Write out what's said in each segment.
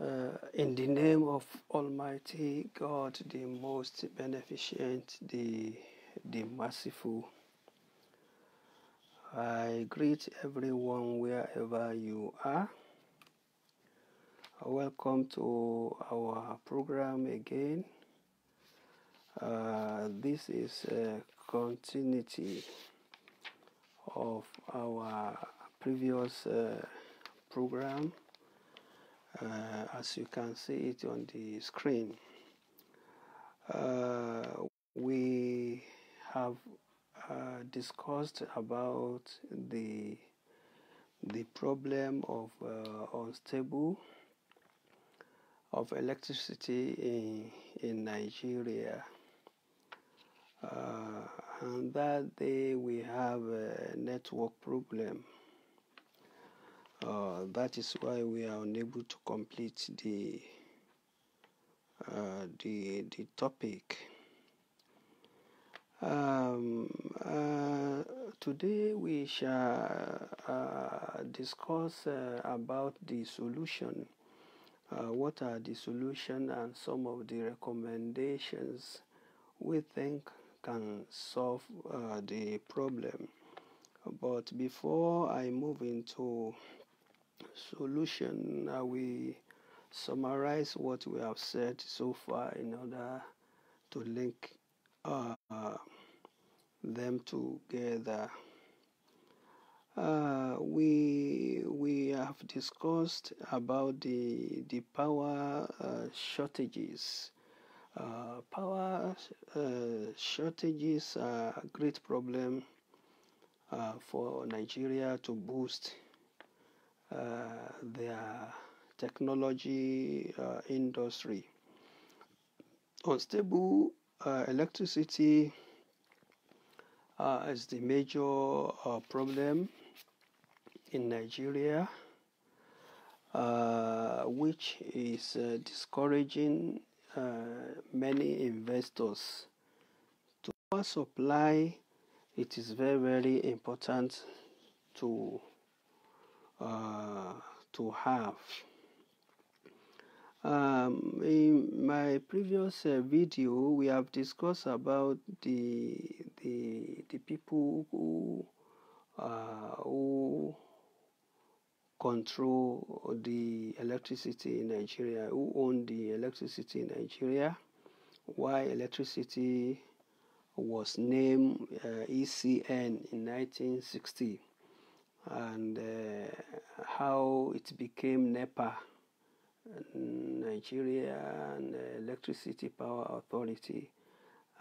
Uh, in the name of Almighty God, the most beneficent, the, the merciful, I greet everyone wherever you are. Welcome to our program again. Uh, this is a continuity of our previous uh, program uh, as you can see it on the screen. Uh, we have uh, discussed about the the problem of uh, unstable of electricity in in Nigeria. Uh, and that day we have a network problem. Uh, that is why we are unable to complete the uh, the the topic. Um, uh, today we shall uh, discuss uh, about the solution. Uh, what are the solution and some of the recommendations we think can solve the problem. But before I move into solution. We summarize what we have said so far in order to link uh, them together. Uh, we we have discussed about the the power uh, shortages. Uh, power uh, shortages are a great problem uh, for Nigeria to boost uh, their technology uh, industry. Unstable uh, electricity is the major problem in Nigeria. Uh, which is uh, discouraging uh, many investors to supply it is very very important to uh, to have. Um, in my previous uh, video, we have discussed about the the, the people who uh, who control the electricity in Nigeria, who own the electricity in Nigeria, why electricity was named uh, ECN in 1960 and uh, how it became NEPA, Nigeria and uh, Electricity Power Authority.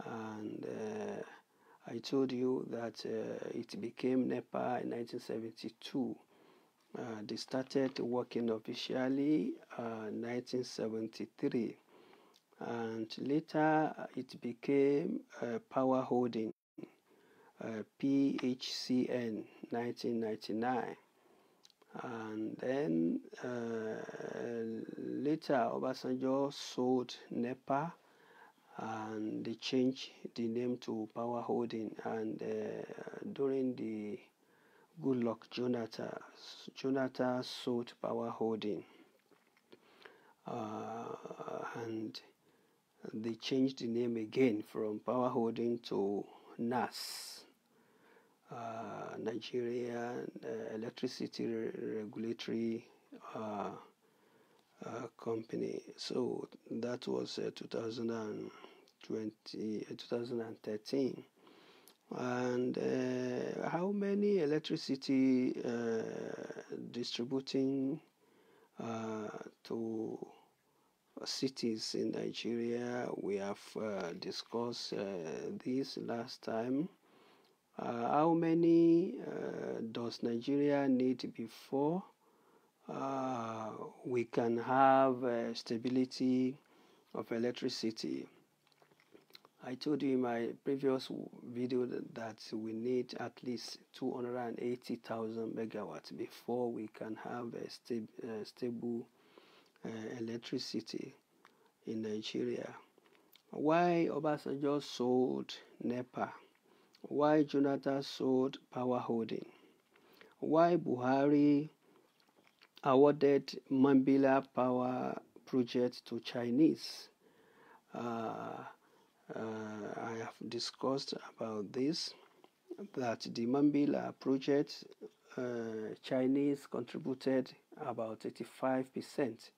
And uh, I told you that uh, it became NEPA in 1972. Uh, they started working officially in uh, 1973 and later it became Power Holding, PHCN. 1999. And then uh, later, Obasanjo sold NEPA and they changed the name to Power Holding. And uh, during the good luck, Jonathan, Jonathan sold Power Holding. Uh, and they changed the name again from Power Holding to NAS uh, Nigeria uh, electricity regulatory uh, uh, company. So that was 2020, 2013. And how many electricity distributing to cities in Nigeria. We have uh, discussed uh, this last time. Uh, how many uh, does Nigeria need before uh, we can have uh, stability of electricity? I told you in my previous video that we need at least 280,000 megawatts before we can have a sta stable uh, electricity in Nigeria. Why Obasanjo sold NEPA? Why Jonathan sold power holding? Why Buhari awarded Mambila power project to Chinese? Uh, uh, I have discussed about this that the Mambila project uh, Chinese contributed about 85 percent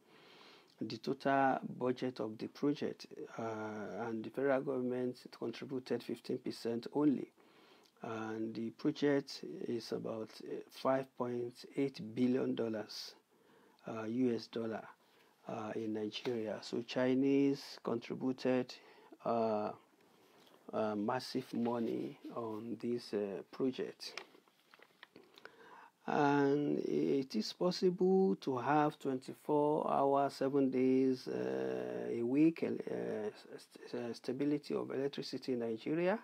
the total budget of the project, uh, and the federal government contributed 15% only. And the project is about uh, 5.8 billion dollars, uh, US dollar, uh, in Nigeria. So Chinese contributed uh, uh, massive money on this project and it is possible to have 24 hours, 7 days uh, a week uh, uh, stability of electricity in Nigeria.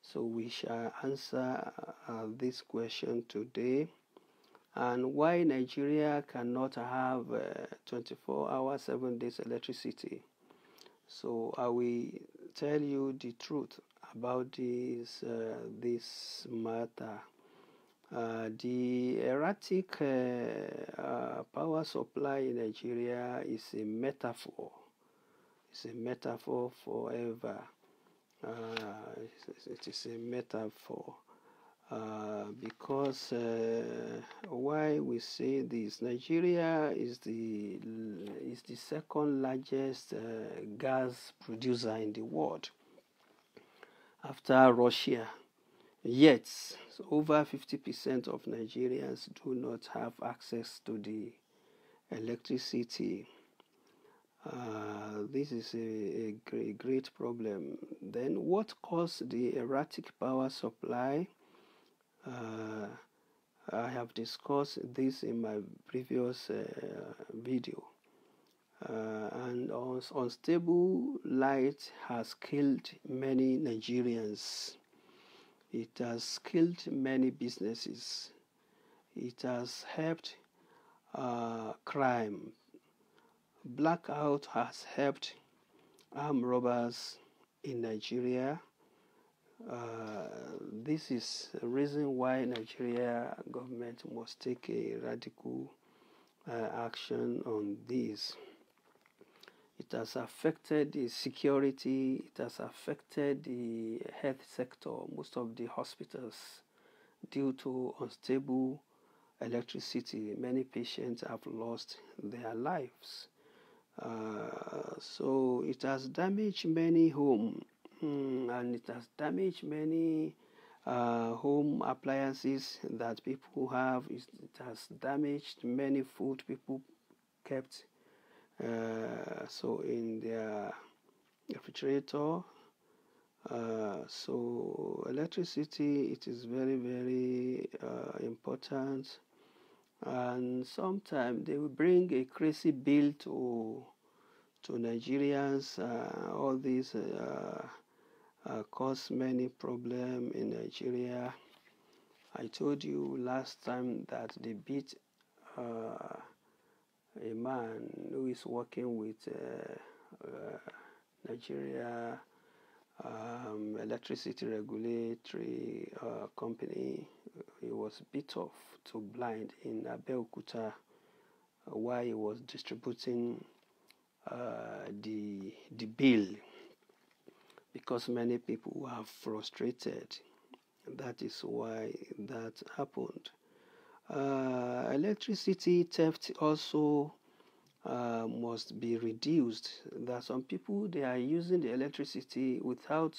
So we shall answer uh, this question today. And why Nigeria cannot have uh, 24 hours, 7 days electricity? So I will tell you the truth about this uh, this matter. Uh, the erratic uh, uh, power supply in Nigeria is a metaphor. It's a metaphor forever. Uh, it is a metaphor. Uh, because uh, why we say this, Nigeria is the is the second largest gas producer in the world after Russia Yet, over 50% of Nigerians do not have access to the electricity. Uh, this is a, a great problem. Then, what caused the erratic power supply? Uh, I have discussed this in my previous uh, video. Uh, and unstable light has killed many Nigerians. It has killed many businesses. It has helped uh, crime. Blackout has helped armed robbers in Nigeria. Uh, this is a reason why Nigeria government must take a radical uh, action on this. It has affected the security, it has affected the health sector, most of the hospitals, due to unstable electricity. Many patients have lost their lives. Uh, so it has damaged many homes mm, and it has damaged many uh, home appliances that people have. it has damaged many food people kept uh, so in their refrigerator uh, so electricity it is very very uh, important and sometimes they will bring a crazy bill to to Nigerians uh, all these uh, uh, cause many problem in Nigeria I told you last time that they beat a man who is working with uh, uh, Nigeria um, Electricity Regulatory uh, Company. He was bit off to blind in Abeokuta uh, while he was distributing uh, the the bill because many people were frustrated. That is why that happened. Uh, electricity theft also uh, must be reduced. There are some people they are using the electricity without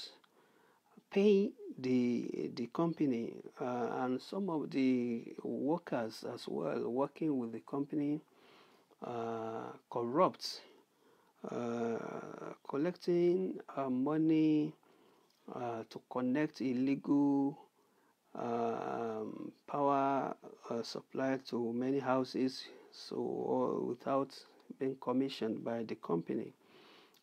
paying the the company uh, and some of the workers as well working with the company uh, corrupt uh, collecting uh, money to connect illegal um, power uh, supply to many houses so without being commissioned by the company.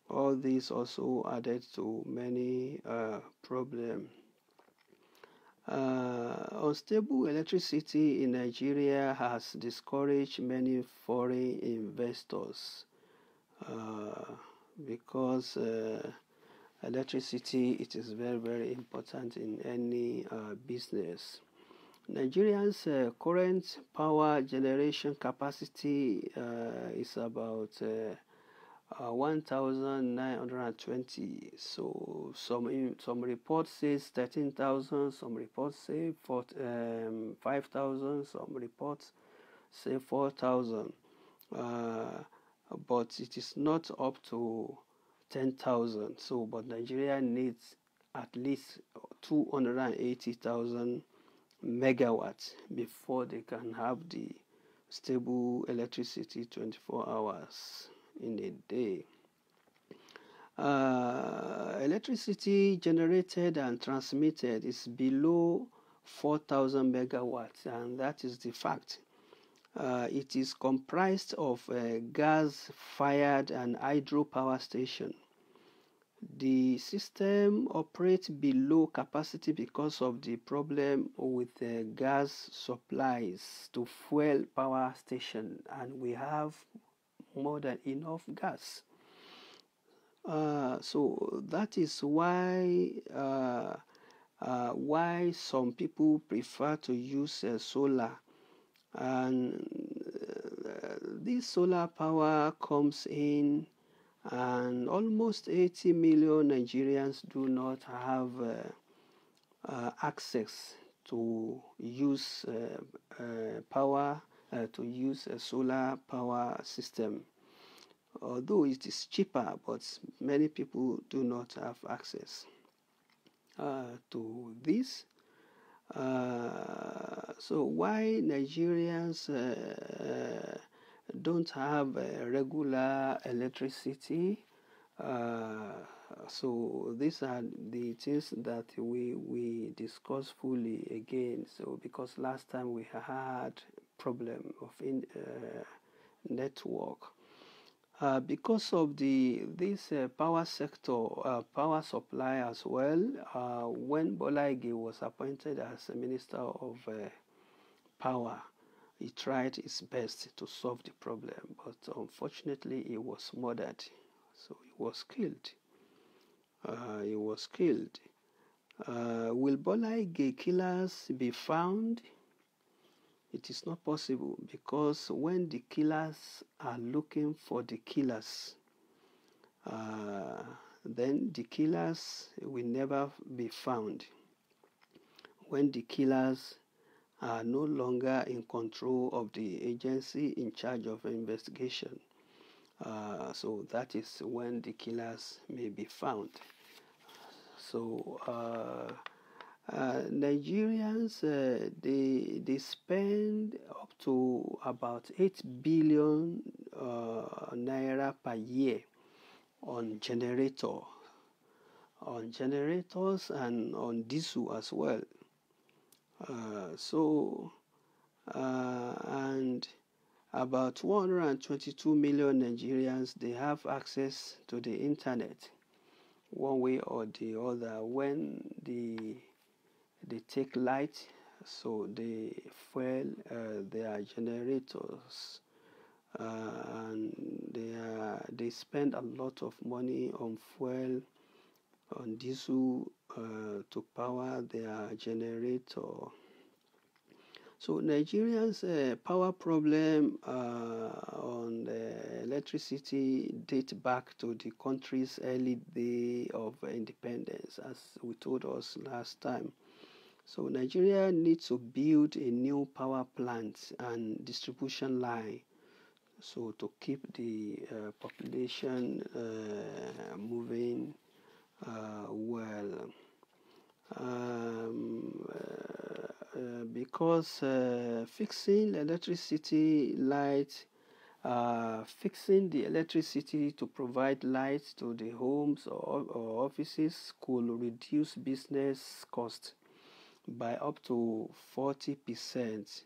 All these also added to many uh, problems. Uh, unstable electricity in Nigeria has discouraged many foreign investors uh, because uh, electricity it is very very important in any uh, business nigeria's uh, current power generation capacity uh, is about uh, uh, 1920 so some some reports say 13000 some reports say 4, um, 5000 some reports say 4000 uh, but it is not up to 10,000. So, but Nigeria needs at least 280,000 megawatts before they can have the stable electricity 24 hours in a day. Uh, electricity generated and transmitted is below 4,000 megawatts, and that is the fact. Uh, it is comprised of a gas-fired and hydropower station. The system operates below capacity because of the problem with the gas supplies to fuel power station, and we have more than enough gas. Uh, so that is why uh, uh, why some people prefer to use solar and uh, this solar power comes in and almost 80 million Nigerians do not have uh, uh, access to use uh, uh, power uh, to use a solar power system although it is cheaper but many people do not have access to this uh, so why Nigerians uh, uh don't have regular electricity? Uh, so these are the things that we we discuss fully again. So because last time we had problem of in uh, network. Uh, because of the this uh, power sector uh, power supply as well uh, when Bolaigi was appointed as minister of uh, power he tried his best to solve the problem but unfortunately he was murdered so he was killed he was killed will Bolaigi killers be found it is not possible because when the killers are looking for the killers, uh, then the killers will never be found. When the killers are no longer in control of the agency in charge of investigation, uh, so that is when the killers may be found. So, uh, uh, Nigerians uh, they they spend up to about eight billion uh, naira per year on generator, on generators and on diesel as well. Uh, so uh, and about 122 million Nigerians they have access to the internet one way or the other when the they take light so they fuel uh, their generators uh, and they are, they spend a lot of money on fuel on diesel uh, to power their generator so Nigeria's uh, power problem uh, on electricity date back to the country's early day of independence as we told us last time so Nigeria needs to build a new power plant and distribution line so to keep the uh, population uh, moving uh, well. Um, uh, uh, because uh, fixing electricity light, fixing the electricity to provide light to the homes or, or offices could reduce business costs by up to 40%.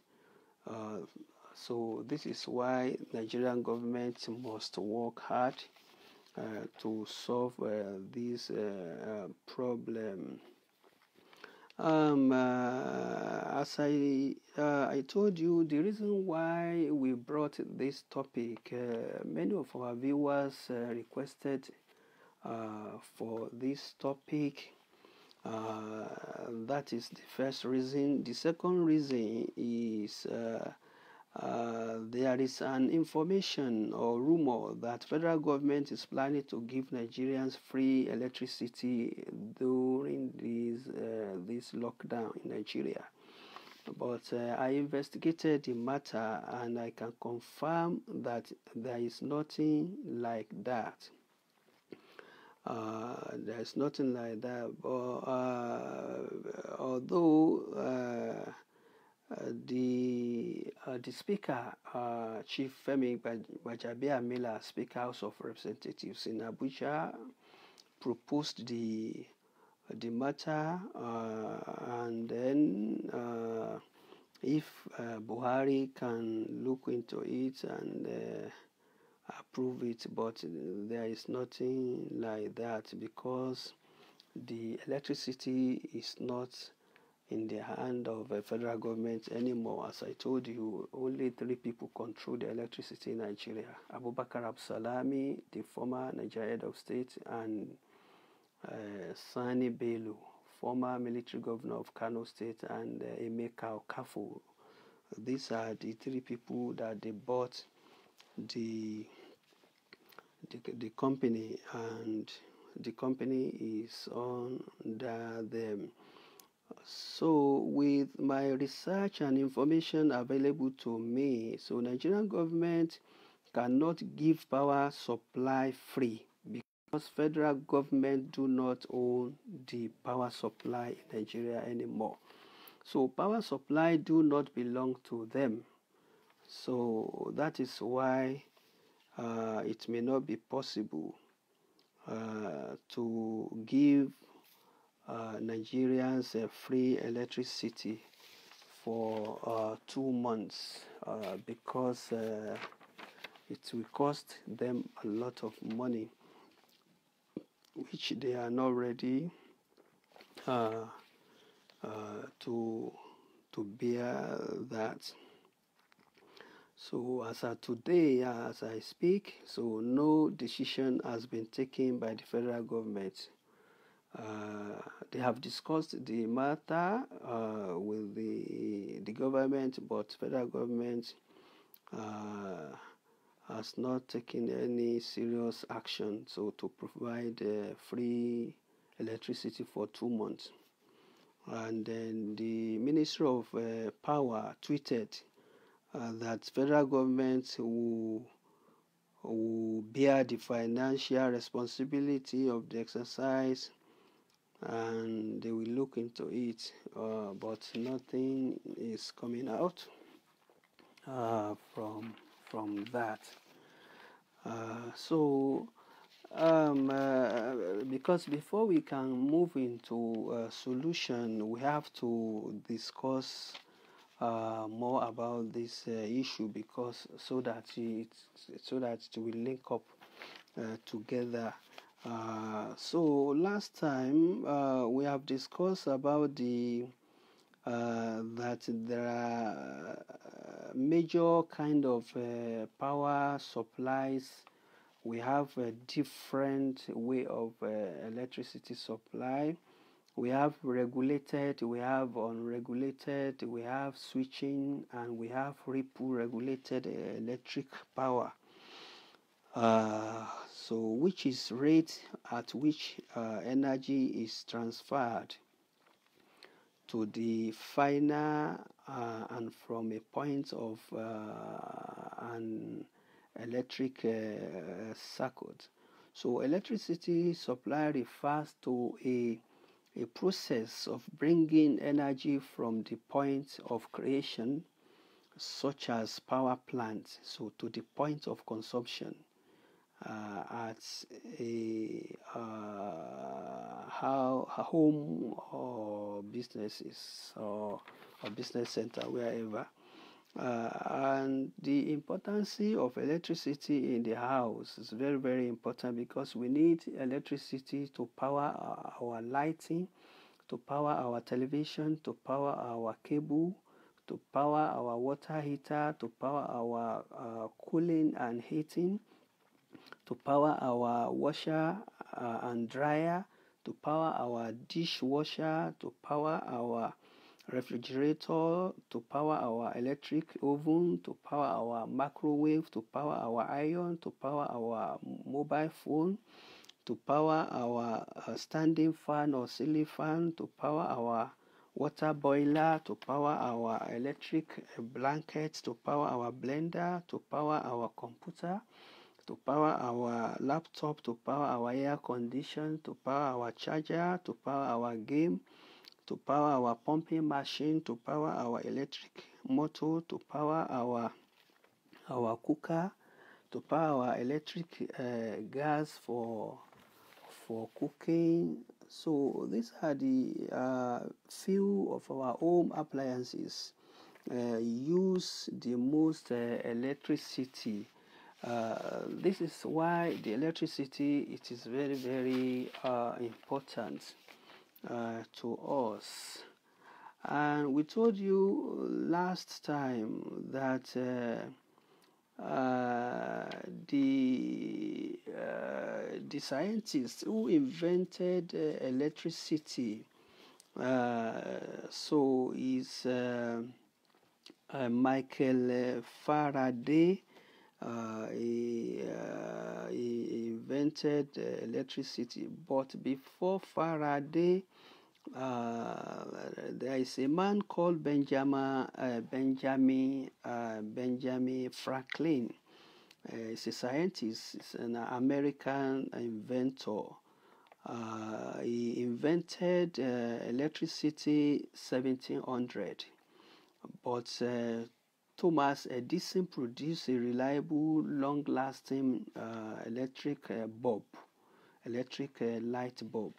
Uh, so this is why Nigerian government must work hard uh, to solve uh, this uh, uh, problem. Um, uh, as I I told you, the reason why we brought this topic, many of our viewers requested for this topic uh, that is the first reason. The second reason is uh, uh, there is an information or rumor that federal government is planning to give Nigerians free electricity during this uh, this lockdown in Nigeria. But uh, I investigated the matter and I can confirm that there is nothing like that. Uh, there's nothing like that. But uh, although uh, uh the uh, the speaker, uh, Chief Femi Bajabia Mila, Speaker House of Representatives in Abuja, proposed the the matter, and then if Buhari can look into it and prove it, but uh, there is nothing like that because the electricity is not in the hand of the federal government anymore. As I told you, only three people control the electricity in Nigeria. Abubakar Absalami, the former Nigeria head of state, and uh, Sani former military governor of Kano State, and uh, Emeka Okafu. These are the three people that they bought the the, the company and the company is under them. So with my research and information available to me, so Nigerian government cannot give power supply free because federal government do not own the power supply in Nigeria anymore. So power supply do not belong to them. So that is why uh, it may not be possible uh, to give uh, Nigerians free electricity for uh, two months uh, because it will cost them a lot of money which they are not ready to to bear that so as of today, as I speak, so no decision has been taken by the federal government. Uh, they have discussed the matter uh, with the the government, but federal government uh, has not taken any serious action. So to provide uh, free electricity for two months, and then the Ministry of uh, Power tweeted uh, that federal government will, will bear the financial responsibility of the exercise and they will look into it, uh, but nothing is coming out uh, from from that. Uh, so, um, uh, because before we can move into a solution, we have to discuss uh, more about this uh, issue because so that it so that it will link up uh, together. Uh, so last time uh, we have discussed about the that there are major kind of power supplies. We have a different way of electricity supply we have regulated, we have unregulated, we have switching, and we have ripple regulated uh, electric power. Uh, so, which is rate at which uh, energy is transferred to the final uh, and from a point of uh, an electric uh, circuit. So, electricity supply refers to a a process of bringing energy from the point of creation, such as power plants, so to the point of consumption uh, at a, uh, how, a home or businesses or, a business center, wherever. Uh, and the importance of electricity in the house is very very important because we need electricity to power our, lighting to power our television to power our cable to power our water heater to power our uh, cooling and heating to power our washer uh, and dryer to power our dishwasher to power our refrigerator to power our electric oven to power our microwave to power our iron to power our mobile phone to power our uh, standing fan or ceiling fan to power our water boiler to power our electric blanket to power our blender to power our computer to power our laptop to power our air condition to power our charger to power our game to power our pumping machine, to power our electric motor, to power our our cooker, to power our electric uh, gas for for cooking. So these are the uh, few of our home appliances uh, use the most electricity. this is why the electricity it is very very important uh, to us. And we told you last time that uh, uh, the uh, the scientists who invented uh, electricity, uh, so is Michael Faraday. Uh, he, uh, he, invented uh, electricity. But before Faraday uh, there is a man called Benjamin uh, Benjamin uh, Benjamin Franklin. he's a scientist. He's an American inventor. Uh, he invented uh, electricity 1700 but uh, thomas edison produced a reliable long-lasting electric bulb electric light bulb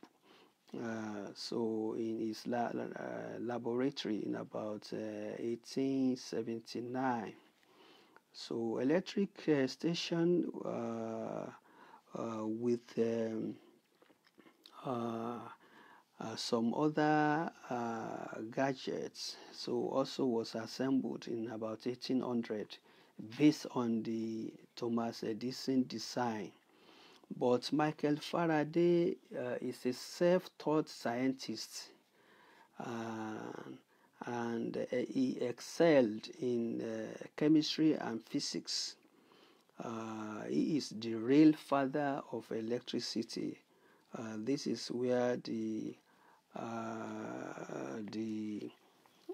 uh, so in his la- uh, laboratory in about uh, 1879. So electric uh, station uh, with um, some other gadgets. So also was assembled in about 1800 based on the Thomas Edison design. But Michael Faraday uh, is a self taught scientist uh, and uh, he excelled in uh, chemistry and physics. he is the real father of electricity. this is where the the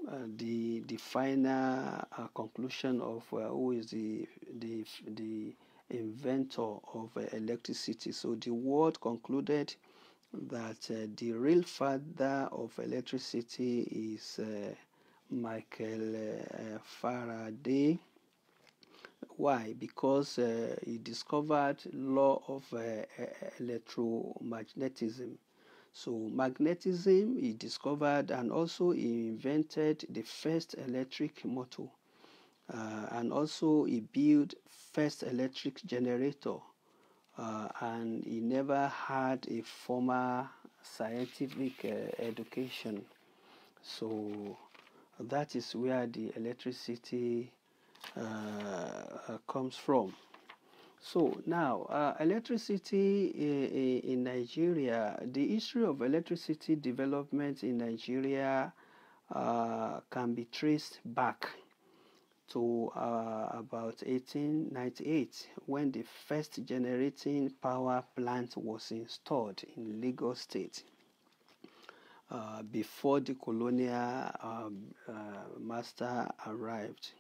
uh, the the final uh, conclusion of uh, who is the the the inventor of uh, electricity. So the world concluded that uh, the real father of electricity is uh, Michael uh, Faraday. Why? Because uh, he discovered law of uh, electromagnetism. So magnetism he discovered and also he invented the first electric motor. Uh, and also he built first electric generator uh, and he never had a formal scientific uh, education so that is where the electricity uh, comes from so now uh, electricity in, uh, in nigeria the history of electricity development in nigeria can be traced back to uh, about 1898 when the first generating power plant was installed in Lagos State. Uh, before the colonial um, uh, master arrived.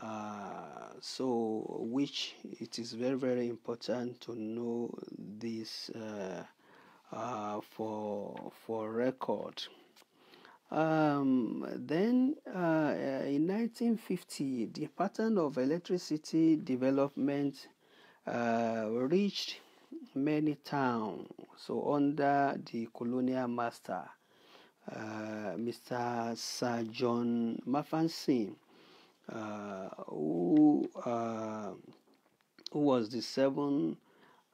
Uh, so, which it is very, very important to know this uh, uh, for for record. Um, then uh, in 1950, the pattern of electricity development uh, reached many towns. So under the colonial master, uh, Mr. Sir John Mafansin, uh, who, uh, who was the seventh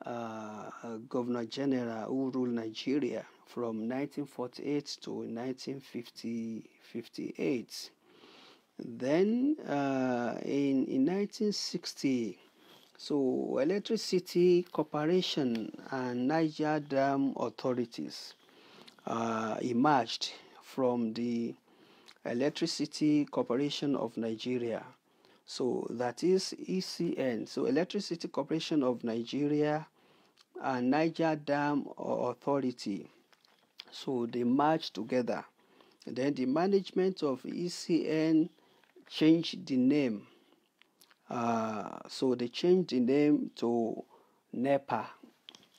uh, governor general who ruled Nigeria from 1948 to 1958. Then uh, in, in 1960, so electricity corporation and Niger Dam authorities uh, emerged from the Electricity Corporation of Nigeria. So that is ECN. So Electricity Corporation of Nigeria and Niger Dam Authority so they merged together. And then the management of ECN changed the name. Uh, so they changed the name to NEPA,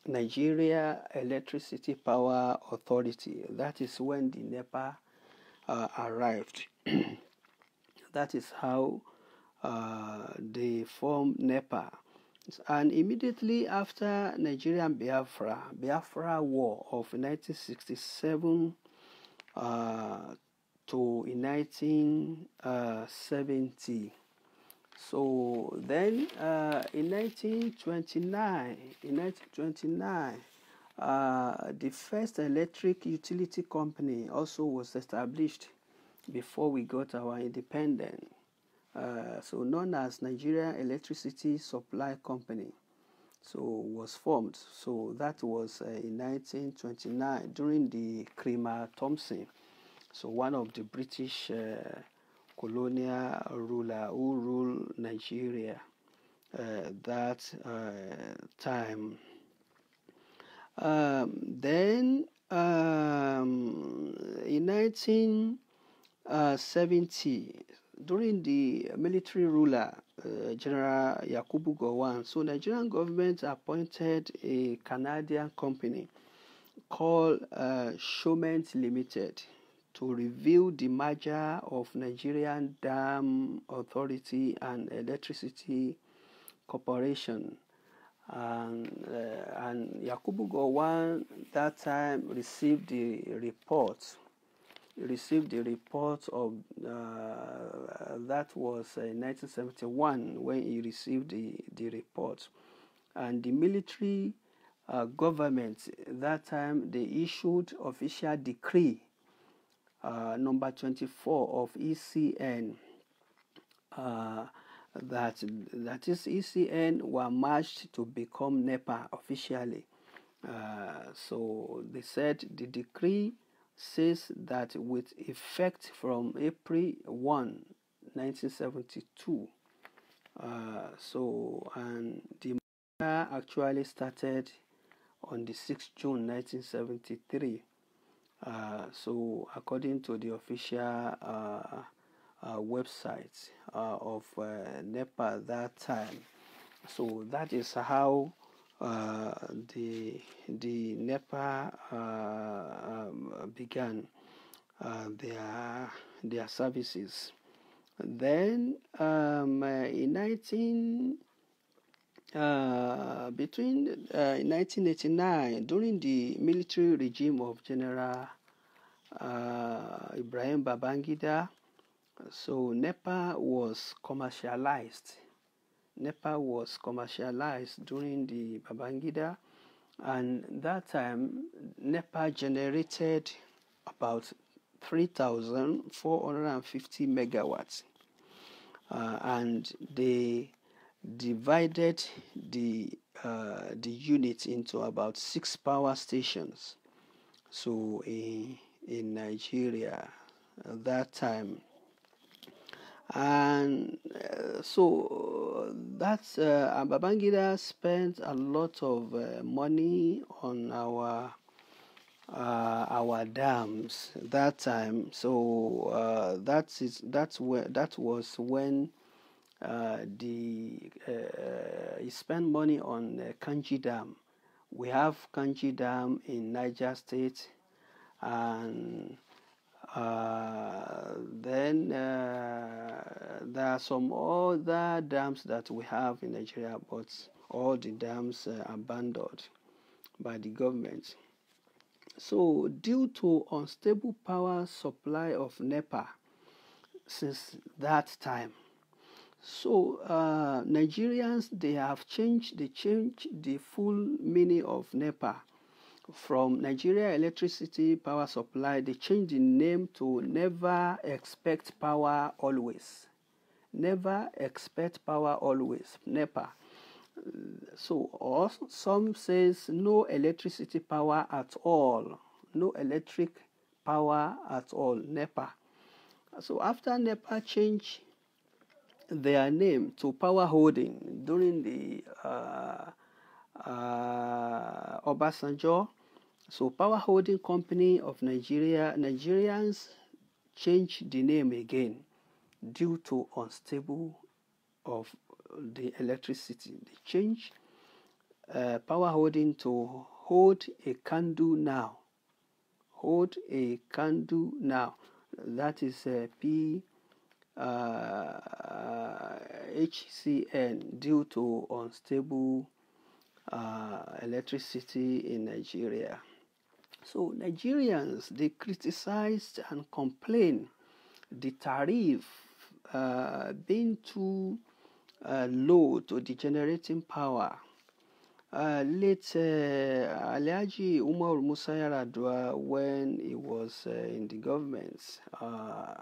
Nigeria Electricity Power Authority. That is when the NEPA uh, arrived. that is how uh, they formed NEPA and immediately after Nigerian Biafra, Biafra War of 1967 uh, to 1970. So then uh, in 1929, in 1929, uh, the first electric utility company also was established before we got our independence. Uh, so known as Nigeria Electricity Supply Company, so was formed. So that was uh, in 1929 during the Creamer Thompson, so one of the British uh, colonial ruler who ruled Nigeria uh, that uh, time. Um, then um, in 1970 during the military ruler, uh, General Yakubu Gowon, so Nigerian government appointed a Canadian company called uh, Showment Limited to review the merger of Nigerian Dam Authority and Electricity Corporation. And, uh, and Yakubu Gowon that time received the report received the report of uh, that was uh, 1971 when he received the, the report and the military uh, government that time they issued official decree uh, number 24 of ECN uh, that that is ECN were merged to become NEPA officially uh, so they said the decree says that with effect from April 1, 1972, uh, so and the matter actually started on the 6th June 1973. Uh, so, according to the official uh, uh website uh, of uh, NEPA at that time, so that is how uh, the the NEPA uh, um, began uh, their their services. Then um, uh, in 19 uh, between 1989 during the military regime of General Ibrahim Babangida, so NEPA was commercialized NEPA was commercialized during the Babangida, and that time NEPA generated about 3,450 megawatts, uh, and they divided the uh, the unit into about six power stations. So in in Nigeria, at uh, that time, and uh, so that's uh, Babangida spent a lot of uh, money on our uh, our dams that time. So uh, that's is that's where that was when uh, the uh, he spent money on Kanji Dam. We have Kanji Dam in Niger State, and uh, then uh, there are some other dams that we have in Nigeria, but all the dams uh, abandoned by the government. So, due to unstable power supply of NEPA since that time, so uh, Nigerians they have changed they changed the full meaning of NEPA from Nigeria Electricity Power Supply, they changed the name to Never Expect Power Always. Never Expect Power Always, NEPA. So, or some says no electricity power at all, no electric power at all, NEPA. So after NEPA changed their name to Power Holding during the uh, uh, Obasanjo so Power Holding Company of Nigeria, Nigerians changed the name again due to unstable of the electricity. They changed uh, Power Holding to Hold a Candle Now. Hold a Candle Now. That is uh, P uh, due to unstable uh, electricity in Nigeria. So Nigerians, they criticized and complained the tariff uh, being too uh, low to the generating power. Uh, late uh, Alhaji Umar Musayaradwa, when he was uh, in the government, uh,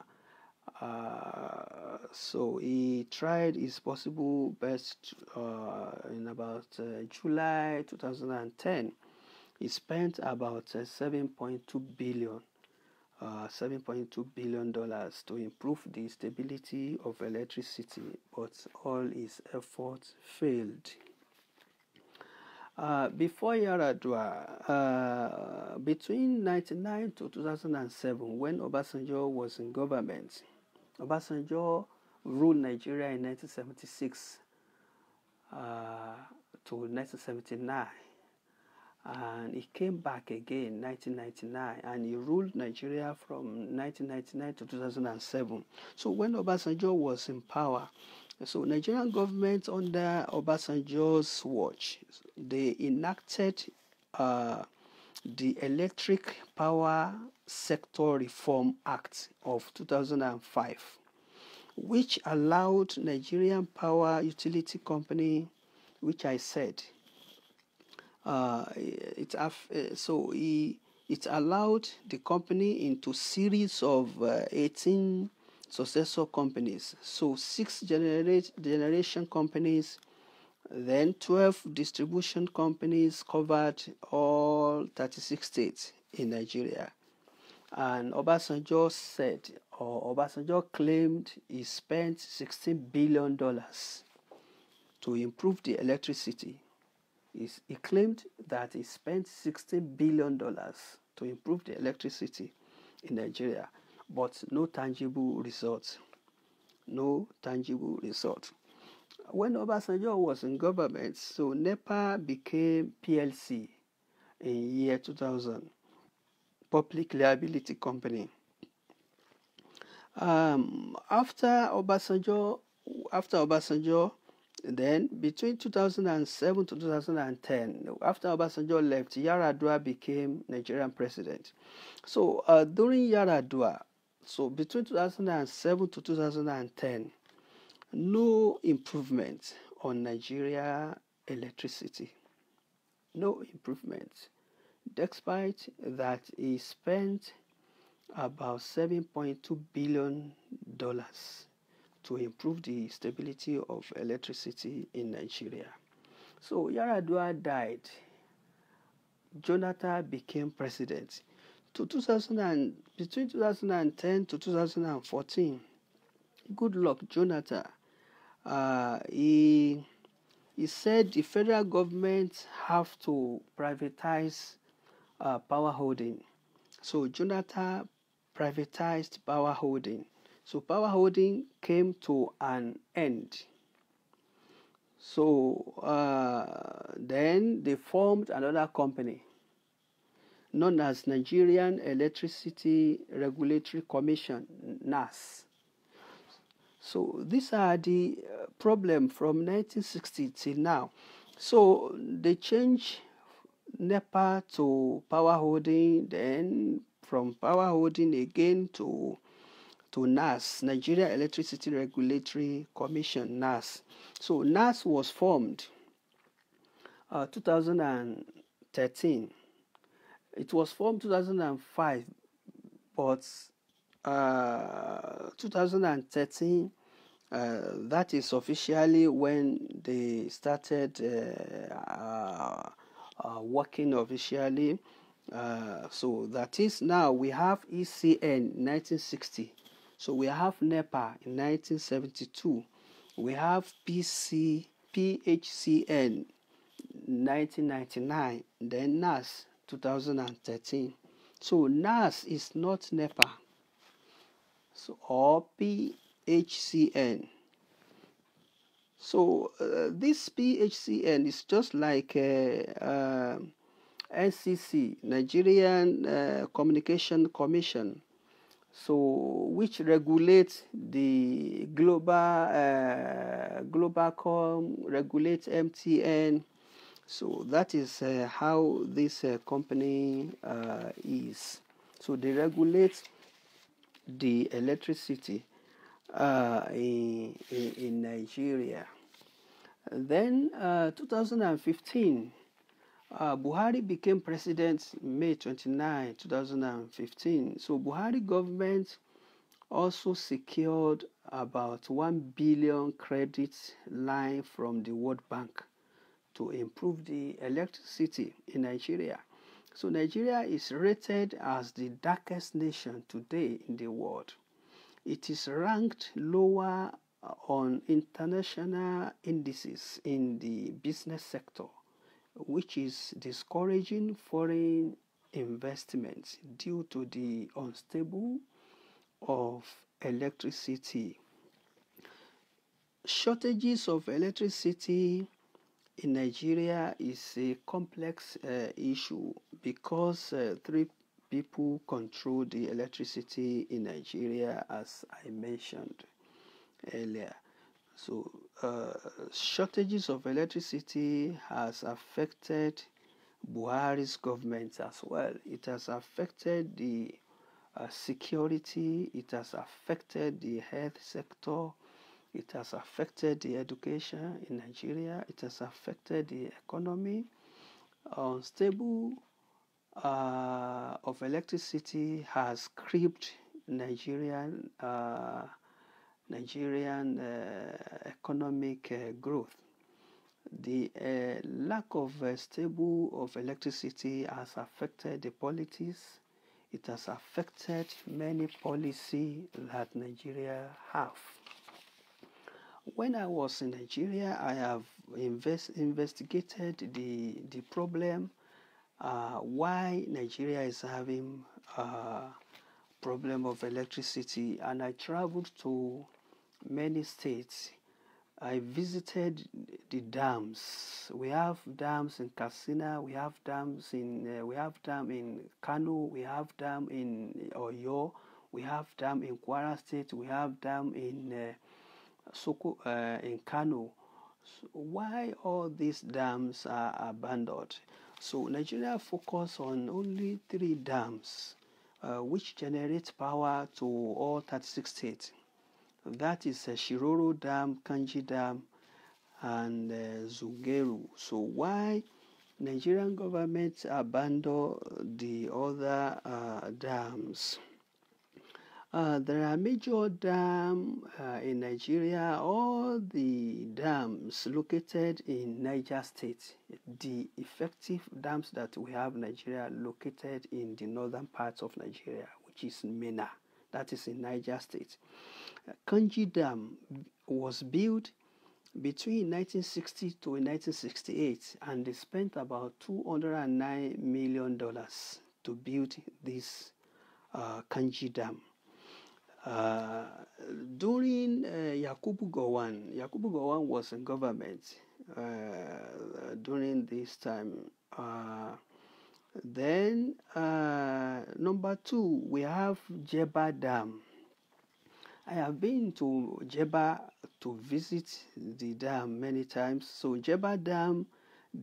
uh, so he tried his possible best uh, in about July 2010 he spent about uh, 7.2 billion, uh, 7.2 billion dollars to improve the stability of electricity, but all his efforts failed. Uh, before Yaradua, uh, between 1999 to 2007, when Obasanjo was in government, Obasanjo ruled Nigeria in 1976 uh, to 1979 and he came back again 1999 and he ruled Nigeria from 1999 to 2007. So when Obasanjo was in power, so Nigerian government under Obasanjo's watch, they enacted uh, the Electric Power Sector Reform Act of 2005, which allowed Nigerian power utility company, which I said uh, it uh, so he, it allowed the company into series of uh, 18 successor companies. So six genera- generation companies, then 12 distribution companies covered all 36 states in Nigeria. And Obasanjo said, or Obasanjo claimed he spent $16 billion to improve the electricity He's, he claimed that he spent $16 billion to improve the electricity in Nigeria, but no tangible results. No tangible results. When Obasanjo was in government, so NEPA became PLC in year 2000, Public Liability Company. Um, after Obasanjo, after Obasanjo, and then between 2007 to 2010, after Obasanjo left, Yaradua became Nigerian president. So uh, during Yaradua, so between 2007 to 2010, no improvement on Nigeria electricity. No improvement, despite that he spent about 7.2 billion dollars to improve the stability of electricity in Nigeria. So Yaradua died. Jonathan became president. To 2000 and, between 2010 to 2014, good luck, Jonathan. Uh, he, he said the federal government have to privatize uh, power holding. So Jonathan privatized power holding. So power holding came to an end. So uh, then they formed another company known as Nigerian Electricity Regulatory Commission, NAS. So these are the uh, problem from 1960 till now. So they changed NEPA to power holding, then from power holding again to to NAS, Nigeria Electricity Regulatory Commission, NAS. So NAS was formed uh, 2013. It was formed 2005, but uh, 2013 uh, that is officially when they started uh, uh, uh, working officially. so that is now we have ECN 1960 so we have NEPA in 1972. We have PC, PHCN 1999, then NAS 2013. So NAS is not NEPA so, or PHCN. So uh, this PHCN is just like uh, um, uh, NCC, Nigerian Communication Commission so which regulates the global uh, globalcom regulates mtn so that is uh, how this uh, company uh, is so they regulate the electricity uh, in, in, in nigeria then uh, 2015 uh, Buhari became president May 29, 2015. So Buhari government also secured about 1 billion credit line from the World Bank to improve the electricity in Nigeria. So Nigeria is rated as the darkest nation today in the world. It is ranked lower on international indices in the business sector which is discouraging foreign investments due to the unstable of electricity. Shortages of electricity in Nigeria is a complex uh, issue because uh, three people control the electricity in Nigeria, as I mentioned earlier. So uh, shortages of electricity has affected Buhari's government as well. It has affected the uh, security, it has affected the health sector, it has affected the education in Nigeria, it has affected the economy. Unstable uh, of electricity has crippled Nigerian uh, Nigerian uh, economic uh, growth. The uh, lack of stable of electricity has affected the policies. It has affected many policy that Nigeria have when I was in Nigeria, I have invest, investigated the the problem uh, why Nigeria is having a problem of electricity, and I traveled to many states. I visited the dams. We have dams in Kasina. We have dams in uh, we have dam in Kano. We have dam in Oyo. We have dam in Kwara State. We have dam in uh, Soko uh, in Kano. So why all these dams are abandoned? So Nigeria focus on only three dams, uh, which generate power to all 36 states. That is uh, Shiroro Dam, Kanji Dam, and uh, Zugeru. So why Nigerian government abandoned the other uh, dams? Uh, there are major dams uh, in Nigeria, all the dams located in Niger State, the effective dams that we have in Nigeria located in the northern parts of Nigeria, which is MENA, that is in Niger State. Kanji Dam was built between 1960 to 1968 and they spent about 209 million dollars to build this uh, Kanji Dam. Uh, during uh, Yakubu Gowon, Yakubu Gowon was in government uh, during this time. Uh, then uh, number two, we have Jeba Dam. I have been to Jeba to visit the dam many times. So Jeba Dam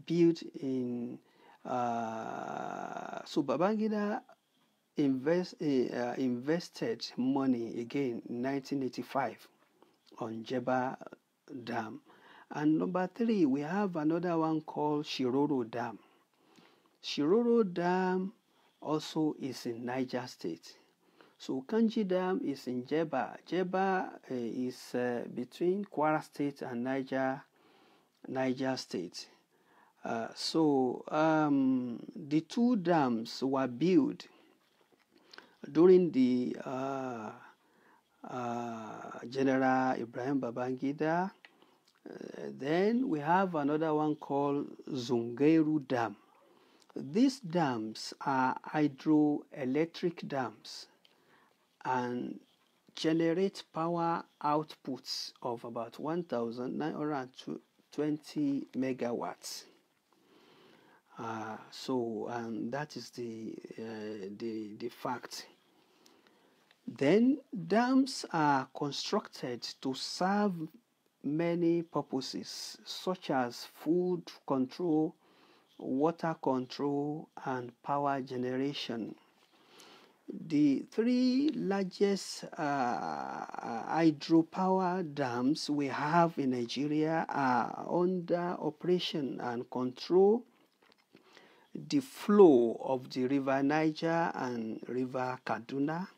built in uh, so Babangida invest, eh, uh, invested money again in 1985 on Jeba Dam. And number three, we have another one called Shiroro Dam. Shiroro Dam also is in Niger State. So Kanji Dam is in Jeba. Jeba uh, is uh, between Kwara State and Niger, Niger State. Uh, so um, the two dams were built during the uh, uh, General Ibrahim Babangida. Uh, then we have another one called Zungeru Dam. These dams are hydroelectric dams and generate power outputs of about 1920 megawatts. Uh, so and that is the uh, the the fact. Then dams are constructed to serve many purposes such as food control, water control, and power generation the three largest uh, hydropower dams we have in Nigeria are under operation and control the flow of the River Niger and River Kaduna.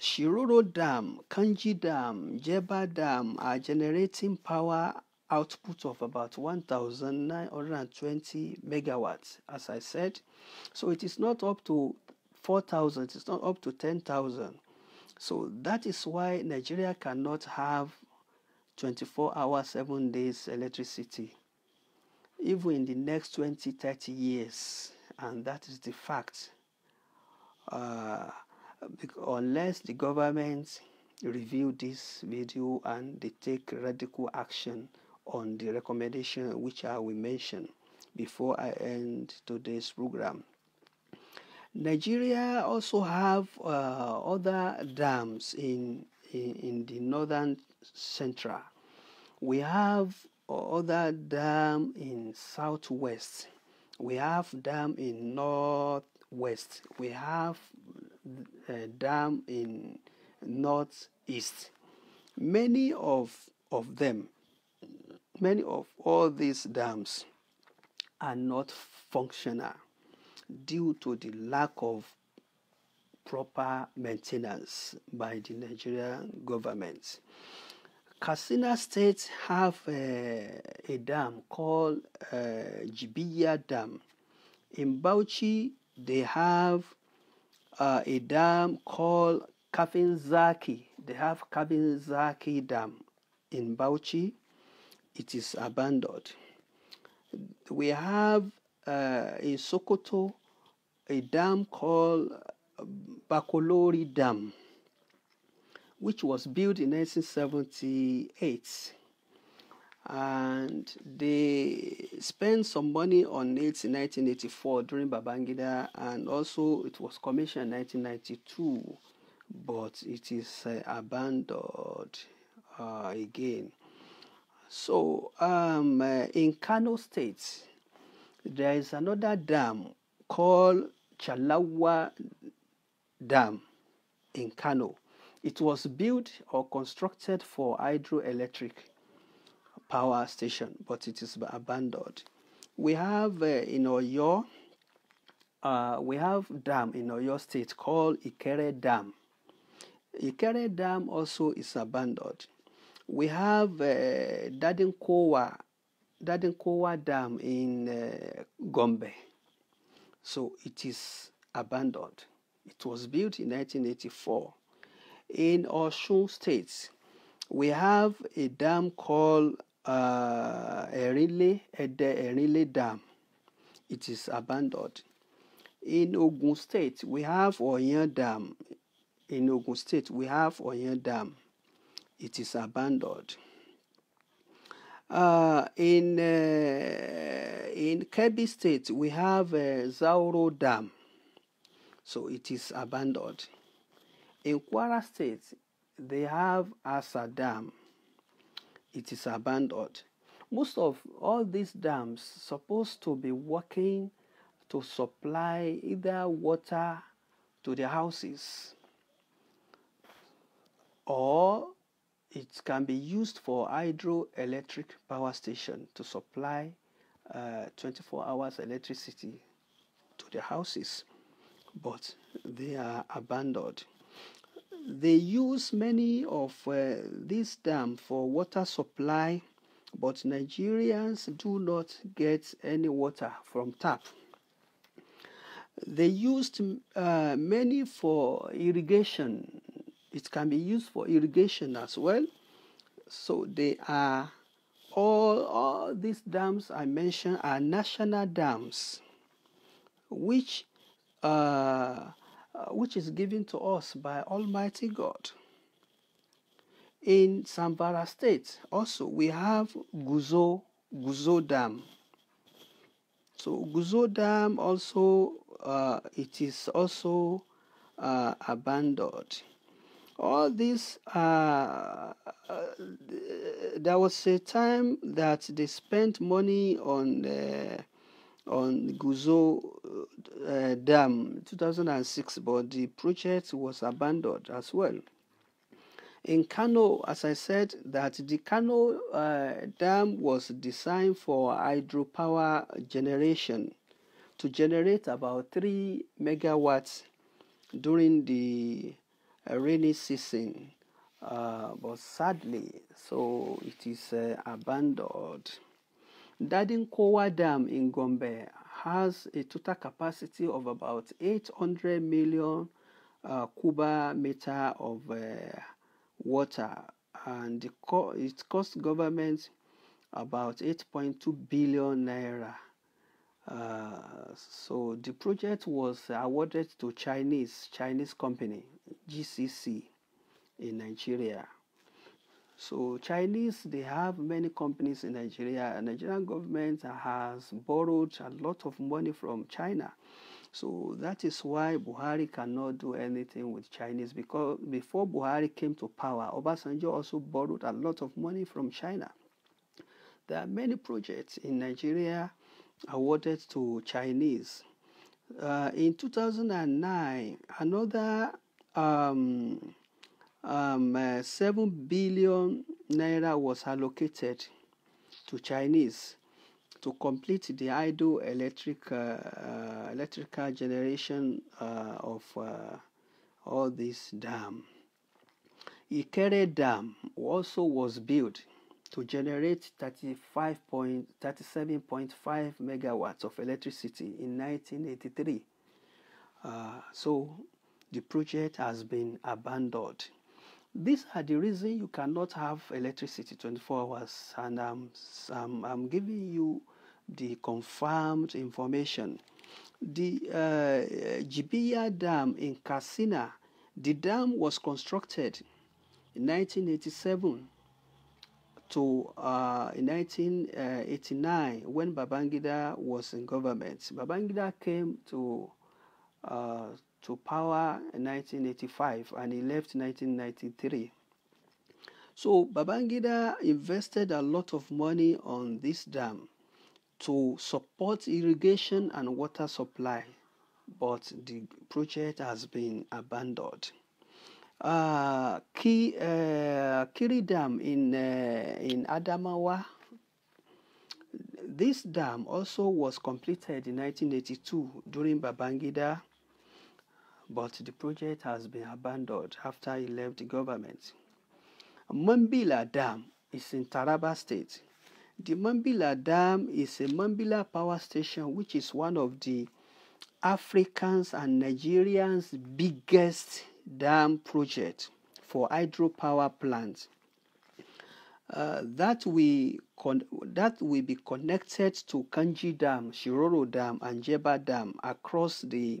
Shiroro Dam, Kanji Dam, Jeba Dam are generating power output of about 1920 megawatts, as I said. So it is not up to 4,000, it's not up to 10,000. So that is why Nigeria cannot have 24 hours, 7 days electricity, even in the next 20, 30 years. And that is the fact. Uh, unless the government review this video and they take radical action on the recommendation which I will mention before I end today's program. Nigeria also have uh, other dams in, in, in the northern central. We have other dam in southwest. We have dam in northwest. We have a uh, dam in northeast. Many of of them, many of all these dams are not functional due to the lack of proper maintenance by the Nigerian government. Katsina State have uh, a dam called uh, Jibiya Dam. In Bauchi, they have uh, a dam called Kafinzaki. They have Kafinzaki Dam in Bauchi. It is abandoned. We have uh, in Sokoto a dam called uh, Bakolori Dam, which was built in 1978. And they spent some money on it in 1984 during Babangida, and also it was commissioned in 1992, but it is uh, abandoned uh, again. So, um, uh, in Kano State, there is another dam called Chalawa Dam in Kano. It was built or constructed for hydroelectric power station, but it is abandoned. We have uh, in Oyo, uh, we have dam in Oyo State called Ikere Dam. Ikere Dam also is abandoned. We have uh, Dadinkowa Dadinkowa Dam in uh, Gombe. So it is abandoned. It was built in 1984. In Oshun State, we have a dam called uh, Erinle, Ede Erinle Dam. It is abandoned. In Ogun State, we have Oyan Dam. In Ogun State, we have Oyan Dam. It is abandoned. Uh, in uh, in Kebbi State, we have uh, Zauro Dam, so it is abandoned. In Kwara State, they have Asa Dam, it is abandoned. Most of all these dams supposed to be working to supply either water to the houses or it can be used for hydroelectric power station to supply uh, 24 hours electricity to the houses, but they are abandoned. They use many of uh, these dams for water supply, but Nigerians do not get any water from tap. They used uh, many for irrigation it can be used for irrigation as well. So they are all, all these dams I mentioned are national dams, which uh, which is given to us by Almighty God. In Sambara State, also we have Guzo Guzo Dam. So Guzo Dam also uh, it is also uh, abandoned all this uh, uh, there was a time that they spent money on the uh, on Guzo uh, Dam 2006 but the project was abandoned as well in Kano as I said that the Kano uh, dam was designed for hydropower generation to generate about 3 megawatts during the a rainy season. Uh, but sadly, so it is uh, abandoned. Dadinkowa Dam in Gombe has a total capacity of about 800 million uh, cubic meter of uh, water, and it cost government about 8.2 billion naira Uh, so the project was awarded to Chinese Chinese company GCC in Nigeria. So Chinese they have many companies in Nigeria. Nigerian government has borrowed a lot of money from China. So that is why Buhari cannot do anything with Chinese because before Buhari came to power, Obasanjo also borrowed a lot of money from China. There are many projects in Nigeria awarded to Chinese. Uh, in 2009, another um, um, uh, 7 billion naira was allocated to Chinese to complete the idle electric, uh, uh electrical generation uh, of uh, all this dam. Ikere Dam also was built to generate 37.5 megawatts of electricity in 1983. Uh, so the project has been abandoned. These are the reason you cannot have electricity 24 hours, and I'm, I'm, I'm giving you the confirmed information. The uh, Dam in Kasina, the dam was constructed in 1987 to uh, in 1989 uh, when Babangida was in government. Babangida came to uh, to power in 1985 and he left 1993. So Babangida invested a lot of money on this dam to support irrigation and water supply, but the project has been abandoned. uh, ah, Ki, uh, eh, Kiri Dam in, uh, in Adamawa. This dam also was completed in 1982 during Babangida, but the project has been abandoned after he left the government. Mambila Dam is in Taraba State. The Mambila Dam is a Mambila power station, which is one of the Africans and Nigerians' biggest dam project for hydropower plants uh, that will that will be connected to Kanji Dam, Shiroro Dam, and Jeba Dam across the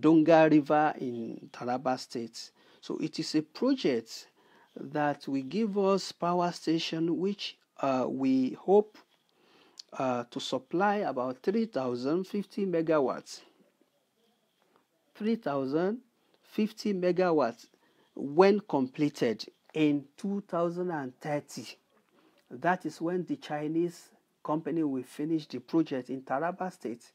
Donga River in Taraba State. So it is a project that will give us power station, which uh, we hope uh, to supply about 3,050 megawatts. 3,000 50 megawatts when completed in 2030. That is when the Chinese company will finish the project in Taraba State.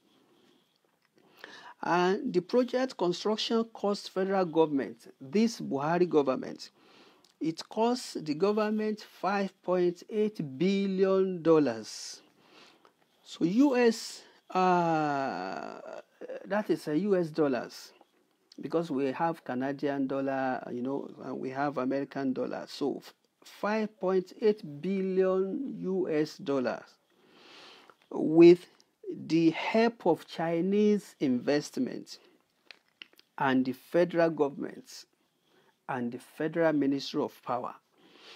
And the project construction cost federal government, this Buhari government, it cost the government $5.8 billion. So US, uh, that is a uh, US dollars because we have Canadian dollar, you know, and we have American dollar. So 5.8 billion US dollars with the help of Chinese investment and the federal government and the federal ministry of power.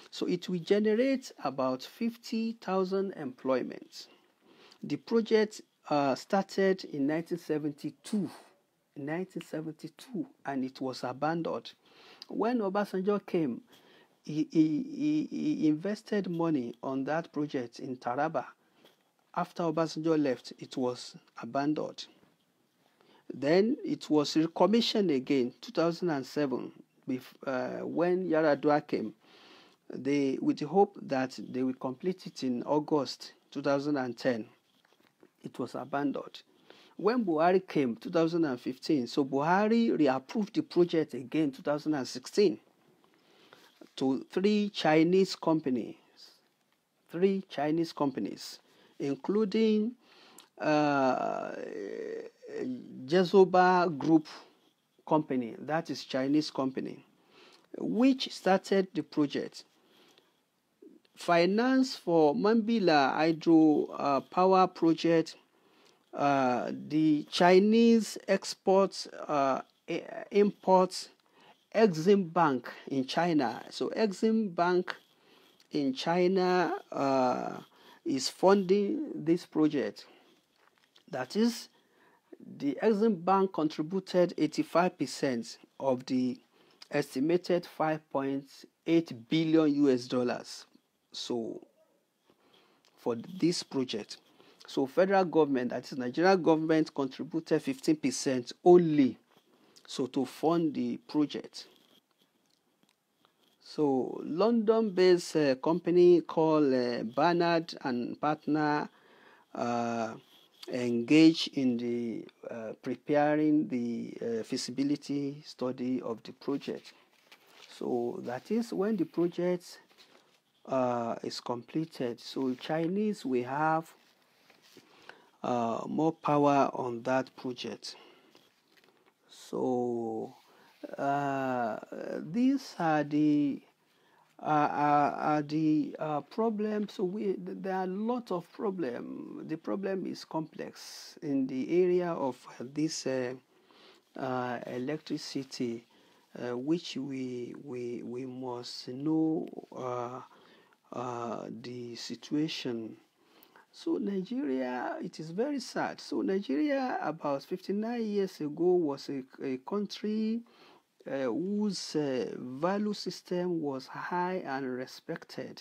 So it will generate about 50,000 employment. The project uh, started in 1972 1972 and it was abandoned. When Obasanjo came, he, he, he invested money on that project in Taraba. After Obasanjo left, it was abandoned. Then it was recommissioned again 2007 uh, when Yaradua came. They, with the hope that they will complete it in August 2010, it was abandoned. When Buhari came 2015, so Buhari reapproved the project again 2016 to three Chinese companies, three Chinese companies, including uh, Jezoba Group company, that is Chinese company, which started the project. Finance for Mambila Hydro uh, Power Project uh, the Chinese exports uh, imports Exim Bank in China. So Exim Bank in China uh, is funding this project. That is, the Exim Bank contributed 85% of the estimated 5.8 billion US dollars. So for this project. So federal government, that is Nigerian government, contributed 15% only so to fund the project. So London-based uh, company called uh, Barnard and partner uh, engaged in the uh, preparing the uh, feasibility study of the project. So that is when the project uh, is completed. So Chinese we have uh, more power on that project. So uh, these are the uh, are, are the uh, problems. We there are a lot of problem. The problem is complex in the area of this uh, uh, electricity, uh, which we we we must know the situation so Nigeria, it is very sad. So Nigeria, about 59 years ago, was a, a country uh, whose uh, value system was high and respected.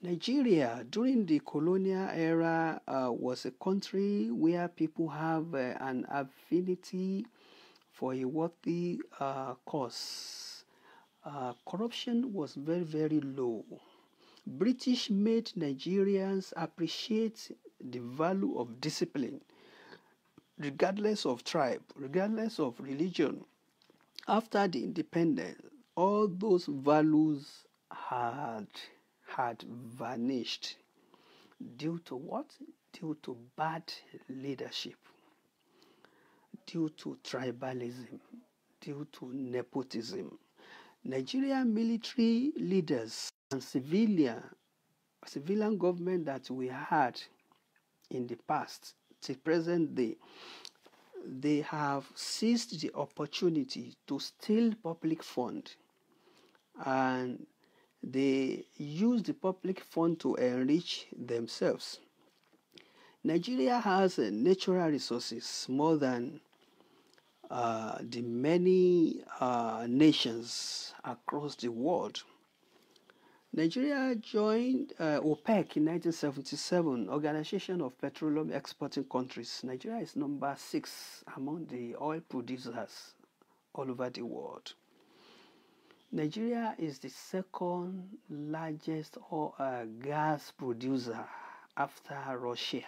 Nigeria, during the colonial era, uh, was a country where people have an affinity for a worthy cause. corruption was very, very low British made Nigerians appreciate the value of discipline, regardless of tribe, regardless of religion. After the independence, all those values had had vanished due to what? Due to bad leadership, due to tribalism, due to nepotism. Nigerian military leaders and civilian civilian government that we had in the past to present day they have seized the opportunity to steal public fund and they use the public fund to enrich themselves. Nigeria has uh, natural resources more than uh, the many uh, nations across the world. Nigeria joined uh, OPEC in 1977, Organization of Petroleum Exporting Countries. Nigeria is number six among the oil producers all over the world. Nigeria is the second largest oil, uh, gas producer after Russia.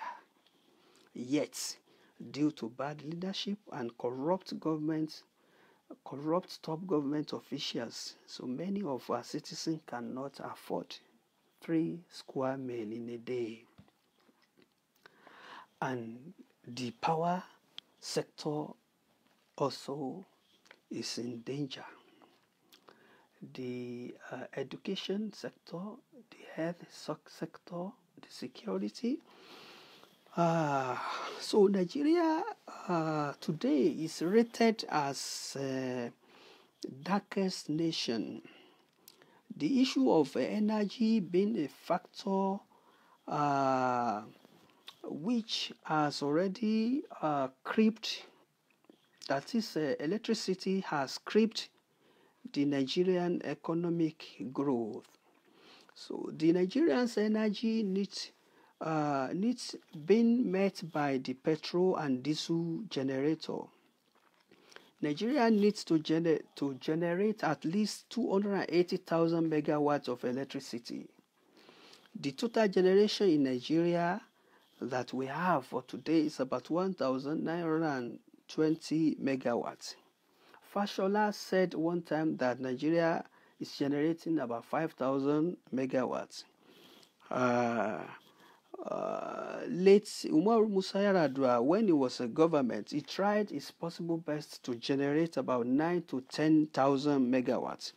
Yet, due to bad leadership and corrupt governments, corrupt top government officials, so many of our citizens cannot afford three square meal in a day. And the power sector also is in danger. The uh, education sector, the health sector, the security, uh, so Nigeria uh, today is rated as uh, darkest nation. The issue of eh, energy being a factor ah, which has already crept, that is, eh, electricity has crept the Nigerian economic growth. So the Nigerians' energy needs uh, needs being met by the petrol and diesel generator. Nigeria needs to, gener- to generate at least 280,000 megawatts of electricity. The total generation in Nigeria that we have for today is about 1,920 megawatts. Fashola said one time that Nigeria is generating about 5,000 megawatts. Uh, uh, late Umar Musa when he was a government, he tried his possible best to generate about nine to ten thousand megawatts.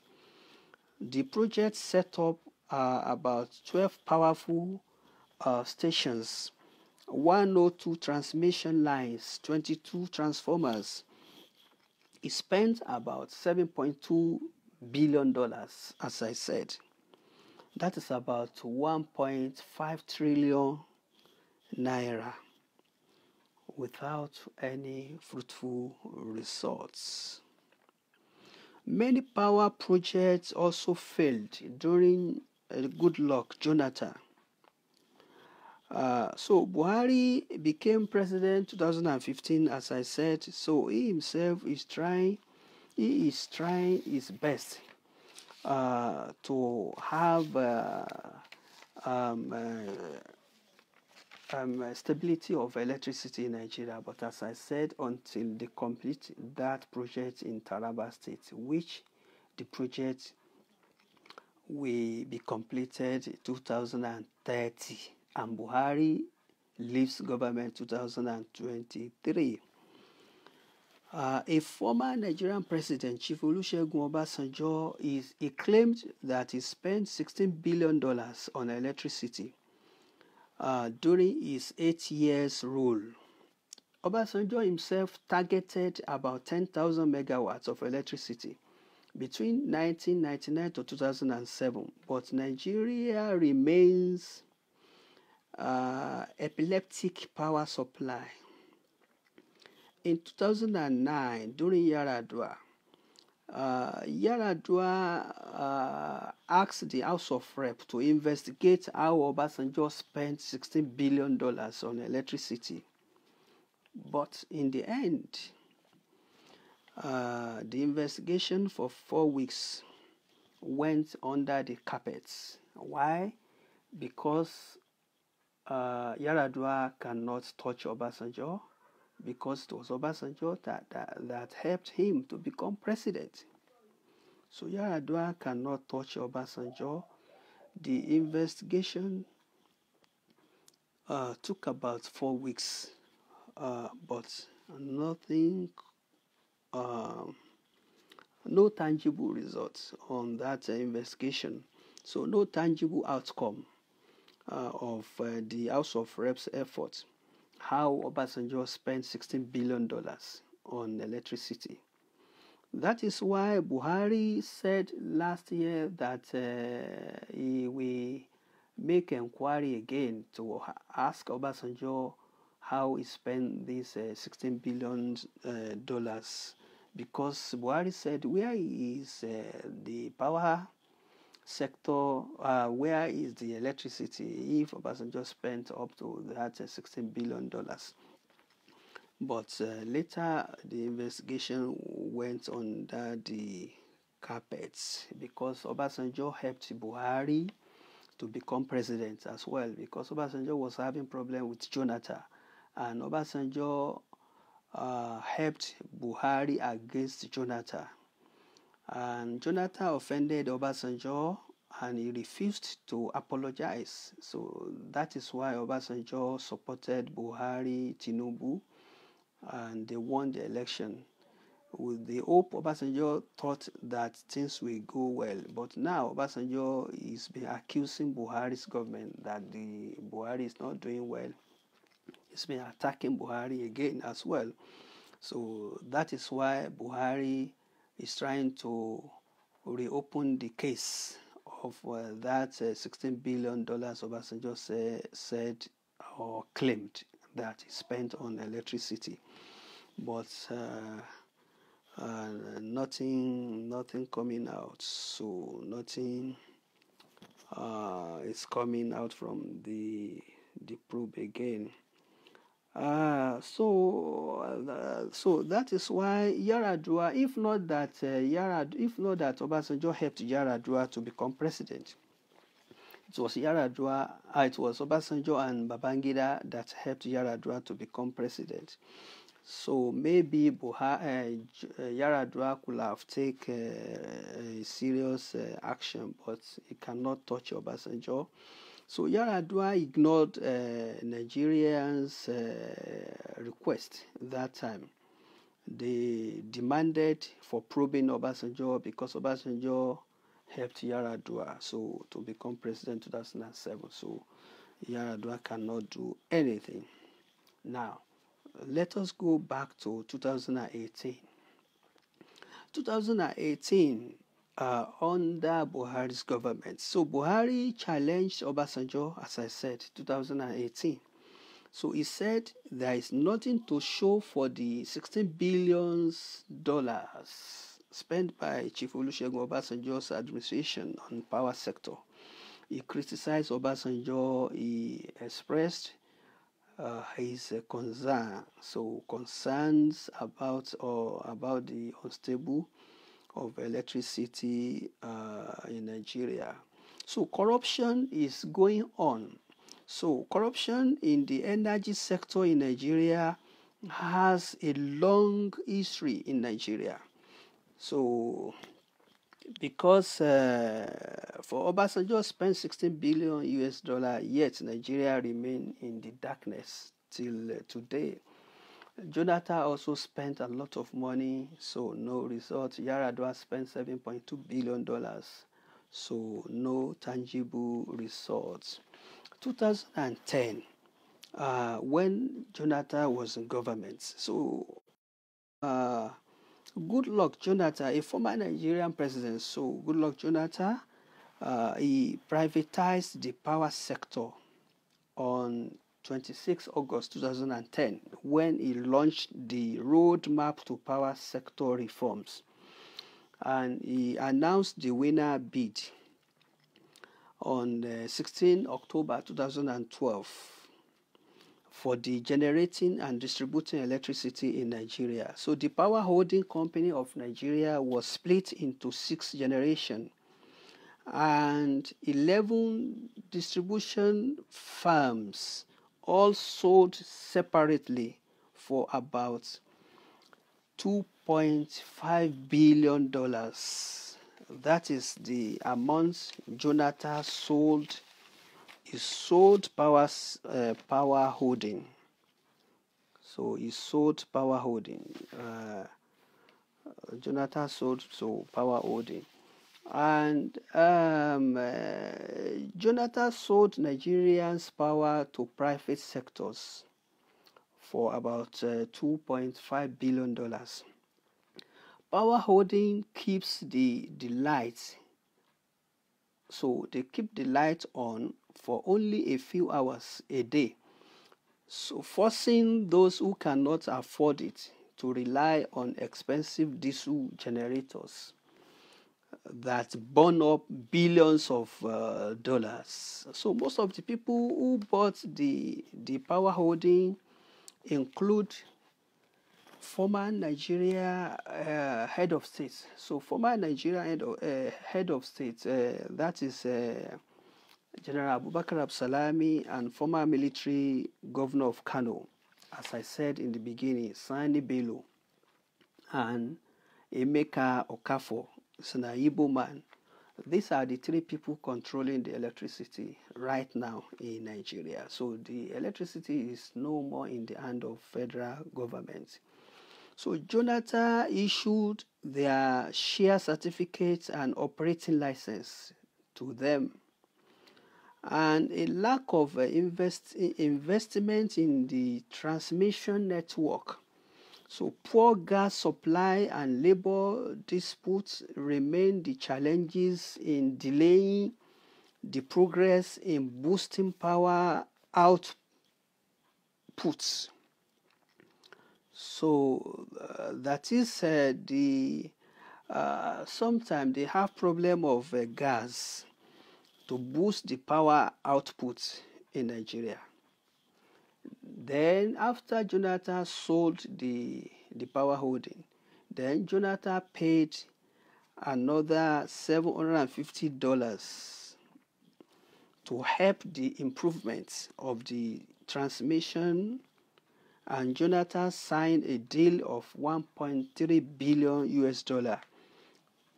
The project set up uh, about twelve powerful uh, stations, 102 transmission lines, 22 transformers. He spent about 7.2 billion dollars, as I said. That is about 1.5 trillion naira without any fruitful results. Many power projects also failed during uh, good luck, Jonathan. Uh, so Buhari became president 2015, as I said. So he himself is trying, he is trying his best uh, to have uh, um, uh, um, stability of electricity in Nigeria. But as I said, until they complete that project in Taraba State, which the project will be completed 2030, and Buhari leaves government 2023 Uh, a former Nigerian president, Chief Olusegun Obasanjo, is, he claimed that he spent $16 billion on electricity uh, during his eight years rule. Obasanjo himself targeted about 10,000 megawatts of electricity between 1999 to 2007, but Nigeria remains uh, epileptic power supply in 2009 during Yaradua. Uh, Yaradua uh, asked the House of Rep to investigate how Obasanjo spent 16 billion dollars on electricity, but in the end, uh, the investigation for four weeks went under the carpets. Why? Because uh, Yaradua cannot touch Obasanjo because it was Obasanjo that, that, that helped him to become president. So Yaradua cannot touch Obasanjo. The investigation uh, took about four weeks, uh, but nothing, um, no tangible results on that uh, investigation. So no tangible outcome uh, of uh, the House of Reps effort how Obasanjo spent $16 billion on electricity. That is why Buhari said last year that uh, he will make inquiry again to ask Obasanjo how he spent these uh, 16 billion uh, dollars uh, because Buhari said where is uh, the power sector uh, where is the electricity if Obasanjo spent up to that uh, 16 billion dollars but uh, later the investigation went under the carpets because Obasanjo helped Buhari to become president as well because Obasanjo was having problem with Jonathan and Obasanjo uh, helped Buhari against Jonathan And Jonathan offended Obasanjo and he refused to apologize. So that is why Obasanjo supported Buhari, Tinubu, and they won the election. With the hope, Obasanjo thought that things will go well. But now Obasanjo is been accusing Buhari's government that the Buhari is not doing well. He's been attacking Buhari again as well. So that is why Buhari is trying to reopen the case of uh, that uh, 16 billion dollars Obasanjo say, said or claimed that he spent on electricity, but uh, uh nothing, nothing coming out. So nothing uh, is coming out from the the probe again. Ah, so, uh, so that is why Yaradua, if not that uh, Yarad, if not that Obasanjo helped Yaradua to become president, it was Yaradua, uh, it was Obasanjo and Babangida that helped Yaradua to become president. So maybe Buha, uh, Yaradua could have taken eh, serious action, but he cannot touch Obasanjo. So Yaradua ignored uh, Nigerians' uh, request that time. They demanded for probing Obasanjo because Obasanjo helped Yaradua so to become president in 2007. So Yaradua cannot do anything. Now, let us go back to 2018. 2018, uh, under Buhari's government. So Buhari challenged Obasanjo, as I said, 2018. So he said there is nothing to show for the 16 billion dollars spent by Chief Olusegun Obasanjo's administration on power sector. He criticized Obasanjo. He expressed uh, his uh, concern. So concerns about or uh, about the unstable of electricity uh, in Nigeria. So corruption is going on. So corruption in the energy sector in Nigeria has a long history in Nigeria. So because uh, for Obasanjo spent 16 billion US dollar, yet Nigeria remain in the darkness till uh, today. Jonathan also spent a lot of money, so no result. Yaradua spent $7.2 billion, so no tangible results. 2010, uh, when Jonathan was in government, so uh, good luck, Jonathan, a former Nigerian president, so good luck, Jonathan. Uh, he privatized the power sector on 26 August 2010 when he launched the Roadmap to Power Sector Reforms and he announced the winner bid on uh, 16 October 2012 for the generating and distributing electricity in Nigeria. So the Power Holding Company of Nigeria was split into six generation and 11 distribution firms all sold separately for about $2.5 billion. That is the amount Jonathan sold. He sold power, uh, power holding. So he sold power holding. Uh, Jonathan sold so power holding. And um, uh, Jonathan sold Nigerians' power to private sectors for about uh, $2.5 billion. Power holding keeps the, the lights, so they keep the lights on for only a few hours a day. So, forcing those who cannot afford it to rely on expensive diesel generators that burn up billions of uh, dollars. So most of the people who bought the, the power holding include former Nigeria uh, head of state. So former Nigeria head of, uh, head of state, uh, that is uh, General Abubakar Absalami and former military governor of Kano, as I said in the beginning, Sani Bello and Emeka Okafor Sonaibu man. These are the three people controlling the electricity right now in Nigeria. So the electricity is no more in the hand of federal government. So Jonathan issued their share certificates and operating license to them. And a lack of uh, invest, investment in the transmission network so, poor gas supply and labor disputes remain the challenges in delaying the progress in boosting power outputs. So, uh, that is uh, the uh, sometimes they have problem of uh, gas to boost the power output in Nigeria. Then, after Jonathan sold the, the power holding, then Jonathan paid another $750 to help the improvements of the transmission. And Jonathan signed a deal of 1.3 billion US dollar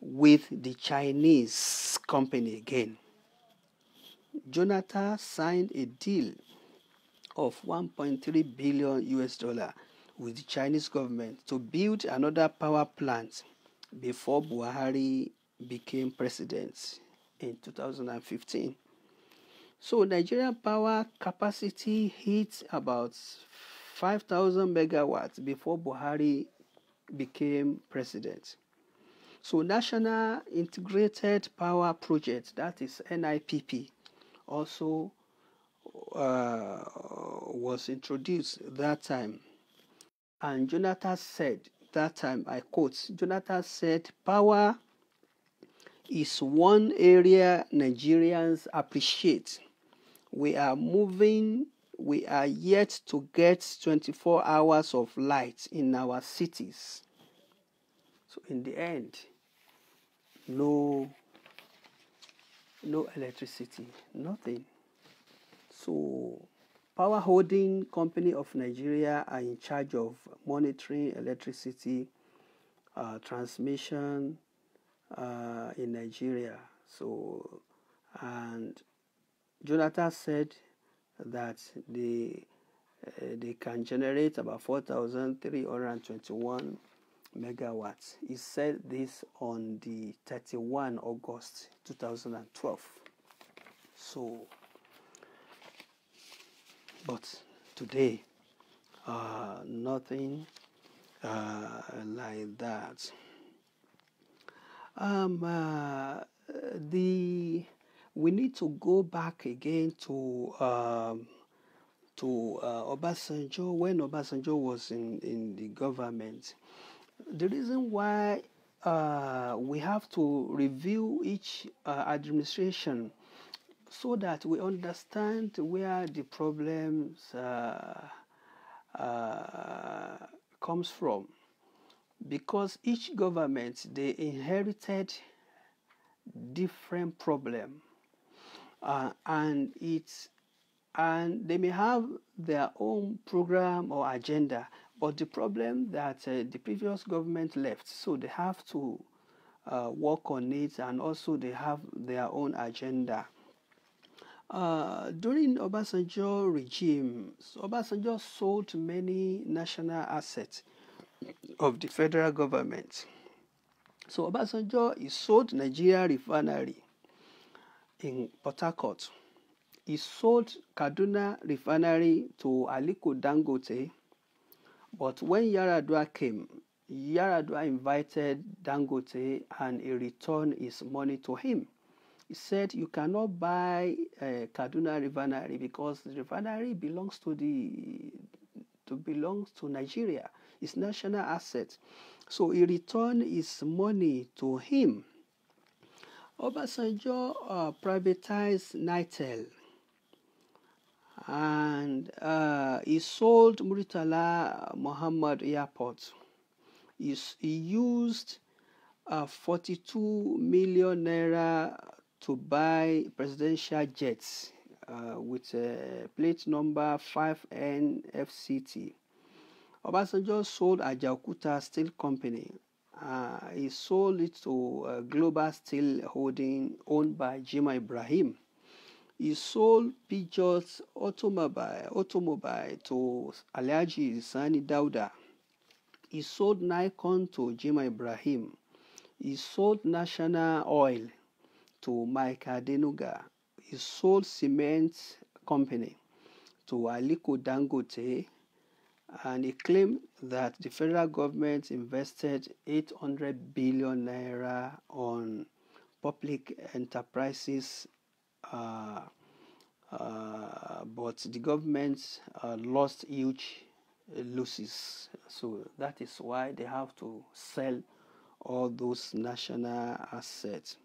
with the Chinese company again. Jonathan signed a deal of 1.3 billion US dollar with the Chinese government to build another power plant before Buhari became president in 2015. So Nigerian power capacity hit about 5,000 megawatts before Buhari became president. So National Integrated Power Project, that is NIPP, also uh, was introduced that time. And Jonathan said, that time, I quote, Jonathan said, power is one area Nigerians appreciate. We are moving, we are yet to get 24 hours of light in our cities. So, in the end, no, no electricity, nothing. So Power Holding Company of Nigeria are in charge of monitoring electricity uh, transmission uh, in Nigeria. So, and Jonathan said that they uh, they can generate about 4,321 megawatts. He said this on the 31 August 2012. So. But today, uh, nothing uh, like that. Um, uh, the we need to go back again to um, to uh, Obasanjo when Obasanjo was in, in the government. The reason why uh, we have to review each uh, administration so that we understand where the problems uh, uh, comes from because each government they inherited different problem uh, and it's and they may have their own program or agenda but the problem that uh, the previous government left so they have to uh, work on it and also they have their own agenda uh, during Obasanjo regime, Obasanjo sold many national assets of the federal government. So Obasanjo he sold Nigeria refinery in Port Harcourt. He sold Kaduna refinery to Aliko Dangote. But when Yaradua came, Yaradua invited Dangote and he returned his money to him. He said you cannot buy uh, Kaduna refinery because the refinery belongs to the to belongs to Nigeria. It's national asset. So he returned his money to him. Obasanjo uh, privatized Nitel and uh, he sold Muritala Muhammad Airport. He, used uh, 42 million naira to buy presidential jets uh, with uh, plate number 5NFCT. Obasanjo sold Ajaokuta Steel Company. Uh, he sold it to uh, Global Steel Holding owned by Jima Ibrahim. He sold Peugeot's automobile, automobile to Alhaji Sani Dauda. He sold Nikon to Jima Ibrahim. He sold National Oil to Mike Adenuga, he sold cement company to Aliko Dangote, and he claimed that the federal government invested 800 billion naira on public enterprises, uh, uh, but the government uh, lost huge losses. So that is why they have to sell all those national assets.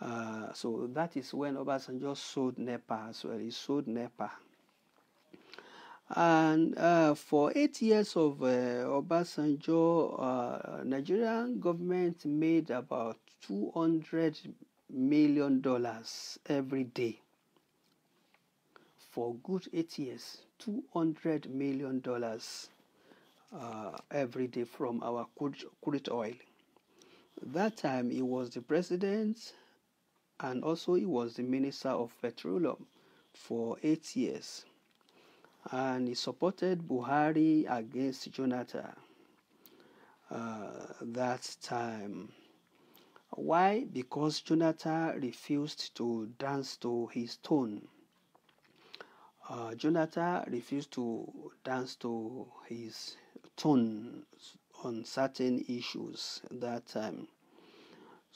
Uh, so that is when Obasanjo sold NEPA as well. He sold NEPA. And uh, for eight years of uh, Obasanjo, uh, Nigerian government made about two hundred million dollars every day. For good eight years, two hundred million dollars uh, every day from our crude, crude oil. That time he was the president and also he was the minister of petroleum for eight years. And he supported Buhari against Jonathan uh, that time. Why? Because Jonathan refused to dance to his tune. Uh, Jonathan refused to dance to his tune on certain issues that time.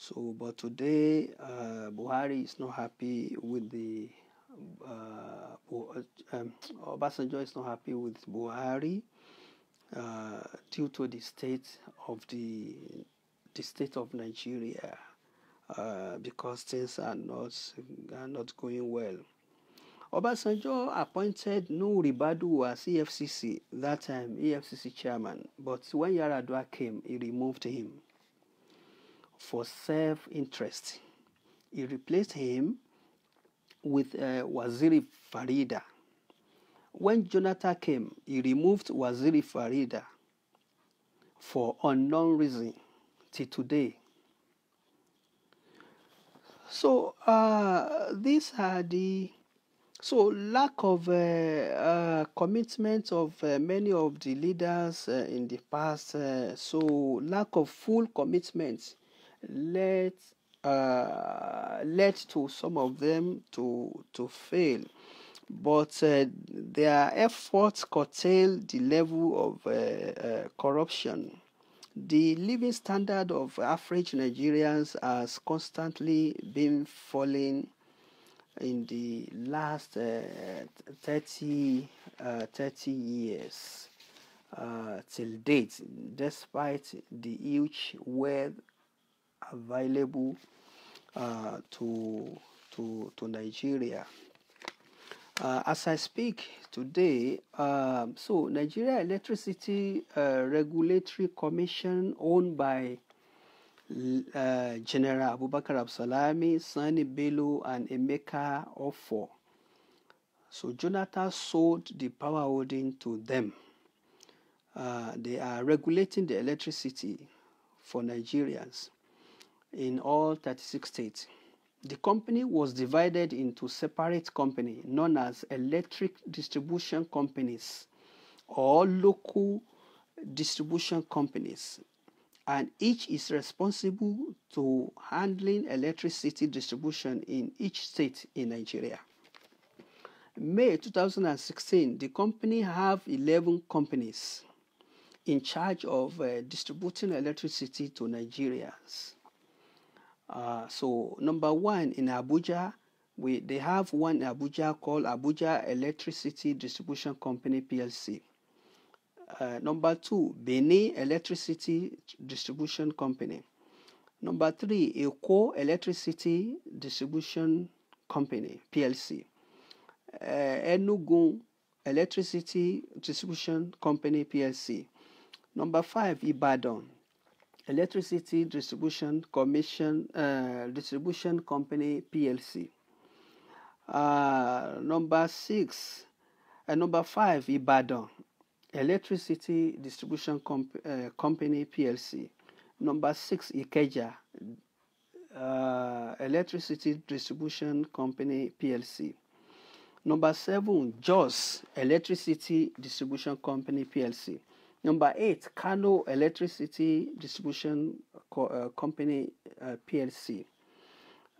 So, but today uh, Buhari is not happy with the uh, um, Obasanjo is not happy with Buhari uh, due to the state of the the state of Nigeria uh, because things are not are not going well. Obasanjo appointed Nuhu Ribadu as EFCC that time EFCC chairman, but when Yaradua came, he removed him. for self interest. He replaced him with uh, Waziri Farida. When Jonathan came, he removed Waziri Farida for unknown reason till today. So uh, these are the so lack of uh, uh, commitment of uh, many of the leaders uh, in the past. Uh, so lack of full commitment led uh, led to some of them to to fail, but uh, their efforts curtail the level of uh, uh, corruption. The living standard of average Nigerians has constantly been falling in the last uh, 30, uh, 30 years. Uh, till date, despite the huge wealth available uh, to, to, to Nigeria. Uh, as I speak today, uh, so Nigeria Electricity uh, Regulatory Commission, owned by uh, General Abubakar Absalami, Sani Bello, and Emeka Ofo. So Jonathan sold the power holding to them. Uh, they are regulating the electricity for Nigerians in all 36 states. The company was divided into separate companies known as electric distribution companies or local distribution companies, and each is responsible to handling electricity distribution in each state in Nigeria. May 2016, the company have 11 companies in charge of uh, distributing electricity to Nigerians. Uh, so number one in Abuja, we they have one Abuja called Abuja Electricity Distribution Company PLC. Uh, number two, Benin Electricity Distribution Company. Number three, Eco Electricity Distribution Company PLC. Uh, Enugu Electricity Distribution Company PLC. Number five, Ibadan Electricity Distribution Commission uh, Distribution Company PLC. Uh, ah, number six and uh, eh, number five Ibadan Electricity Distribution Comp- uh, eh, Company PLC. Number six Ikeja uh, Electricity Distribution Company PLC. Number seven Jos Electricity Distribution Company PLC. Number eight, Kano Electricity Distribution Co uh, Company uh, PLC.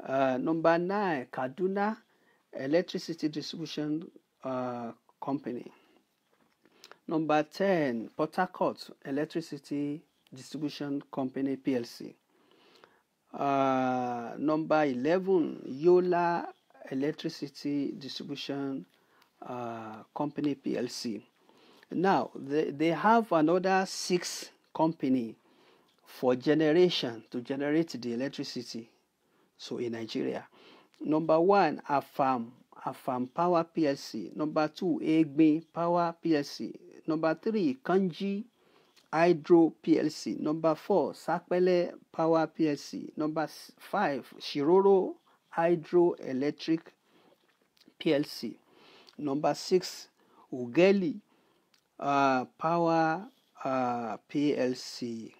Uh, number nine, Kaduna Electricity Distribution uh, Company. Number ten, Port Harcourt Electricity Distribution Company PLC. Uh, number eleven, Yola Electricity Distribution uh, Company PLC. Now, they, they have another six company for generation to generate the electricity. So in Nigeria, number one, Afam, Afam Power PLC. Number two, Egbe Power PLC. Number three, Kanji Hydro PLC. Number four, Sapele Power PLC. Number five, Shiroro Hydroelectric PLC. Number six, Ugeli uh, power uh, PLC.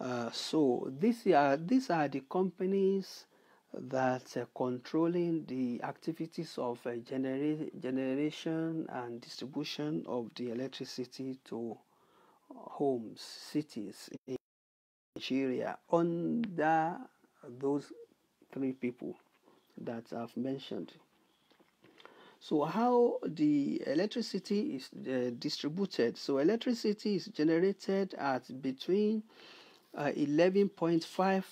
Uh, so these are these are the companies that are controlling the activities of uh, generation and distribution of the electricity to homes, cities in Nigeria under those three people that I've mentioned. So how the electricity is uh, distributed? So electricity is generated at between 11.5 uh,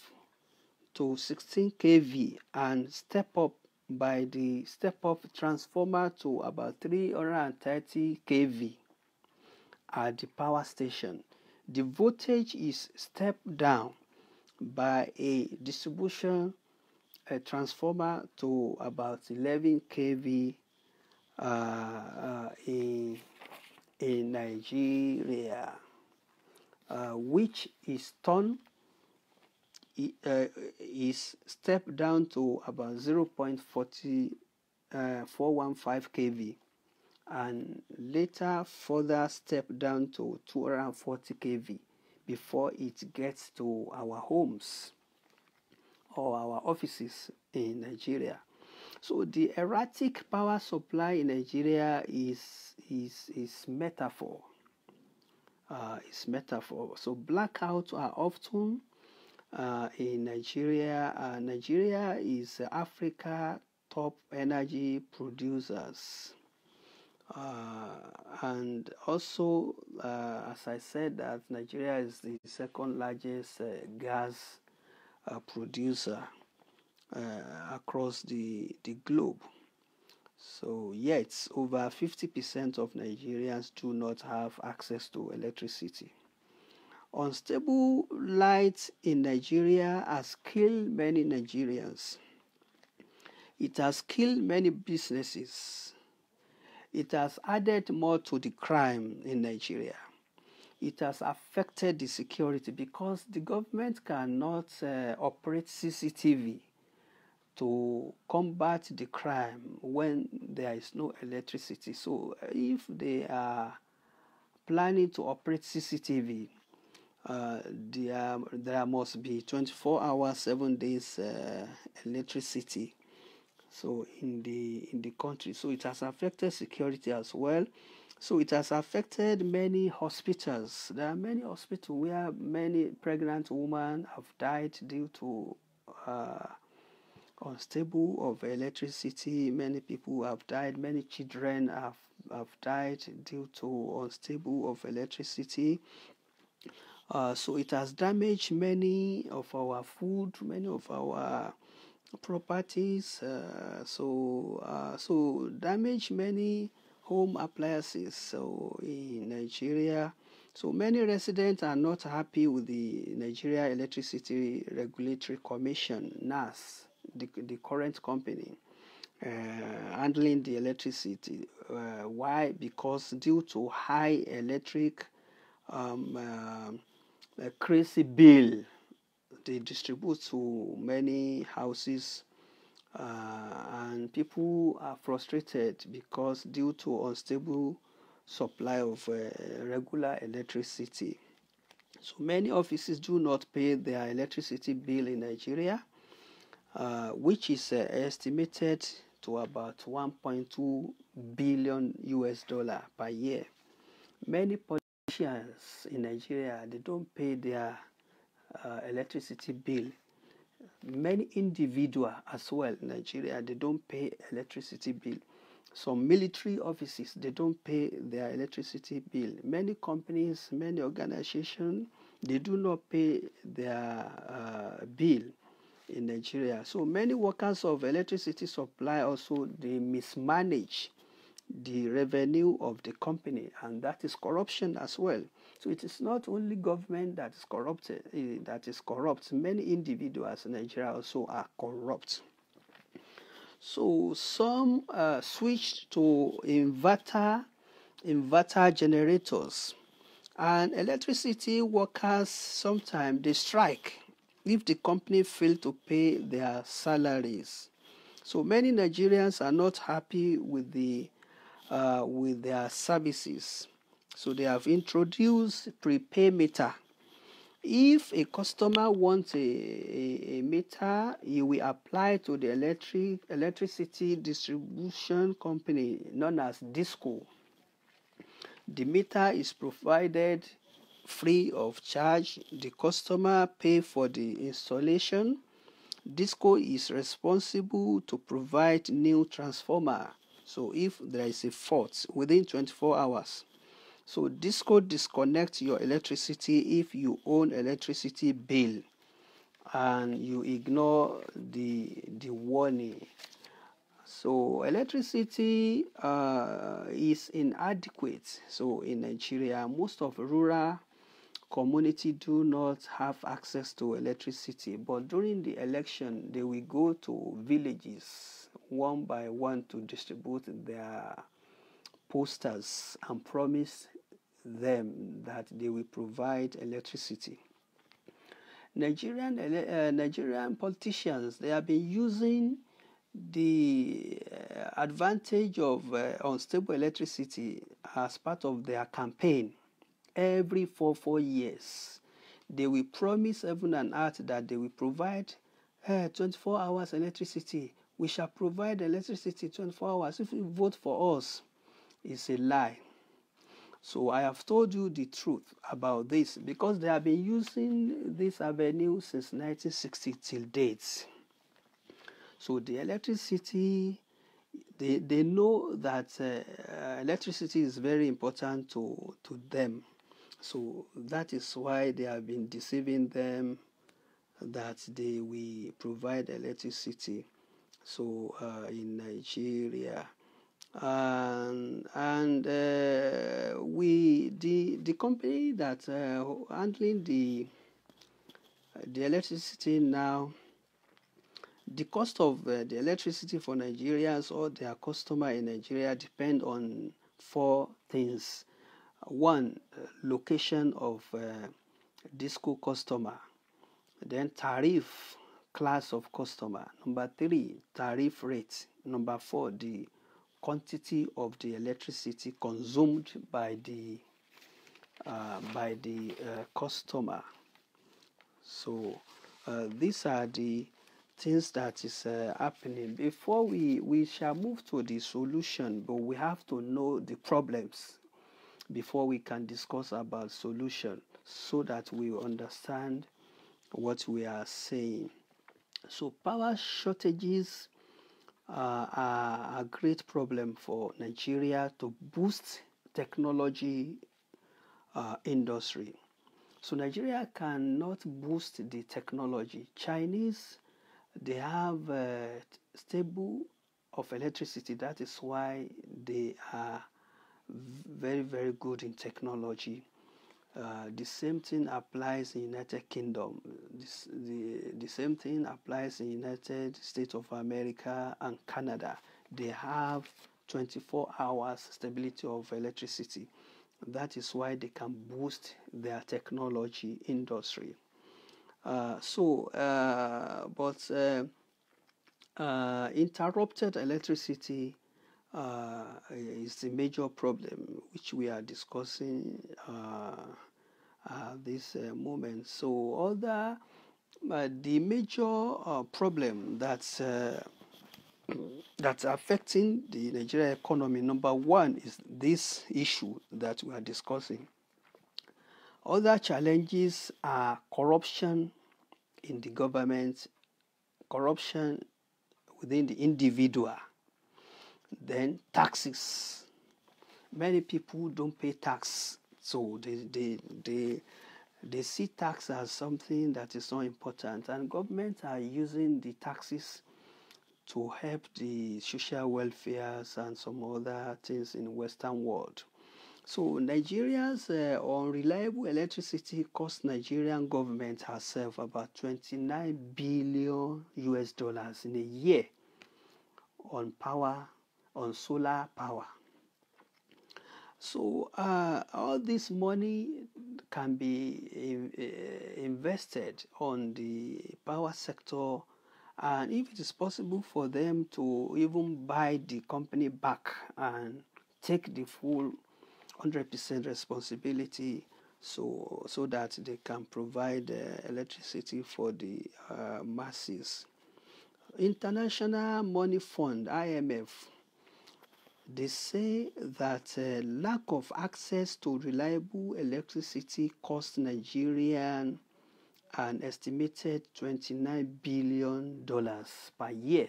to 16 kV and step up by the step up transformer to about 330 kV at the power station. The voltage is stepped down by a distribution a uh, transformer to about 11 kV in, ah, ah, in Nigeria, ah, which is turned uh, is stepped down to about eh, 0.415 uh, kV and later further stepped down to 240 kV before it gets to our homes or our offices in Nigeria. So the erratic power supply in Nigeria is is is metaphor. Uh, is metaphor. So blackouts are often uh, in Nigeria. Uh, Nigeria is Africa top energy producers. Uh, and also, uh, as I said, that Nigeria is the second largest uh, gas uh, producer uh, across the, the globe. So, yet, over 50% of Nigerians do not have access to electricity. Unstable lights in Nigeria has killed many Nigerians. It has killed many businesses. It has added more to the crime in Nigeria. It has affected the security because the government cannot uh, operate CCTV to combat the crime when there is no electricity. So, eh, if they are planning to operate CCTV, uh, there, there must be 24 hours, 7 days uh, electricity. So in the in the country, so it has affected security as well. So it has affected many hospitals. There are many hospitals where many pregnant women have died due to uh, unstable of electricity. Many people have died. Many children have, have died due to unstable of electricity. Uh, so it has damaged many of our food, many of our properties. Uh, so uh, so damage many home appliances. So in Nigeria, so many residents are not happy with the Nigeria Electricity Regulatory Commission (NAS) the, the current company uh, handling the electricity. Uh, why? Because due to high electric um, uh, crazy bill, they distribute to many houses, uh, and people are frustrated because due to unstable supply of uh, regular electricity. So many offices do not pay their electricity bill in Nigeria uh, which is uh, estimated to about 1.2 billion US dollar per year. Many politicians in Nigeria they don't pay their uh, electricity bill. Many individuals as well in Nigeria they don't pay electricity bill. Some military offices they don't pay their electricity bill. Many companies, many organizations they do not pay their uh, bill in Nigeria. So many workers of electricity supply also they mismanage the revenue of the company and that is corruption as well. So it is not only government that is corrupted eh, that is corrupt. Many individuals in Nigeria also are corrupt. So some uh, switched to inverter inverter generators and electricity workers sometimes they strike if the company failed to pay their salaries. So many Nigerians are not happy with the uh, with their services. So they have introduced prepay meter. If a customer wants a, a, a meter, you will apply to the electric electricity distribution company known as DISCO. The meter is provided free of charge. The customer pay for the installation. Disco is responsible to provide new transformer. So if there is a fault within 24 hours. So Disco disconnect your electricity if you own electricity bill and you ignore the the warning. So electricity uh, is inadequate. So in Nigeria, most of rural community do not have access to electricity, but during the election, they will go to villages one by one to distribute their posters and promise them that they will provide electricity. Nigerian uh, Nigerian politicians they have been using the uh, advantage of uh, unstable electricity as part of their campaign every four, four years. They will promise heaven and earth that they will provide uh, 24 hours electricity. We shall provide electricity 24 hours if you vote for us. It's a lie. So I have told you the truth about this because they have been using this avenue since 1960 till date. So the electricity, they, they know that uh, electricity is very important to, to them. So that is why they have been deceiving them that they will provide electricity. So uh, in Nigeria, and and uh, we the the company that uh, handling the the electricity now. The cost of uh, the electricity for Nigerians or their customer in Nigeria depend on four things one location of uh, disco customer then tariff class of customer number three tariff rate number four the quantity of the electricity consumed by the uh, by the uh, customer so uh, these are the things that is uh, happening before we we shall move to the solution but we have to know the problems before we can discuss about solution so that we understand what we are saying. So power shortages uh, are a great problem for Nigeria to boost technology uh, industry. So Nigeria cannot boost the technology. Chinese, they have uh, stable of electricity. That is why they are very very good in technology. Uh, the same thing applies in United Kingdom. This, the, the same thing applies in United States of America and Canada. They have 24 hours stability of electricity. That is why they can boost their technology industry. Uh, so, uh, but uh, uh, interrupted electricity uh, is a major problem which we are discussing at uh, uh, this uh, moment. So, other the major problem that's that's affecting the Nigerian economy, number one, is this issue that we are discussing. Other challenges are corruption in the government, corruption within the individual, then taxes. Many people don't pay tax, so they they they they see tax as something that is not important, and government are using the taxes to help the social welfare and some other things in Western world. So Nigeria's uh, unreliable electricity cost Nigerian government herself about 29 billion US dollars in a year on power on solar power. So uh, all this money can be in, uh, invested on the power sector, and if it is possible for them to even buy the company back and take the full 100% responsibility, so so that they can provide uh, electricity for the uh, masses. International Money Fund (IMF) They say that uh, lack of access to reliable electricity cost Nigerian an estimated 29 billion dollars per year.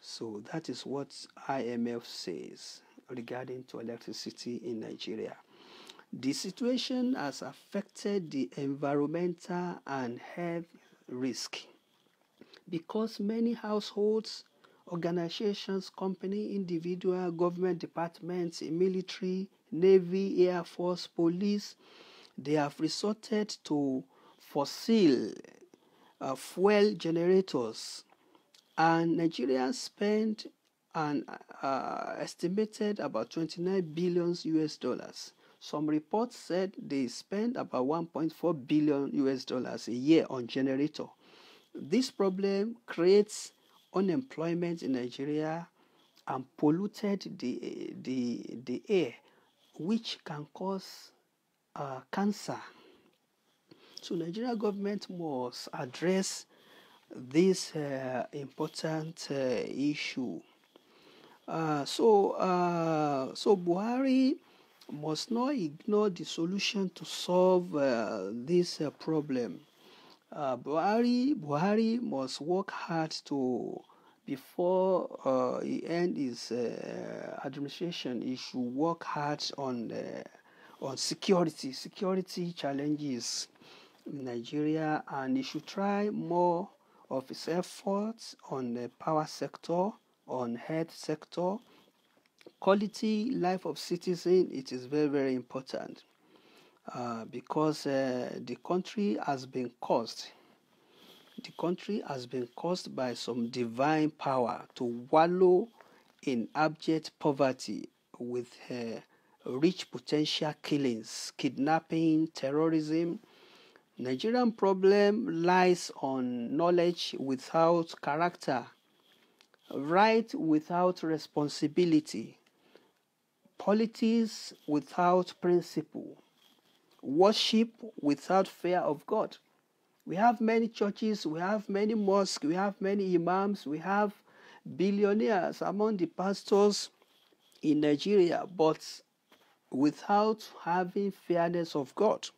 So that is what IMF says regarding to electricity in Nigeria. The situation has affected the environmental and health risk because many households organizations, company, individual, government departments, military, navy, air force, police, they have resorted to fossil uh, fuel generators, and Nigerians spent an uh, estimated about 29 billion US dollars. Some reports said they spend about 1.4 billion US dollars a year on generator. This problem creates unemployment in Nigeria and polluted the, the, the air, which can cause uh, cancer. So Nigeria government must address this uh, important uh, issue. Uh, so, uh, so Buhari must not ignore the solution to solve uh, this problem uh, Buhari, Buhari must work hard to before uh, he end his uh, administration. He should work hard on on security, security challenges in Nigeria, and he should try more of his efforts on the power sector, on health sector, quality life of citizen. It is very very important uh, because uh, the country has been caused. The country has been caused by some divine power to wallow in abject poverty with uh, rich potential killings, kidnapping, terrorism. Nigerian problem lies on knowledge without character, right without responsibility, politics without principle worship without fear of God. We have many churches, we have many mosques, we have many imams, we have billionaires among the pastors in Nigeria, but without having fairness of God.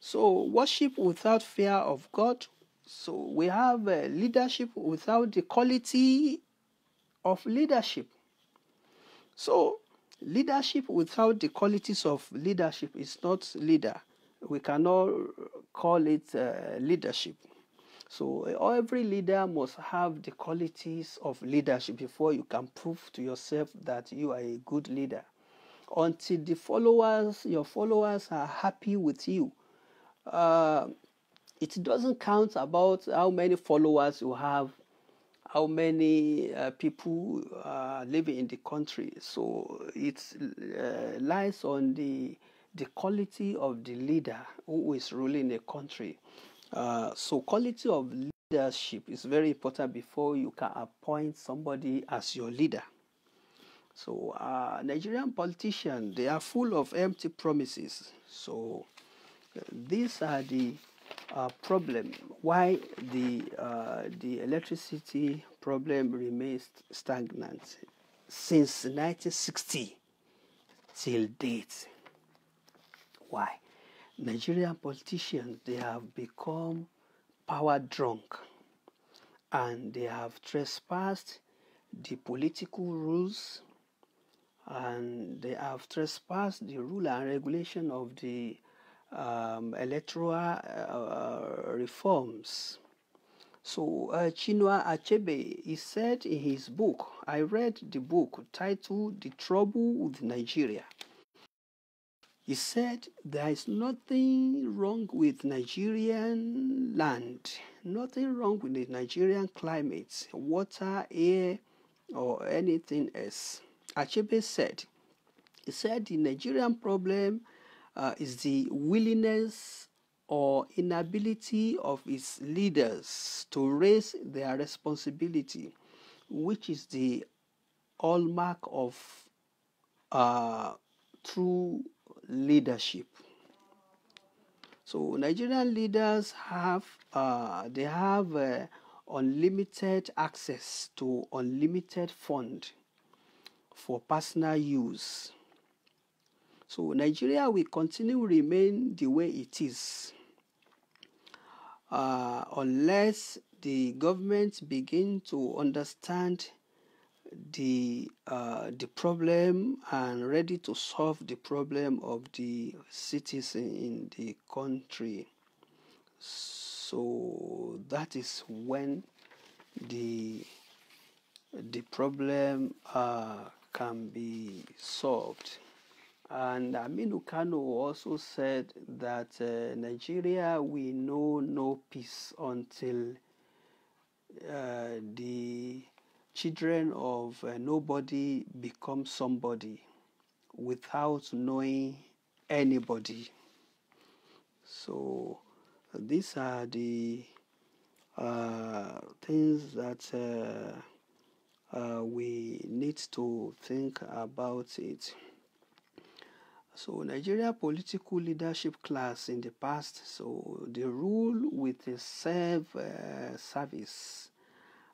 So, worship without fear of God. So, we have uh, leadership without the quality of leadership. So, Leadership without the qualities of leadership is not leader. We cannot call it uh, leadership. So every leader must have the qualities of leadership before you can prove to yourself that you are a good leader. Until the followers, your followers are happy with you, uh, it doesn't count about how many followers you have how many uh, people are uh, living in the country. So it uh, lies on the the quality of the leader who is ruling the country. Uh, so quality of leadership is very important before you can appoint somebody as your leader. So uh, Nigerian politicians they are full of empty promises. So uh, these are the uh, problem, why the, uh, the electricity problem remains stagnant since 1960 till date. Why? Nigerian politicians, they have become power drunk and they have trespassed the political rules and they have trespassed the rule and regulation of the um, electoral uh, uh, reforms. So uh, Chinua Achebe, he said in his book, I read the book titled The Trouble with Nigeria. He said there is nothing wrong with Nigerian land, nothing wrong with the Nigerian climate, water, air, or anything else. Achebe said, he said the Nigerian problem uh, is the willingness or inability of its leaders to raise their responsibility, which is the hallmark of uh, true leadership. So Nigerian leaders have uh, they have uh, unlimited access to unlimited fund for personal use so Nigeria will continue remain the way it is uh, unless the government begin to understand the uh, the problem and ready to solve the problem of the citizen in the country. So that is when the the problem uh, can be solved. And Aminu Kano also said that uh, Nigeria we know no peace until uh, the children of uh, nobody become somebody without knowing anybody. So these are the uh, things that uh, uh, we need to think about it. So Nigeria political leadership class in the past, so they rule with a self uh, service,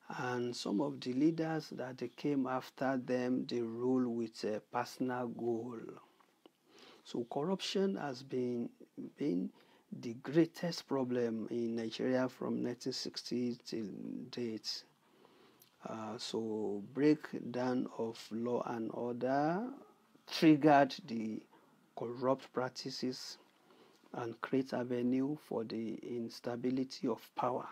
and some of the leaders that they came after them, they rule with a personal goal. So corruption has been been the greatest problem in Nigeria from 1960 till date. Uh, so breakdown of law and order triggered the corrupt practices and create avenue for the instability of power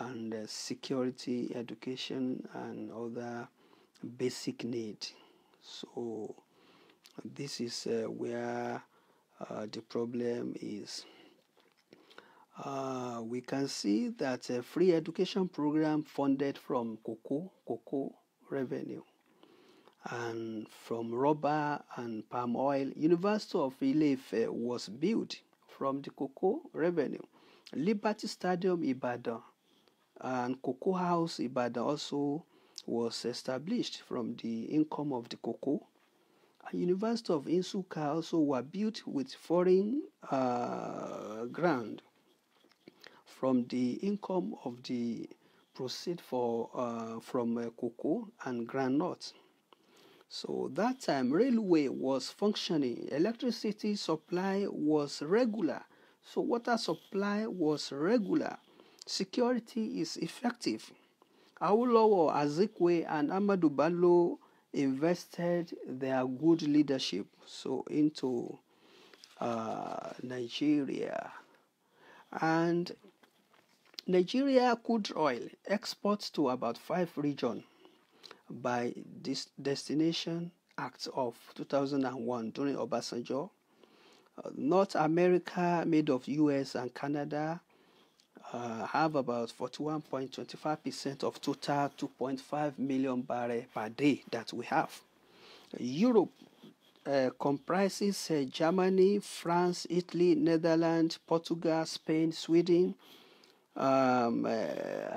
and uh, security, education, and other basic need. So this is uh, where uh, the problem is. Uh, we can see that a free education program funded from cocoa cocoa revenue and from rubber and palm oil, University of Ilefe was built from the cocoa revenue. Liberty Stadium Ibadan and Cocoa House Ibadan also was established from the income of the cocoa. And University of Insuka also were built with foreign uh, ground from the income of the proceed for uh, from uh, cocoa and groundnut. So that time railway was functioning, electricity supply was regular, so water supply was regular, security is effective. Awolowo, Azikwe, and Amadou Bello invested their good leadership so into uh, Nigeria, and Nigeria crude oil exports to about five regions by this Destination Act of 2001 during Obasanjo. Uh, North America, made of US and Canada, uh, have about 41.25% of total 2.5 million barrel per day that we have. Europe uh, comprises uh, Germany, France, Italy, Netherlands, Portugal, Spain, Sweden, um, uh,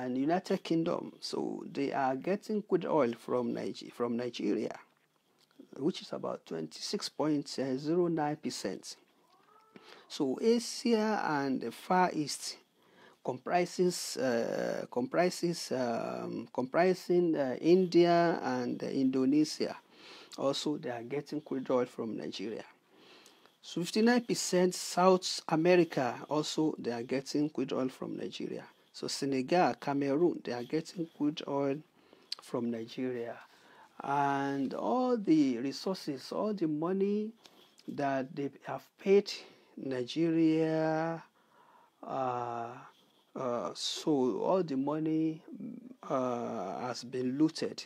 and United Kingdom. So they are getting crude oil from Niger from Nigeria, which is about 26.09 percent. So Asia and the Far East comprises uh, comprises um, comprising uh, India and Indonesia. Also, they are getting crude oil from Nigeria. So 59% South America also they are getting crude oil from Nigeria. So Senegal, Cameroon, they are getting crude oil from Nigeria. And all the resources, all the money that they have paid Nigeria, uh, uh, so all the money uh, has been looted.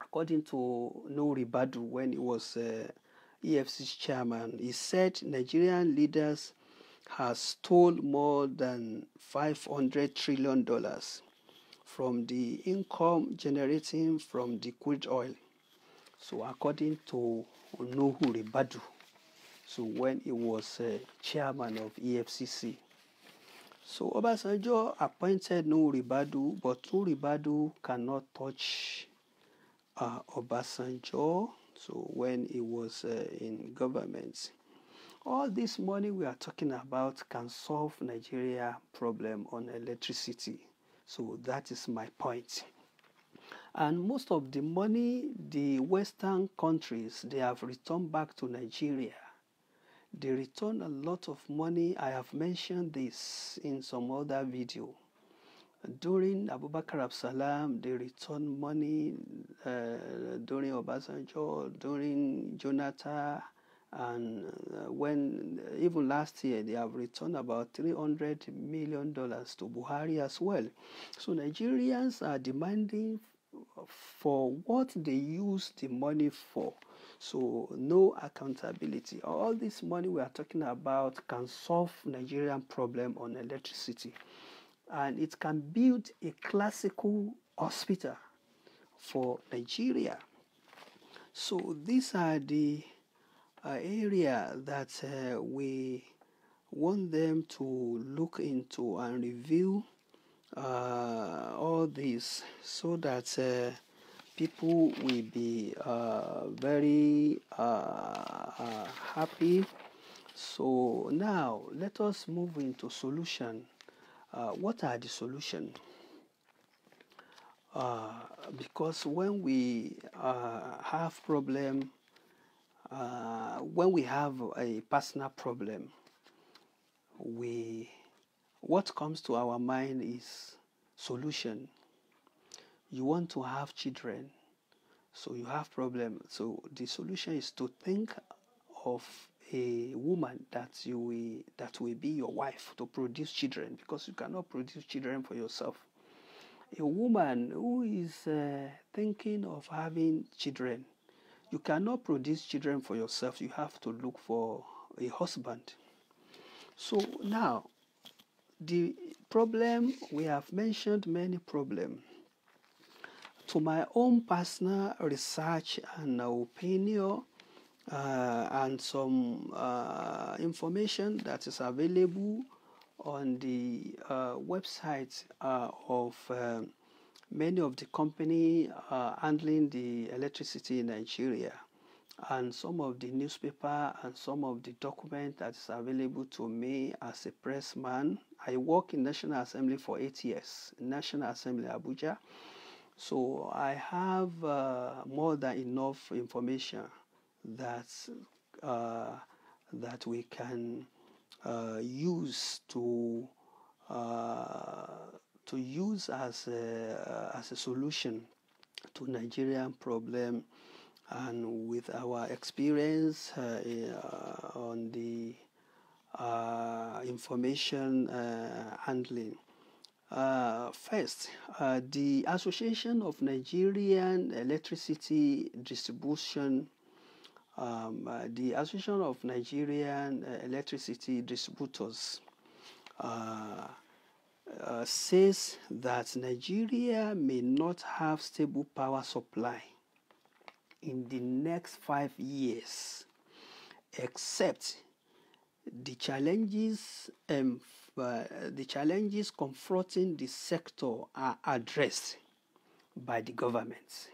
According to Nuri Badu, when he was uh, EFC's chairman, he said Nigerian leaders has stole more than $500 trillion from the income generating from the crude oil. So, according to Onohu Ribadu, so when he was uh, chairman of EFCC. So Obasanjo appointed Nuribadu, but Nuribadu cannot touch uh, Obasanjo so when he was uh, in government. All this money we are talking about can solve Nigeria problem on electricity. So that is my point. And most of the money the Western countries they have returned back to Nigeria. They return a lot of money. I have mentioned this in some other video. During Abu Bakr al-Salam, they returned money uh, during Obasanjo, during Jonathan, and uh, when even last year they have returned about 300 million dollars to Buhari as well. So Nigerians are demanding for what they use the money for. So no accountability. All this money we are talking about can solve Nigerian problem on electricity and it can build a classical hospital for Nigeria. So these are the uh, area that uh, we want them to look into and review uh, all this so that uh, people will be uh, very uh, uh, happy. So now let us move into solution. Uh, what are the solutions? Uh, because when we uh, have problem, uh, when we have a personal problem, we what comes to our mind is solution. You want to have children, so you have problem. So the solution is to think of a woman that you will, that will be your wife to produce children because you cannot produce children for yourself. A woman who is uh, thinking of having children, you cannot produce children for yourself. You have to look for a husband. So now, the problem we have mentioned many problems. To my own personal research and opinion, uh, and some uh, information that is available on the uh, website uh, of um, many of the company uh, handling the electricity in Nigeria and some of the newspaper and some of the document that is available to me as a pressman. I work in National Assembly for eight years, National Assembly Abuja. So I have uh, more than enough information that uh, that we can uh, use to uh, to use as a, uh, as a solution to Nigerian problem and with our experience uh, on the information handling. Uh, first, uh, the Association of Nigerian Electricity Distribution um, uh, the Association of Nigerian uh, Electricity Distributors uh, uh, says that Nigeria may not have stable power supply in the next five years, except the challenges um, uh, the challenges confronting the sector are addressed by the government.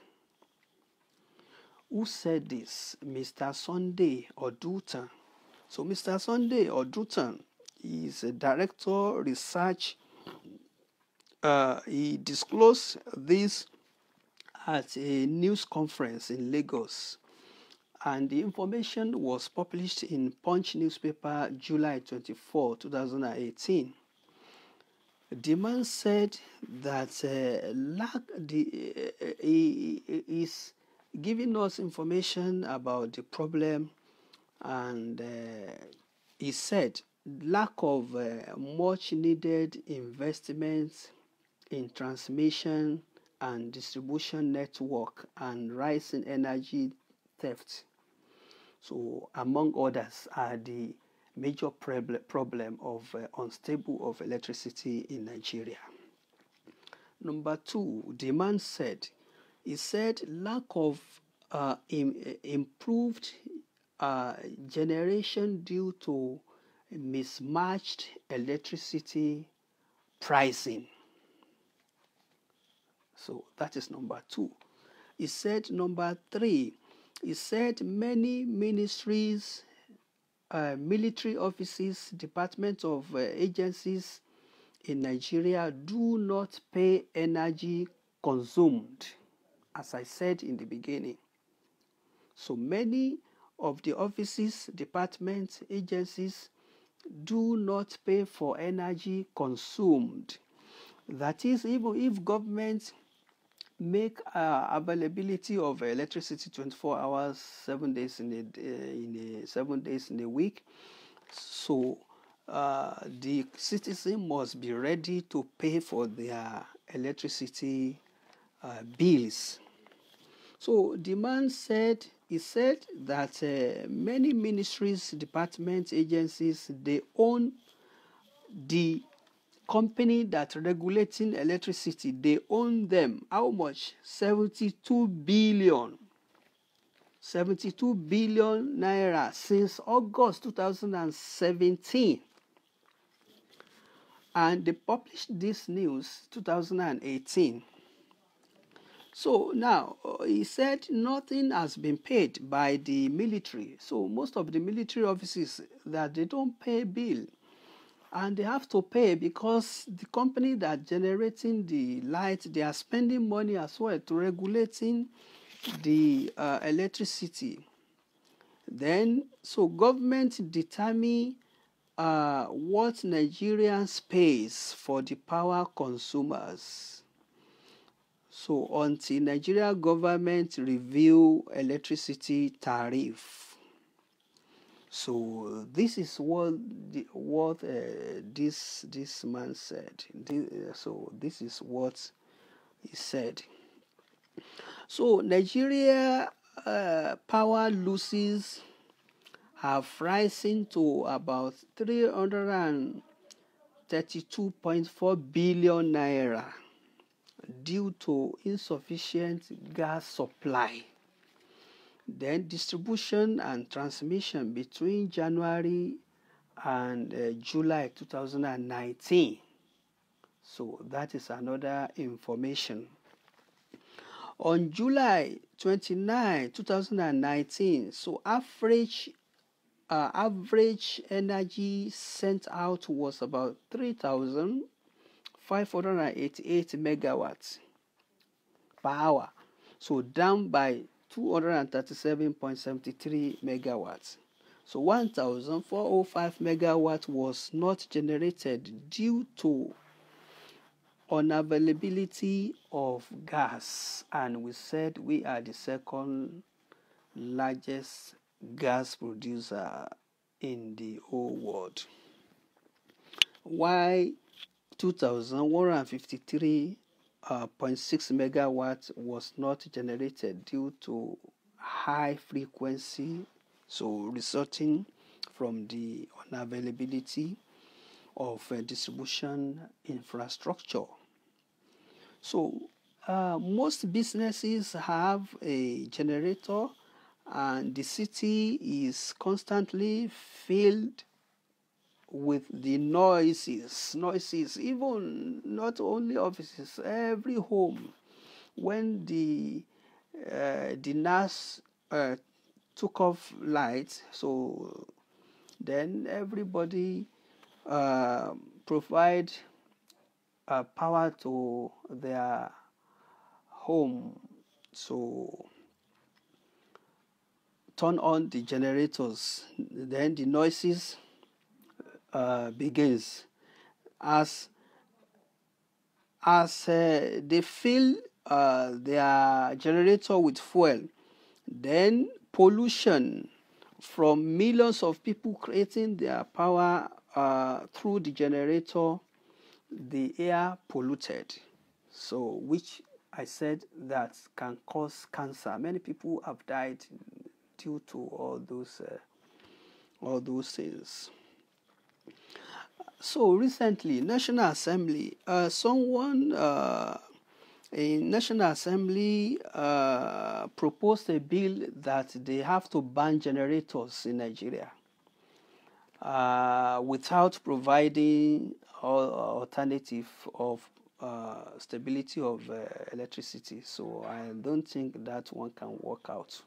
Who said this? Mr. Sunday Odutan. So, Mr. Sunday Odutan is a director research. Uh, he disclosed this at a news conference in Lagos, and the information was published in Punch newspaper July 24, 2018. The man said that uh, lack the, uh, uh he, he is giving us information about the problem and uh, he said lack of uh, much needed investments in transmission and distribution network and rising energy theft so among others are the major prob- problem of uh, unstable of electricity in Nigeria number 2 demand said he said lack of uh, Im- improved uh, generation due to mismatched electricity pricing. So that is number two. He said number three. He said many ministries, uh, military offices, departments of uh, agencies in Nigeria do not pay energy consumed as I said in the beginning. So many of the offices, departments, agencies do not pay for energy consumed. That is, even if governments make uh, availability of electricity 24 hours, seven days in a, uh, in a seven days in a week, so uh, the citizen must be ready to pay for their electricity uh, bills. So the man said, he said that uh, many ministries, departments, agencies, they own the company that regulating electricity. They own them. How much? 72 billion. 72 billion naira since August 2017. And they published this news 2018. So now uh, he said nothing has been paid by the military. So most of the military offices that they don't pay bill and they have to pay because the company that generating the light they are spending money as well to regulating the uh, electricity. Then so government determine uh, what Nigerians pays for the power consumers. So until Nigeria government review electricity tariff. So this is what the, what uh, this this man said. Uh, so this is what he said. So Nigeria uh, power losses have risen to about 332.4 billion naira due to insufficient gas supply. Then distribution and transmission between January and uh, July 2019. So that is another information. On July 29, 2019, so average uh, average energy sent out was about 3,000 588 megawatts per hour, so down by 237.73 megawatts. So 1,405 megawatt was not generated due to unavailability of gas, and we said we are the second largest gas producer in the whole world. Why 2,153.6 uh, megawatts was not generated due to high frequency, so resulting from the unavailability of uh, distribution infrastructure. So, uh, most businesses have a generator, and the city is constantly filled with the noises, noises, even not only offices, every home. When the uh, the nurse uh, took off lights, so then everybody uh, provide uh, power to their home. So turn on the generators, then the noises uh, begins as as uh, they fill uh, their generator with fuel then pollution from millions of people creating their power uh, through the generator the air polluted so which i said that can cause cancer many people have died due to all those uh, all those things so recently, National Assembly, uh, someone uh, in National Assembly uh, proposed a bill that they have to ban generators in Nigeria uh, without providing alternative of uh, stability of uh, electricity. So I don't think that one can work out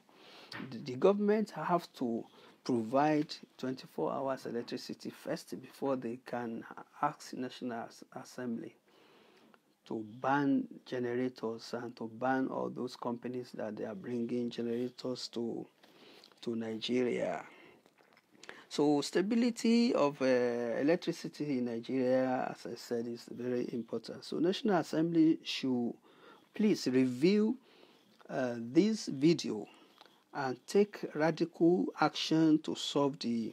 the government have to provide 24 hours electricity first before they can ask National Assembly to ban generators and to ban all those companies that they are bringing generators to to Nigeria. So stability of uh, electricity in Nigeria, as I said, is very important. So National Assembly should please review uh, this video and take radical action to solve the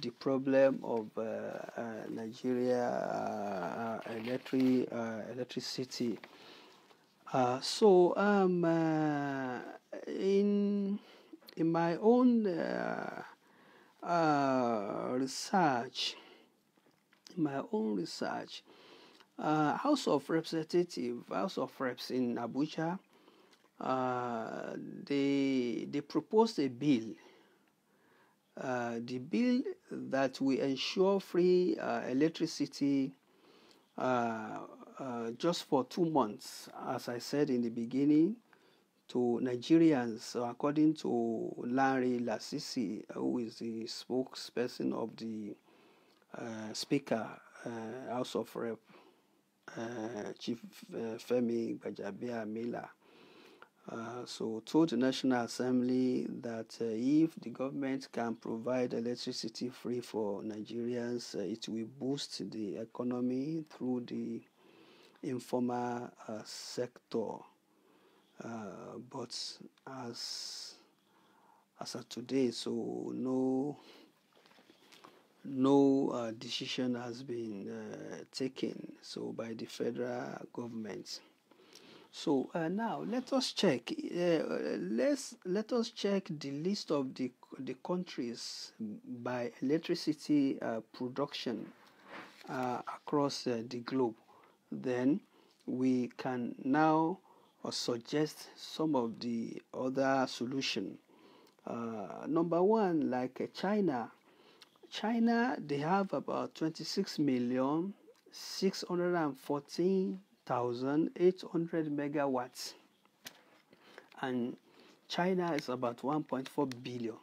the problem of uh, uh, Nigeria uh, uh electric uh, electricity. Uh, so um, in in my own research, in my own research, House of Representative, House of Reps in Abuja uh, they, they proposed a bill. Uh, the bill that will ensure free uh, electricity uh, uh, just for two months, as I said in the beginning, to Nigerians, according to Larry Lasisi, who is the spokesperson of the Speaker, House of Rep, Chief Femi Mila. Uh, so told the National Assembly that uh, if the government can provide electricity free for Nigerians, uh, it will boost the economy through the informal uh, sector. Uh, but as as of today, so no no uh, decision has been taken so by the federal government. So uh, now let us check. Uh, let's let us check the list of the the countries by electricity uh, production uh, across uh, the globe. Then we can now uh, suggest some of the other solution. number one, like China. China, they have about 26 million 614 1,800 megawatts. And China is about 1.4 billion.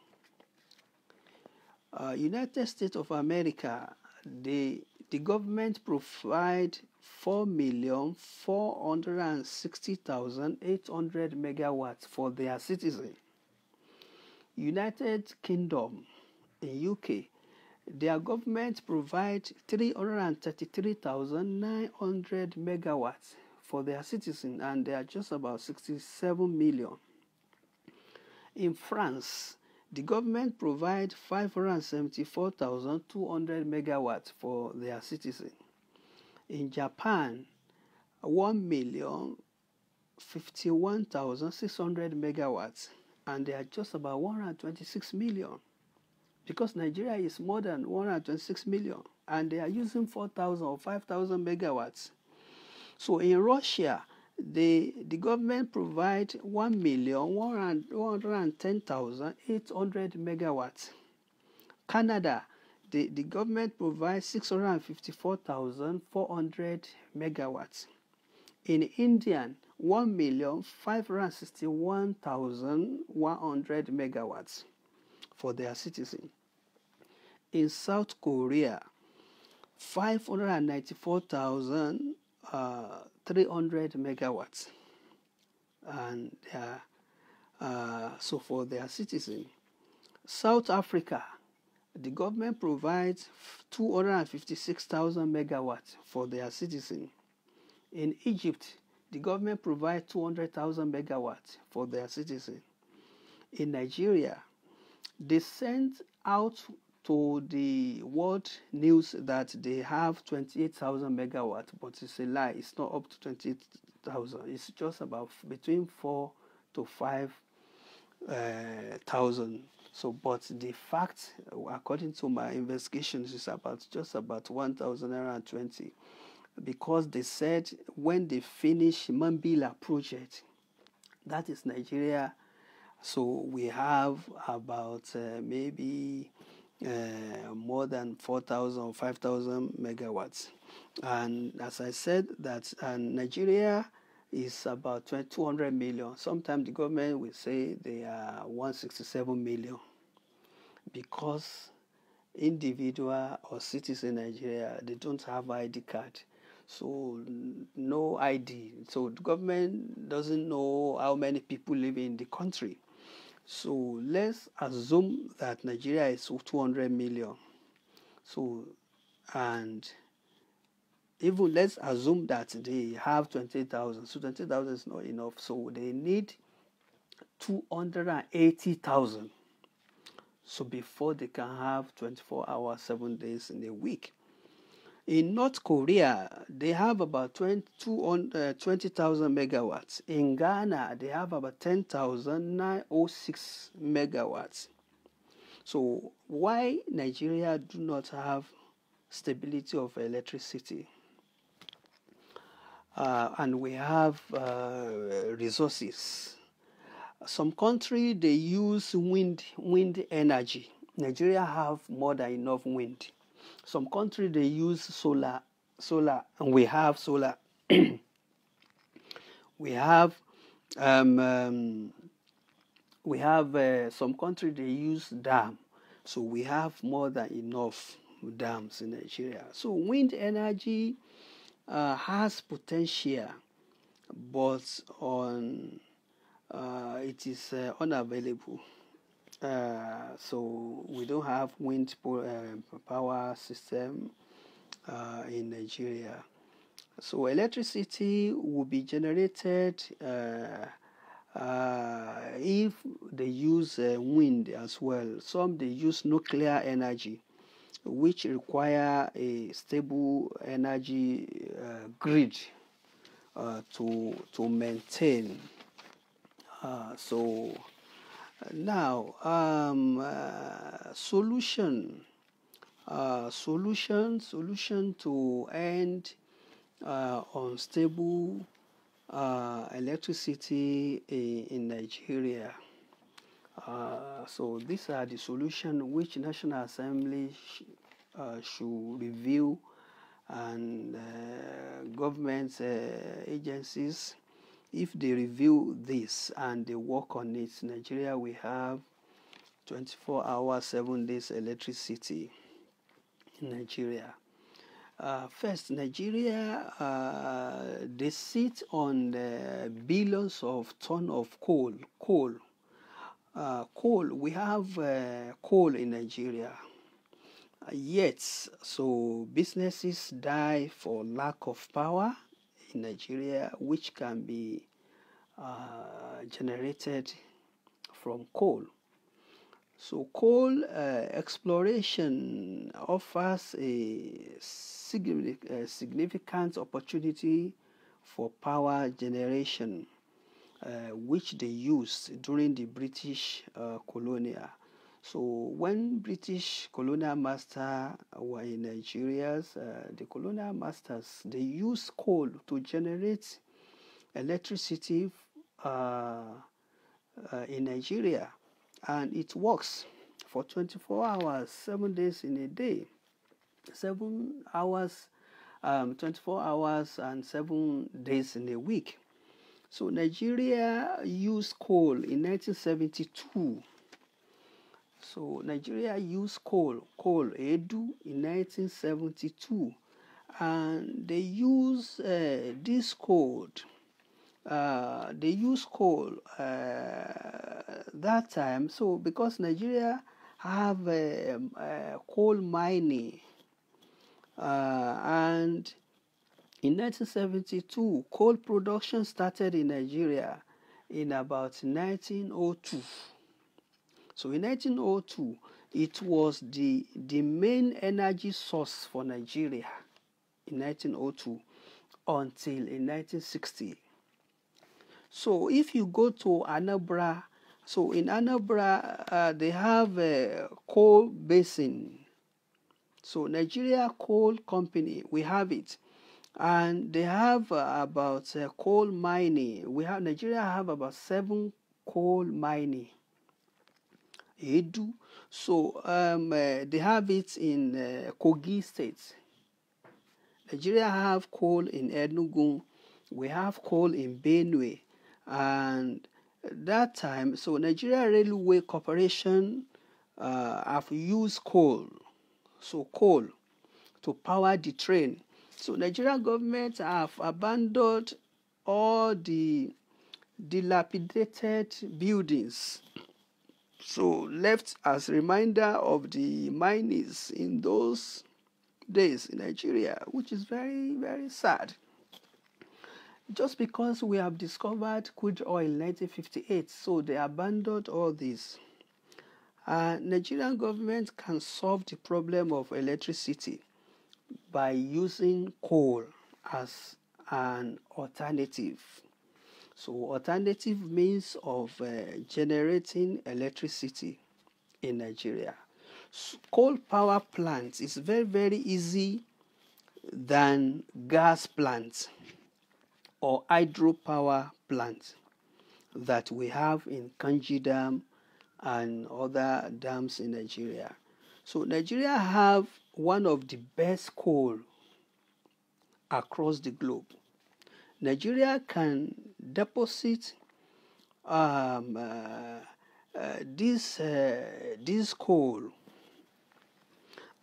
Uh, United States of America, the, the government provide 4,460,800 megawatts for their citizens. United Kingdom in UK, their government provides 333,900 megawatts for their citizens, and they are just about 67 million. In France, the government provides 574,200 megawatts for their citizens. In Japan, 1,051,600 megawatts, and they are just about 126 million because Nigeria is more than 126 million and they are using 4,000 or 5,000 megawatts. So in Russia, the, the government provides 1 million 110,800 megawatts. Canada, the, the government provides 654,400 megawatts. In India, 1,561,100 megawatts for their citizens. In South Korea, 594,300 uh, megawatts, and uh, uh, so for their citizens. South Africa, the government provides 256,000 megawatts for their citizens. In Egypt, the government provides 200,000 megawatts for their citizens. In Nigeria, they sent out to the world news that they have 28,000 megawatt, but it's a lie. It's not up to 28,000. It's just about between 4 to 5,000. Eh, uh, so, but the fact, according to my investigations, is about just about 1,020 because they said when they finish Mambila project, that is Nigeria so we have about uh, maybe uh, more than 4,000, 5,000 megawatts. And as I said, that and Nigeria is about 200 million. Sometimes the government will say they are 167 million because individual or cities in Nigeria they don't have ID card. So no ID. So the government doesn't know how many people live in the country. So let's assume that Nigeria is 200 million. So, and even let's assume that they have 20,000. So 20,000 is not enough. So they need 280,000. So before they can have 24 hours, 7 days in a week. In North Korea, they have about 20,000 on uh, 20, megawatts. In Ghana, they have about 10,906 megawatts. So why Nigeria do not have stability of electricity? Uh, and we have uh, resources. Some country they use wind wind energy. Nigeria have more than enough wind. Some country they use solar, solar, and we have solar. we have um, um, we have uh, some country they use dam, so we have more than enough dams in Nigeria. So wind energy uh, has potential, but on uh, it is uh, unavailable. Uh, so we don't have wind uh, power system uh, in Nigeria. So electricity will be generated uh, uh if they use wind as well. Some they use nuclear energy, which require a stable energy grid to to maintain. so now, um, uh, solution, uh, solution, solution to end uh, unstable uh, electricity in, in Nigeria. Uh, so these are the solution which National Assembly sh uh, should review and government agencies if they review this and they work on it, Nigeria will have 24 hours, 7 days electricity in Nigeria. Uh, first, Nigeria, uh, they sit on the billions of ton of coal. Coal. Uh, coal. We have uh, coal in Nigeria. yet, so businesses die for lack of power in Nigeria, which can be uh, generated from coal. So, coal uh, exploration offers a significant opportunity for power generation, uh, which they used during the British uh, colonial so when British colonial masters were in Nigeria, uh, the colonial masters, they used coal to generate electricity uh, uh, in Nigeria. And it works for 24 hours, 7 days in a day. 7 hours, um, 24 hours and 7 days in a week. So Nigeria used coal in 1972 so Nigeria used coal, coal Edu in 1972, and they use uh, this code. Uh, they use coal uh, that time. So because Nigeria have um, eh, coal mining, uh, and in 1972 coal production started in Nigeria in about 1902. So in 1902, it was the, the main energy source for Nigeria in 1902 until in 1960. So if you go to Anambra, so in Anambra, uh, they have a coal basin. So Nigeria Coal Company, we have it. And they have uh, about uh, coal mining. We have Nigeria have about seven coal mining. Edu. So um, uh, they have it in uh, Kogi State. Nigeria have coal in Enugu. We have coal in Benue. And that time, so Nigeria Railway Corporation uh, have used coal, so coal, to power the train. So Nigeria government have abandoned all the dilapidated buildings so, left as reminder of the miners in those days in Nigeria, which is very, very sad. Just because we have discovered crude oil in 1958, so they abandoned all this. Uh, Nigerian government can solve the problem of electricity by using coal as an alternative. So, alternative means of uh, generating electricity in Nigeria. coal power plants is very, very easy than gas plants or hydropower plants that we have in Kanji Dam and other dams in Nigeria. So Nigeria have one of the best coal across the globe. Nigeria can deposits. Um, uh, uh, this uh, this coal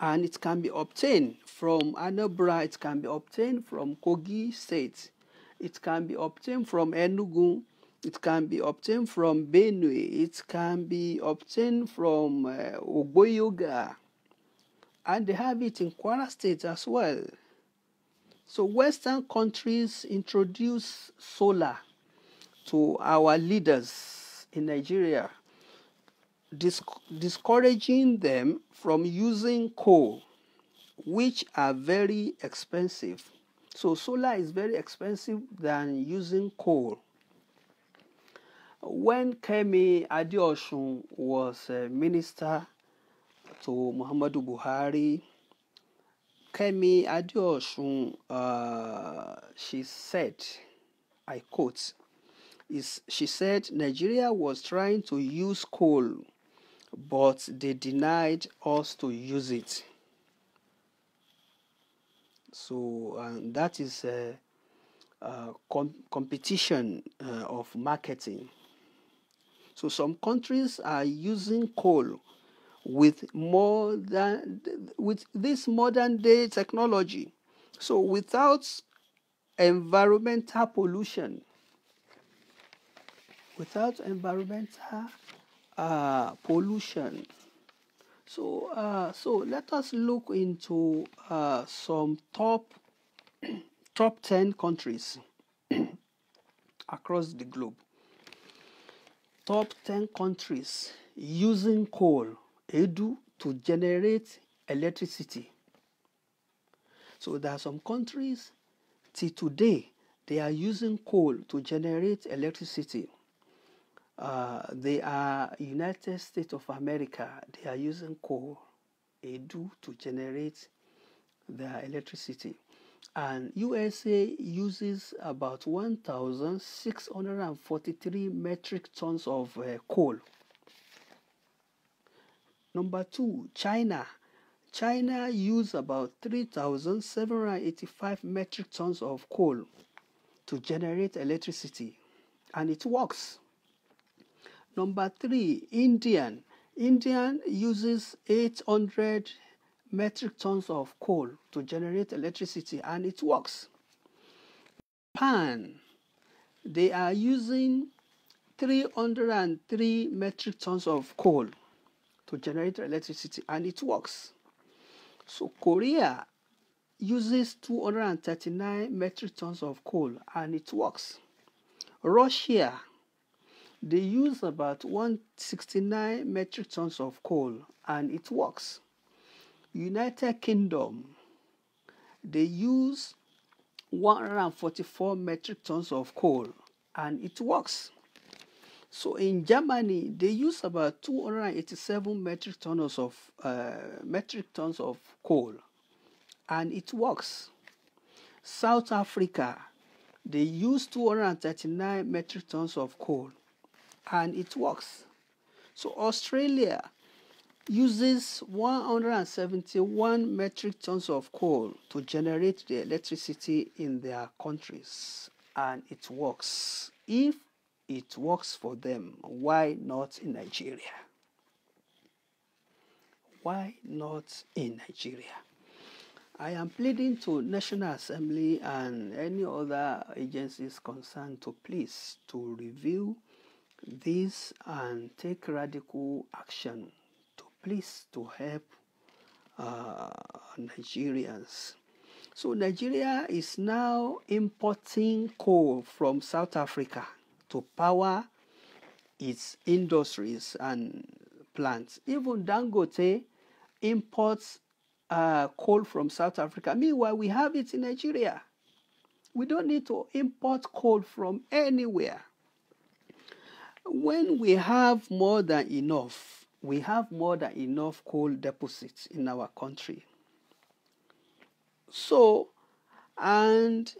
and it can be obtained from Anambra, it can be obtained from Kogi State, it can be obtained from Enugu, it can be obtained from Benue, it can be obtained from uh, and they have it in Kwara State as well. So, Western countries introduce solar to our leaders in Nigeria, disc discouraging them from using coal, which are very expensive. So solar is very expensive than using coal. When Kemi Adeosun was a eh, minister to Muhammadu Buhari, Kemi Adeosun, uh, she said, I quote, is she said Nigeria was trying to use coal, but they denied us to use it. So um, that is uh, uh, com- competition uh, of marketing. So some countries are using coal with more than with this modern day technology. So without environmental pollution, without environmental uh, pollution. So, uh, so let us look into uh, some top top ten countries across the globe. Top ten countries using coal, Edu, to generate electricity. So there are some countries till today they are using coal to generate electricity. Uh, they are United States of America. They are using coal, do to generate their electricity. And USA uses about 1,643 metric tons of uh, coal. Number two, China. China uses about 3,785 metric tons of coal to generate electricity, and it works. Number three, Indian. Indian uses 800 metric tons of coal to generate electricity and it works. Japan, they are using 303 metric tons of coal to generate electricity and it works. So Korea uses 239 metric tons of coal and it works. Russia they use about 169 metric tons of coal and it works. United Kingdom, they use 144 metric tons of coal and it works. So in Germany, they use about 287 metric tons of uh, metric tons of coal, and it works. South Africa, they use 239 metric tons of coal, and it works. So Australia uses 171 metric tons of coal to generate the electricity in their countries and it works. If it works for them, why not in Nigeria? Why not in Nigeria? I am pleading to National Assembly and any other agencies concerned to please to review this and take radical action to please to help uh, Nigerians. So Nigeria is now importing coal from South Africa to power its industries and plants. Even Dangote imports uh, coal from South Africa. Meanwhile, we have it in Nigeria. We don't need to import coal from anywhere when we have more than enough, we have more than enough coal deposits in our country. So, and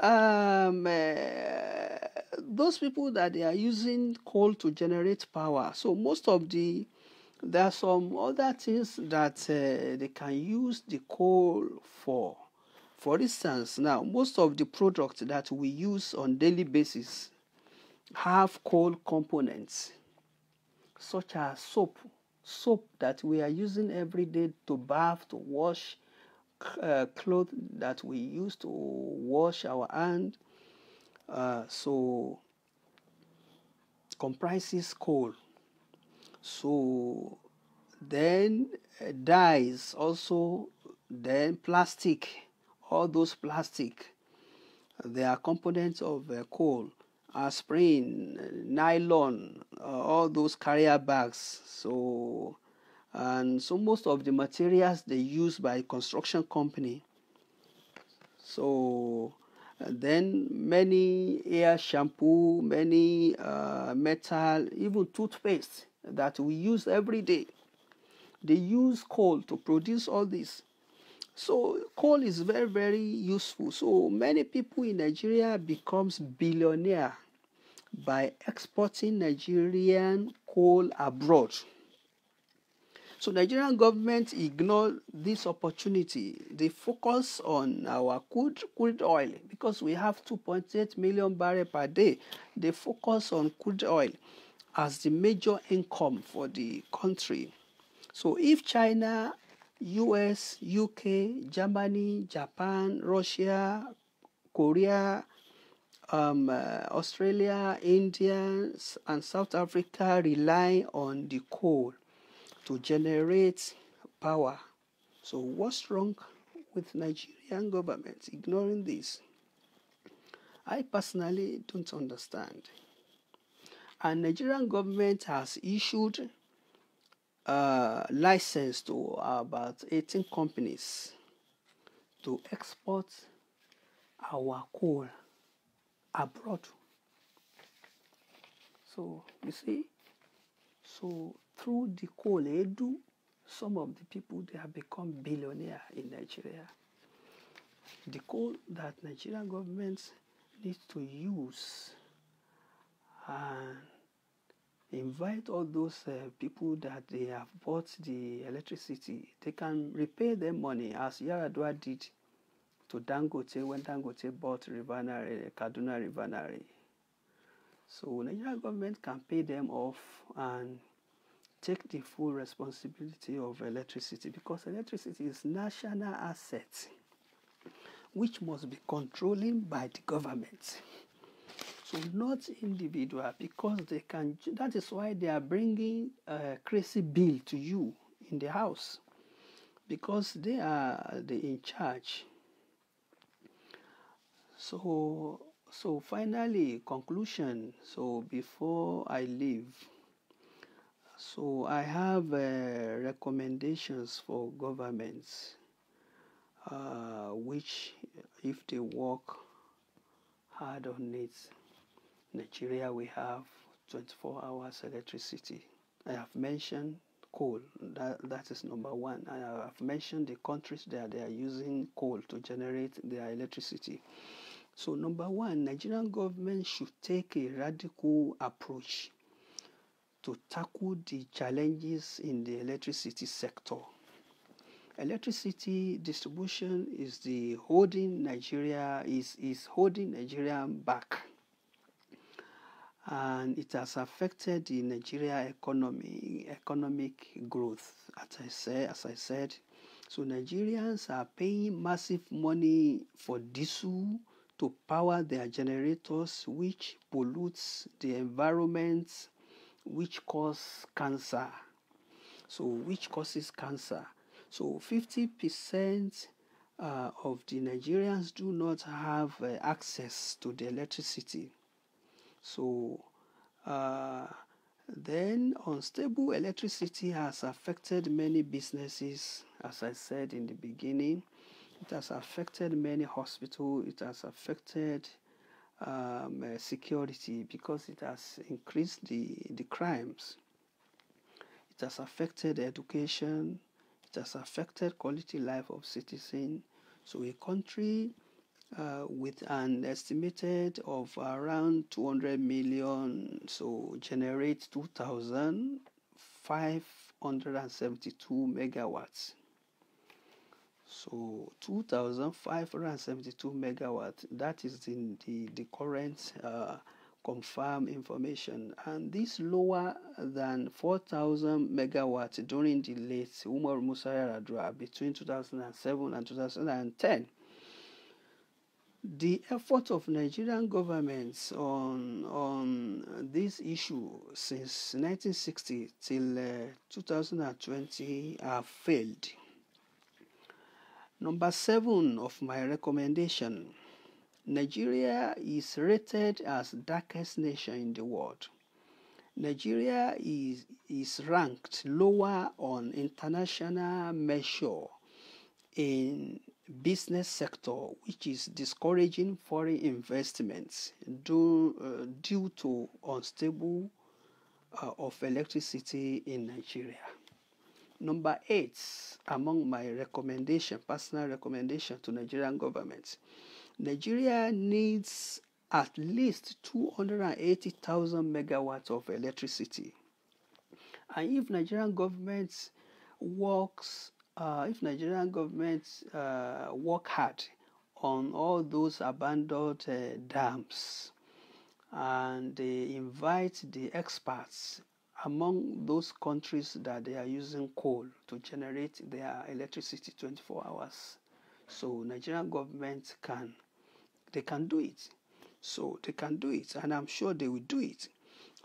um, uh, those people that they are using coal to generate power. So most of the there are some other things that uh, they can use the coal for. For instance, now most of the products that we use on daily basis have coal components such as soap, soap that we are using every day to bath, to wash, uh, clothes that we use to wash our hand. Uh, so comprises coal. So then uh, dyes also then plastic all those plastic they are components of uh, coal spring, nylon, uh, all those carrier bags. So, and so most of the materials they use by construction company. So, uh, then many hair shampoo, many uh, metal, even toothpaste that we use every day. They use coal to produce all this. So coal is very very useful. So many people in Nigeria becomes billionaire by exporting Nigerian coal abroad. So Nigerian government ignored this opportunity. They focus on our crude, crude oil because we have 2.8 million barrel per day. They focus on crude oil as the major income for the country. So if China, US, UK, Germany, Japan, Russia, Korea, um, uh, Australia, India, and South Africa rely on the coal to generate power. So what's wrong with Nigerian government ignoring this? I personally don't understand. And Nigerian government has issued a uh, license to about 18 companies to export our coal abroad. So you see, so through the coal edu, some of the people they have become billionaire in Nigeria. The coal that Nigerian government needs to use and invite all those uh, people that they have bought the electricity, they can repay their money as Yaradua did to Dangote when Dangote bought refinery, Kaduna refinery. So Nigerian government can pay them off and take the full responsibility of electricity because electricity is national asset which must be controlling by the government. So not individual because they can. That is why they are bringing a crazy bill to you in the house because they are the in charge so so finally conclusion so before i leave so i have uh, recommendations for governments uh, which if they work hard on it nigeria we have 24 hours electricity i have mentioned coal that, that is number one i have mentioned the countries that they are using coal to generate their electricity so number one, Nigerian government should take a radical approach to tackle the challenges in the electricity sector. Electricity distribution is the holding Nigeria is, is holding Nigeria back and it has affected the Nigeria economy economic growth as I say as I said so Nigerians are paying massive money for diesel to power their generators, which pollutes the environment, which cause cancer. So, which causes cancer? So, 50% uh, of the Nigerians do not have uh, access to the electricity. So, uh, then unstable electricity has affected many businesses, as I said in the beginning. It has affected many hospitals, it has affected um, uh, security because it has increased the, the crimes. It has affected education, it has affected quality life of citizens. So a country uh, with an estimated of around 200 million, so generates 2,572 megawatts. So 2,572 megawatt. That is in the the current uh, confirmed information, and this lower than 4,000 megawatt during the late Umar Musa Yaradua between 2007 and 2010 the effort of Nigerian governments on on this issue since 1960 till uh, 2020 have failed. Number seven of my recommendation Nigeria is rated as darkest nation in the world. Nigeria is, is ranked lower on international measure in business sector, which is discouraging foreign investments due, uh, due to unstable uh, of electricity in Nigeria. Number eight among my recommendation, personal recommendation to Nigerian government, Nigeria needs at least 280,000 megawatts of electricity. And if Nigerian government works, uh, if Nigerian government uh, work hard on all those abandoned uh, dams, and they invite the experts among those countries that they are using coal to generate their electricity 24 hours. So Nigerian government can, they can do it. So they can do it, and I'm sure they will do it.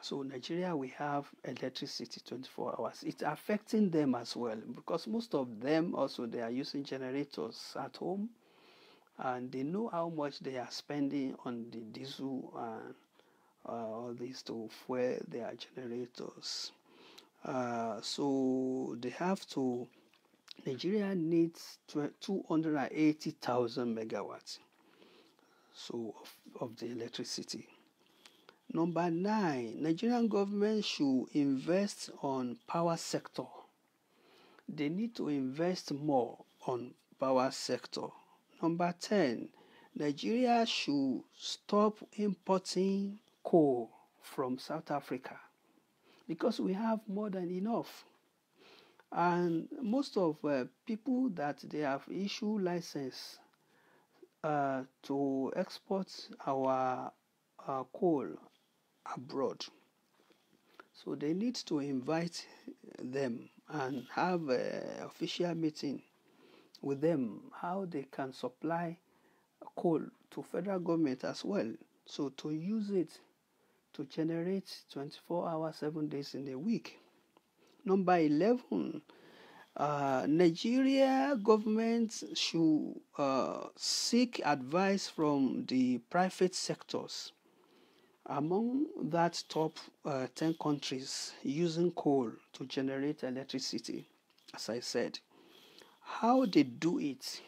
So Nigeria, we have electricity 24 hours. It's affecting them as well because most of them also they are using generators at home, and they know how much they are spending on the diesel and uh, all this to fuel their generators. Uh, so they have to, Nigeria needs 280,000 megawatts so of, of the electricity. Number nine, Nigerian government should invest on power sector. They need to invest more on power sector. Number 10, Nigeria should stop importing coal from South Africa because we have more than enough. And most of uh, people that they have issued license uh, to export our uh, coal abroad. So they need to invite them and have an official meeting with them how they can supply coal to federal government as well. So to use it to generate 24 hours, 7 days in a week. Number 11, uh, Nigeria government should uh, seek advice from the private sectors among that top uh, 10 countries using coal to generate electricity, as I said. How they do it?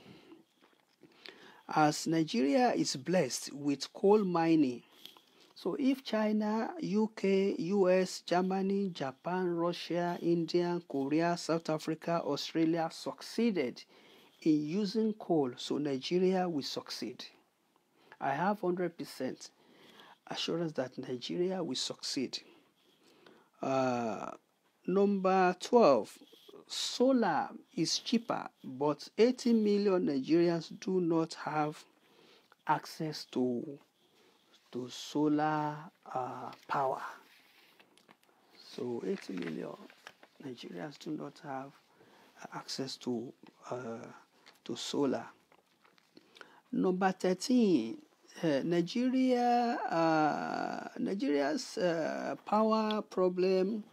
As Nigeria is blessed with coal mining, so if China, UK, US, Germany, Japan, Russia, India, Korea, South Africa, Australia succeeded in using coal, so Nigeria will succeed. I have 100% assurance that Nigeria will succeed. Uh, number 12 solar is cheaper, but 80 million Nigerians do not have access to to solar uh, power. So 80 million Nigerians do not have uh, access to uh, to solar. Number 13, uh, Nigeria uh, Nigeria's uh, power problem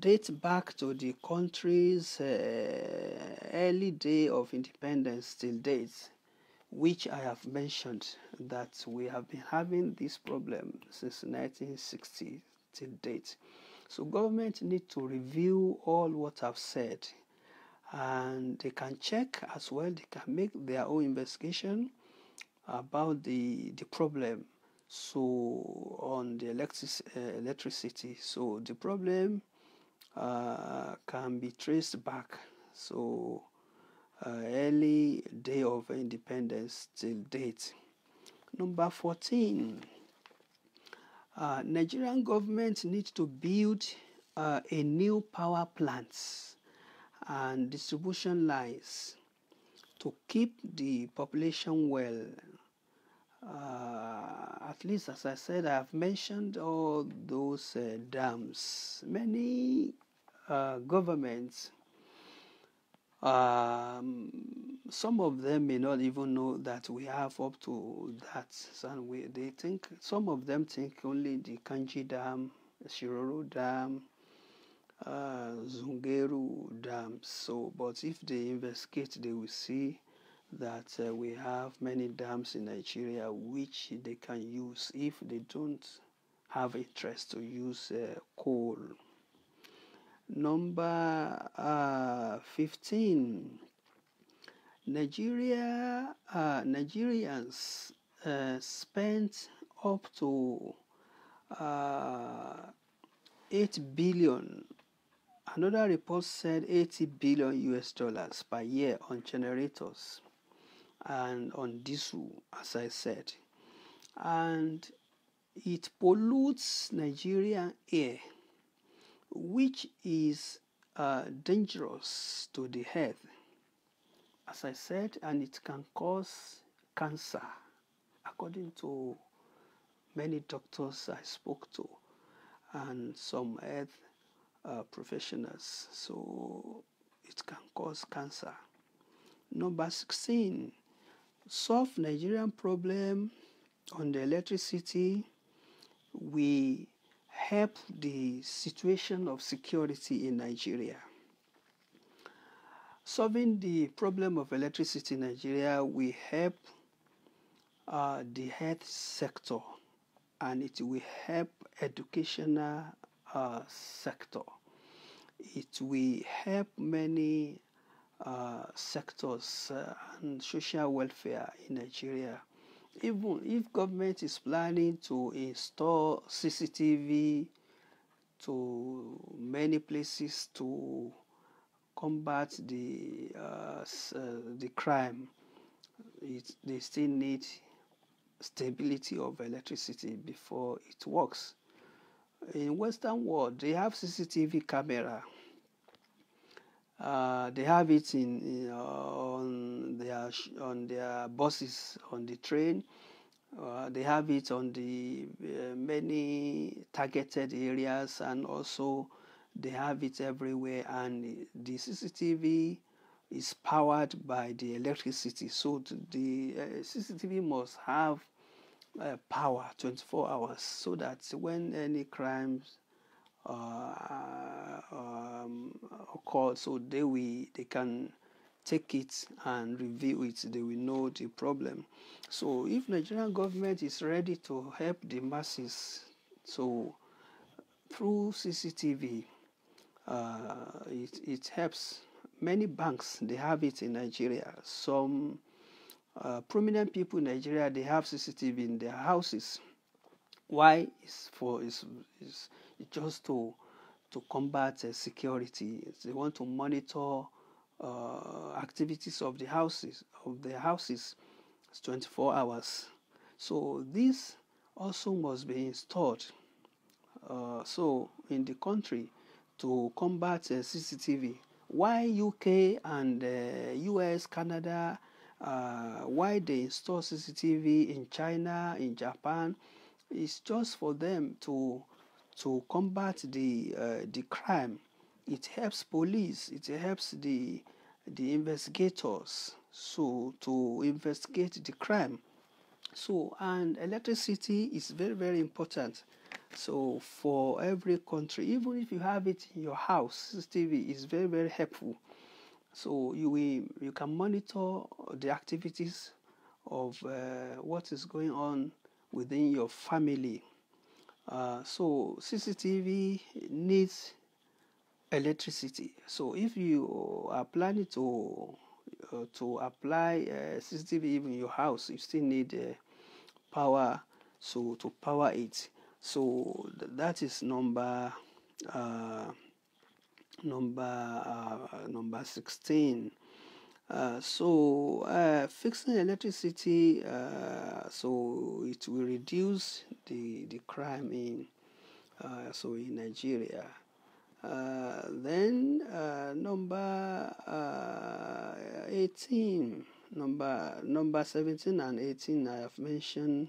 dates back to the country's early day of independence till date which I have mentioned that we have been having this problem since 1960 till date. So government need to review all what I've said and they can check as well, they can make their own investigation about the, the problem so on the electric, uh, electricity. So the problem uh, can be traced back. So uh, early day of independence till date. Number 14, uh, Nigerian government needs to build uh, a new power plants and distribution lines to keep the population well. Uh, at least, as I said, I've mentioned all those uh, dams. Many uh, governments um, some of them may not even know that we have up to that. And we, they think some of them think only the Kanji Dam, Shiroro Dam, uh, Zungeru Dam. So, but if they investigate, they will see that uh, we have many dams in Nigeria which they can use if they don't have interest to use uh, coal. Number uh, 15 Nigeria, uh, Nigerians uh, spent up to uh, 8 billion. Another report said 80 billion US dollars per year on generators and on diesel, as I said. And it pollutes Nigerian air which is uh, dangerous to the health, as I said, and it can cause cancer, according to many doctors I spoke to and some health uh, professionals. So it can cause cancer. Number 16, solve Nigerian problem on the electricity. We help the situation of security in Nigeria. Solving the problem of electricity in Nigeria will help uh, the health sector and it will help educational uh, sector. It will help many uh, sectors uh, and social welfare in Nigeria even if government is planning to install CCTV to many places to combat the uh, uh, the crime, it, they still need stability of electricity before it works. In Western world, they have CCTV camera uh, they have it in, in uh, on their on their buses on the train. Uh, they have it on the uh, many targeted areas and also they have it everywhere and the cctv is powered by the electricity so the uh, cctv must have uh, power 24 hours so that when any crimes uh, um, occur so they we they can take it and review it they will know the problem so if nigerian government is ready to help the masses so through cctv uh, it, it helps many banks they have it in nigeria some uh, prominent people in nigeria they have cctv in their houses why is for is, is just to to combat uh, security. They want to monitor uh, activities of the houses of the houses 24 hours. So this also must be installed. Uh, so in the country to combat uh, CCTV. Why UK and US, uh, Canada? Uh, why they install CCTV in China, in Japan? It's just for them to to combat the uh, the crime. It helps police. It helps the the investigators so to investigate the crime. So and electricity is very very important. So for every country, even if you have it in your house, CCTV is very very helpful. So you will, you can monitor the activities of uh, what is going on within your family uh, so CCTV needs electricity. So if you are planning to uh, to apply uh, CCTV even in your house, you still need uh, power. So to power it. So th- that is number uh, number uh, number sixteen uh, so uh, fixing electricity uh, so it will reduce the the crime in uh, so in Nigeria uh, then uh, number 18 number number 17 and 18 I have mentioned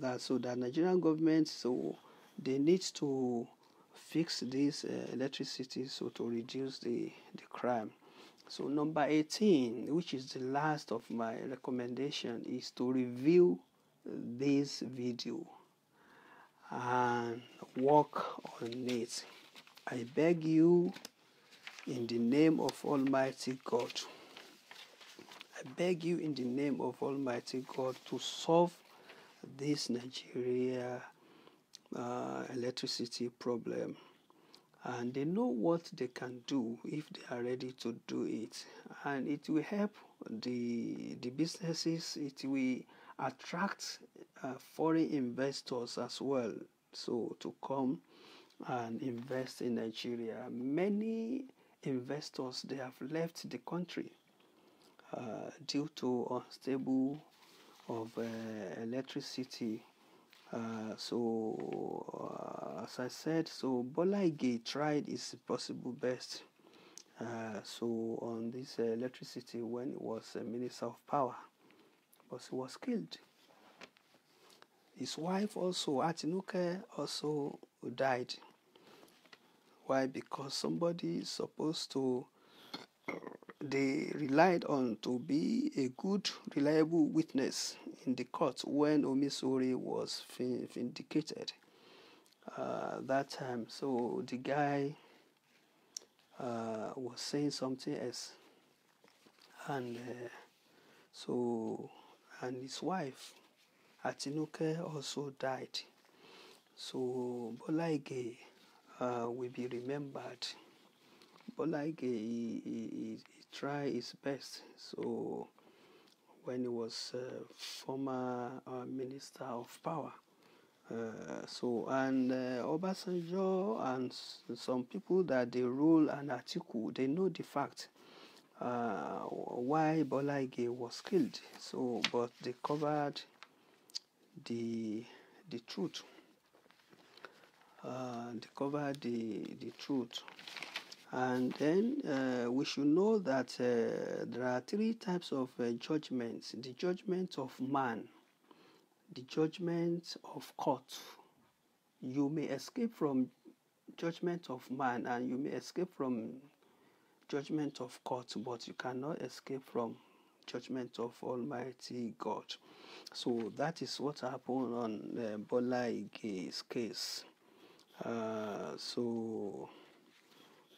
that so the Nigerian government so they need to fix this electricity so to reduce the the crime so number 18, which is the last of my recommendation, is to review this video and work on it. I beg you in the name of Almighty God. I beg you in the name of Almighty God to solve this Nigeria uh, electricity problem and they know what they can do if they are ready to do it and it will help the the businesses it will attract uh, foreign investors as well so to come and invest in Nigeria many investors they have left the country uh, due to unstable of uh, electricity uh, so, uh, as I said, so Bola Ige tried his possible best. Uh, so, on this uh, electricity when he was a minister of power, but he was killed. His wife also, Atinuke, also died. Why? Because somebody is supposed to they relied on to be a good, reliable witness in the court when Omisori was vindicated uh, that time. So the guy uh, was saying something else, and uh, so and his wife Atinuke also died. So Bolaige uh, will be remembered. Bolaige try his best. So when he was uh, former uh, minister of power. Uh, so and uh, Obasanjo and s- some people that they rule and article, they know the fact uh, why Bolaige was killed. So, but they covered the the truth. Uh, they covered the the truth and then uh, we should know that uh, there are three types of uh, judgments the judgment of man, the judgment of court. You may escape from judgment of man and you may escape from judgment of court, but you cannot escape from judgment of Almighty God. So that is what happened on uh, Bola case. Uh, so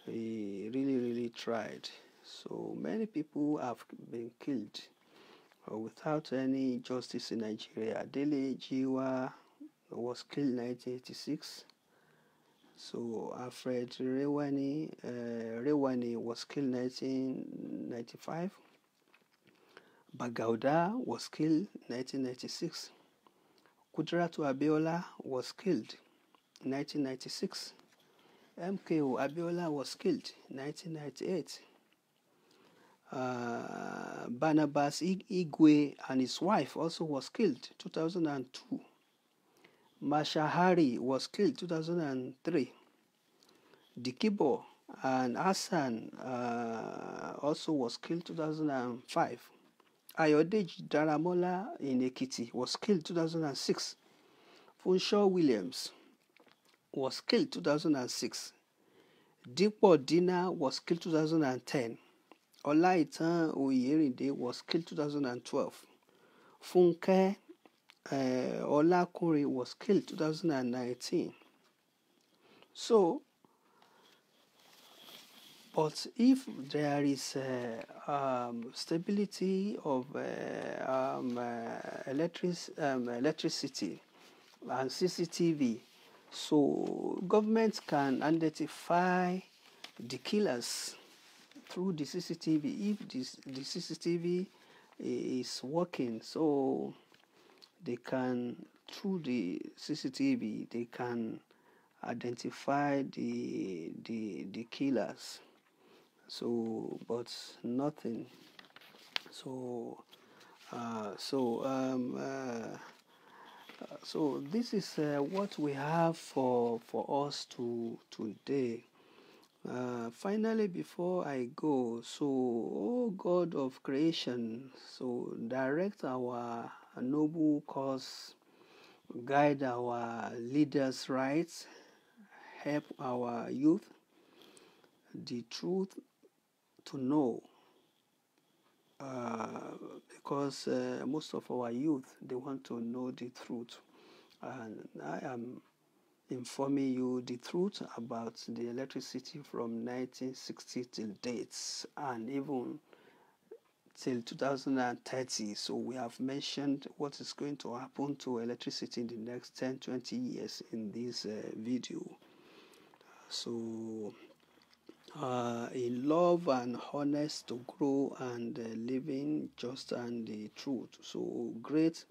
he really really tried so many people have been killed without any justice in Nigeria Dele Jiwa was killed in 1986 so Alfred Rewani uh, Rewani was killed in 1995 Bagauda was killed in 1996 Kudratu Abiola was killed in 1996 MKO Abiola was killed in 1998. Uh, Barnabas Igwe and his wife also was killed 2002. Masha Hari was killed 2003. Dikibo and Hassan uh, also was killed 2005. Ayodeji Daramola in Ekiti was killed 2006. Funshaw Williams was killed 2006. Dipo Dina was killed 2010. Olaitan Oyerinde was killed 2012. Funke uh, Olakuri was killed 2019. So, but if there is uh, um, stability of uh, um, eh, electric, um, electricity and CCTV, So governments can identify the killers through the CCTV if this, the CCTV is working. So they can through the CCTV they can identify the the the killers. So but nothing. So uh, so um, uh, so this is uh, what we have for for us to today uh, finally before i go so oh god of creation so direct our noble cause guide our leaders rights help our youth the truth to know uh, because uh, most of our youth they want to know the truth, and I am informing you the truth about the electricity from 1960 till dates and even till 2030 so we have mentioned what is going to happen to electricity in the next 10 20 years in this uh, video so uh, in love and honest to grow and uh, living just and the truth. So great,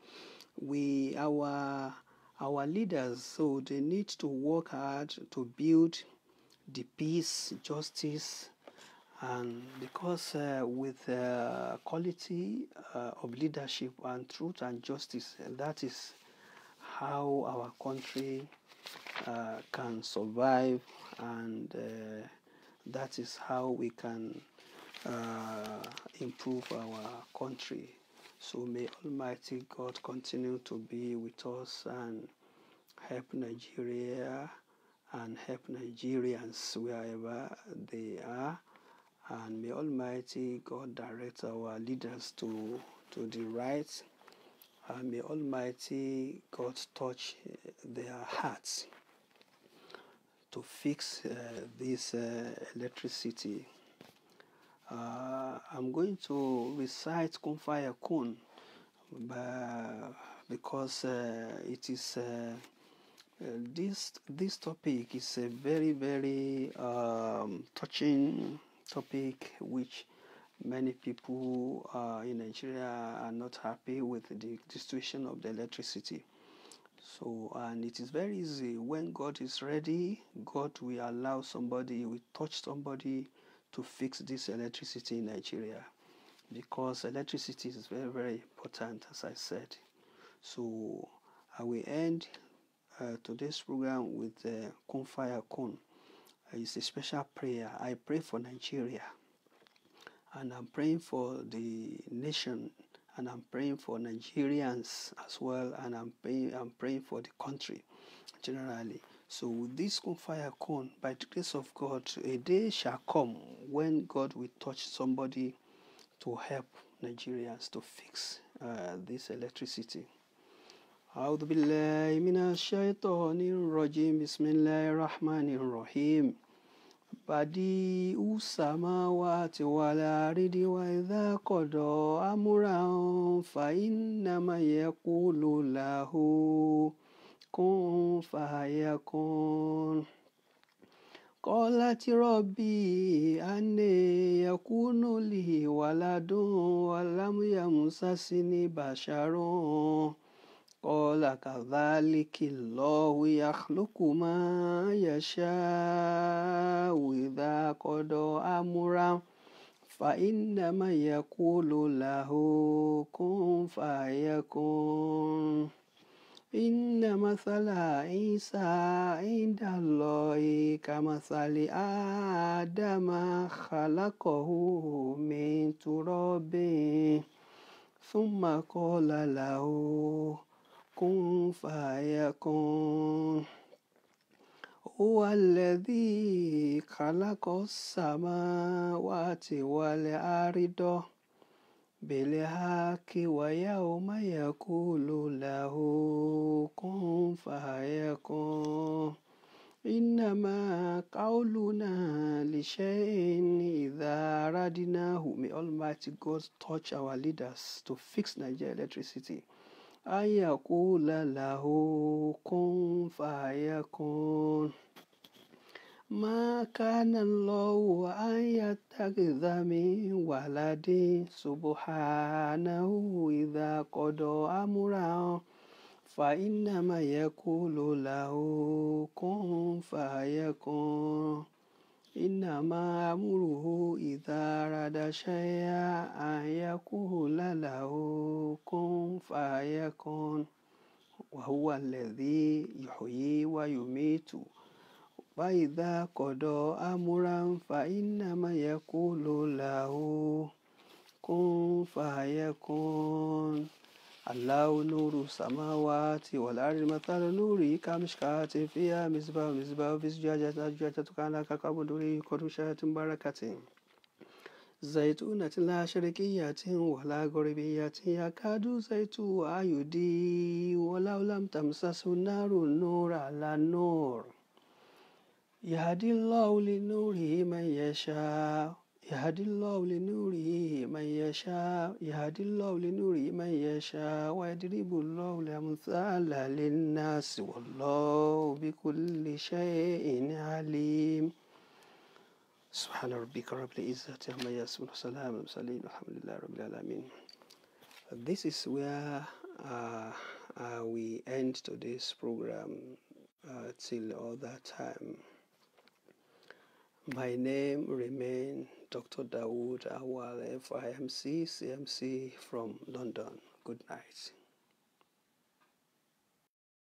we our our leaders. So they need to work hard to build the peace, justice, and because uh, with uh, quality uh, of leadership and truth and justice, that is how our country uh, can survive and. Uh, that is how we can uh, improve our country. So may Almighty God continue to be with us and help Nigeria and help Nigerians wherever they are. And may Almighty God direct our leaders to, to the right. And may Almighty God touch their hearts to fix uh, this uh, electricity. Uh, I'm going to recite Kun Faya Kun because uh, it is uh, this this topic is a very very um, touching topic which many people uh, in Nigeria are not happy with the, the situation of the electricity. So, and it is very easy when God is ready, God will allow somebody, will touch somebody to fix this electricity in Nigeria because electricity is very, very important, as I said. So, I will end uh, today's program with the Kun Fire Kun. it's a special prayer. I pray for Nigeria and I'm praying for the nation and I'm praying for Nigerians as well, and I'm praying, I'm praying for the country generally. So with this fire cone, by the grace of God, a day shall come when God will touch somebody to help Nigerians to fix uh, this electricity. أعوذ بالله من الشيطان الرجيم بسم الله الرحمن الرحيم بديع السماوات والأرض وإذا قضى أمرا فإنما يقول له كن فيكون قالت ربي أني يكون لي ولد ولم يمسسني بشر قال كذلك الله يخلق ما يشاء إذا قضى أمرا فإنما يقول له كن فيكون إن مثل عيسى عند الله كمثل آدم خلقه من تراب ثم قال له كن فيكون هو الذي خلق السماوات والأرض بالحق ويوم يقول له كن فيكون إنما قولنا لشيء إذا أردناه may Almighty God touch our leaders to fix Nigeria electricity. أن يقول له كن فيكون ما كان الله أن يتخذ من ولد سبحانه إذا قضى أمرا فإنما يقول له كن فيكون إنما أمره إذا أراد شيئا أن يقول له كن فيكون وهو الذي يحيي ويميت فإذا قضى أمرا فإنما يقول له كن فيكون الله نور السماوات والأرض مثل نوري كمشكات فيها مصباح مصباح في زجاجة زجاجة كان كقب نوري كرشة بركة زيتونة لا شرقية ولا غربية يكاد زيت أيدي ولو لم تمسسه النار النور على النور يهدي الله لنوره من يشاء يهد الله لنوره من يشاء يهد الله لنوره من يشاء ويضرب الله الأمثال للناس والله بكل شيء عليم سبحان ربك رب العزة عما يصفون وسلام المرسلين الحمد لله رب العالمين This is where uh, uh, we end today's program uh, till all that time. My name remains Dr. Dawood Awale FIMC, CMC from London. Good night.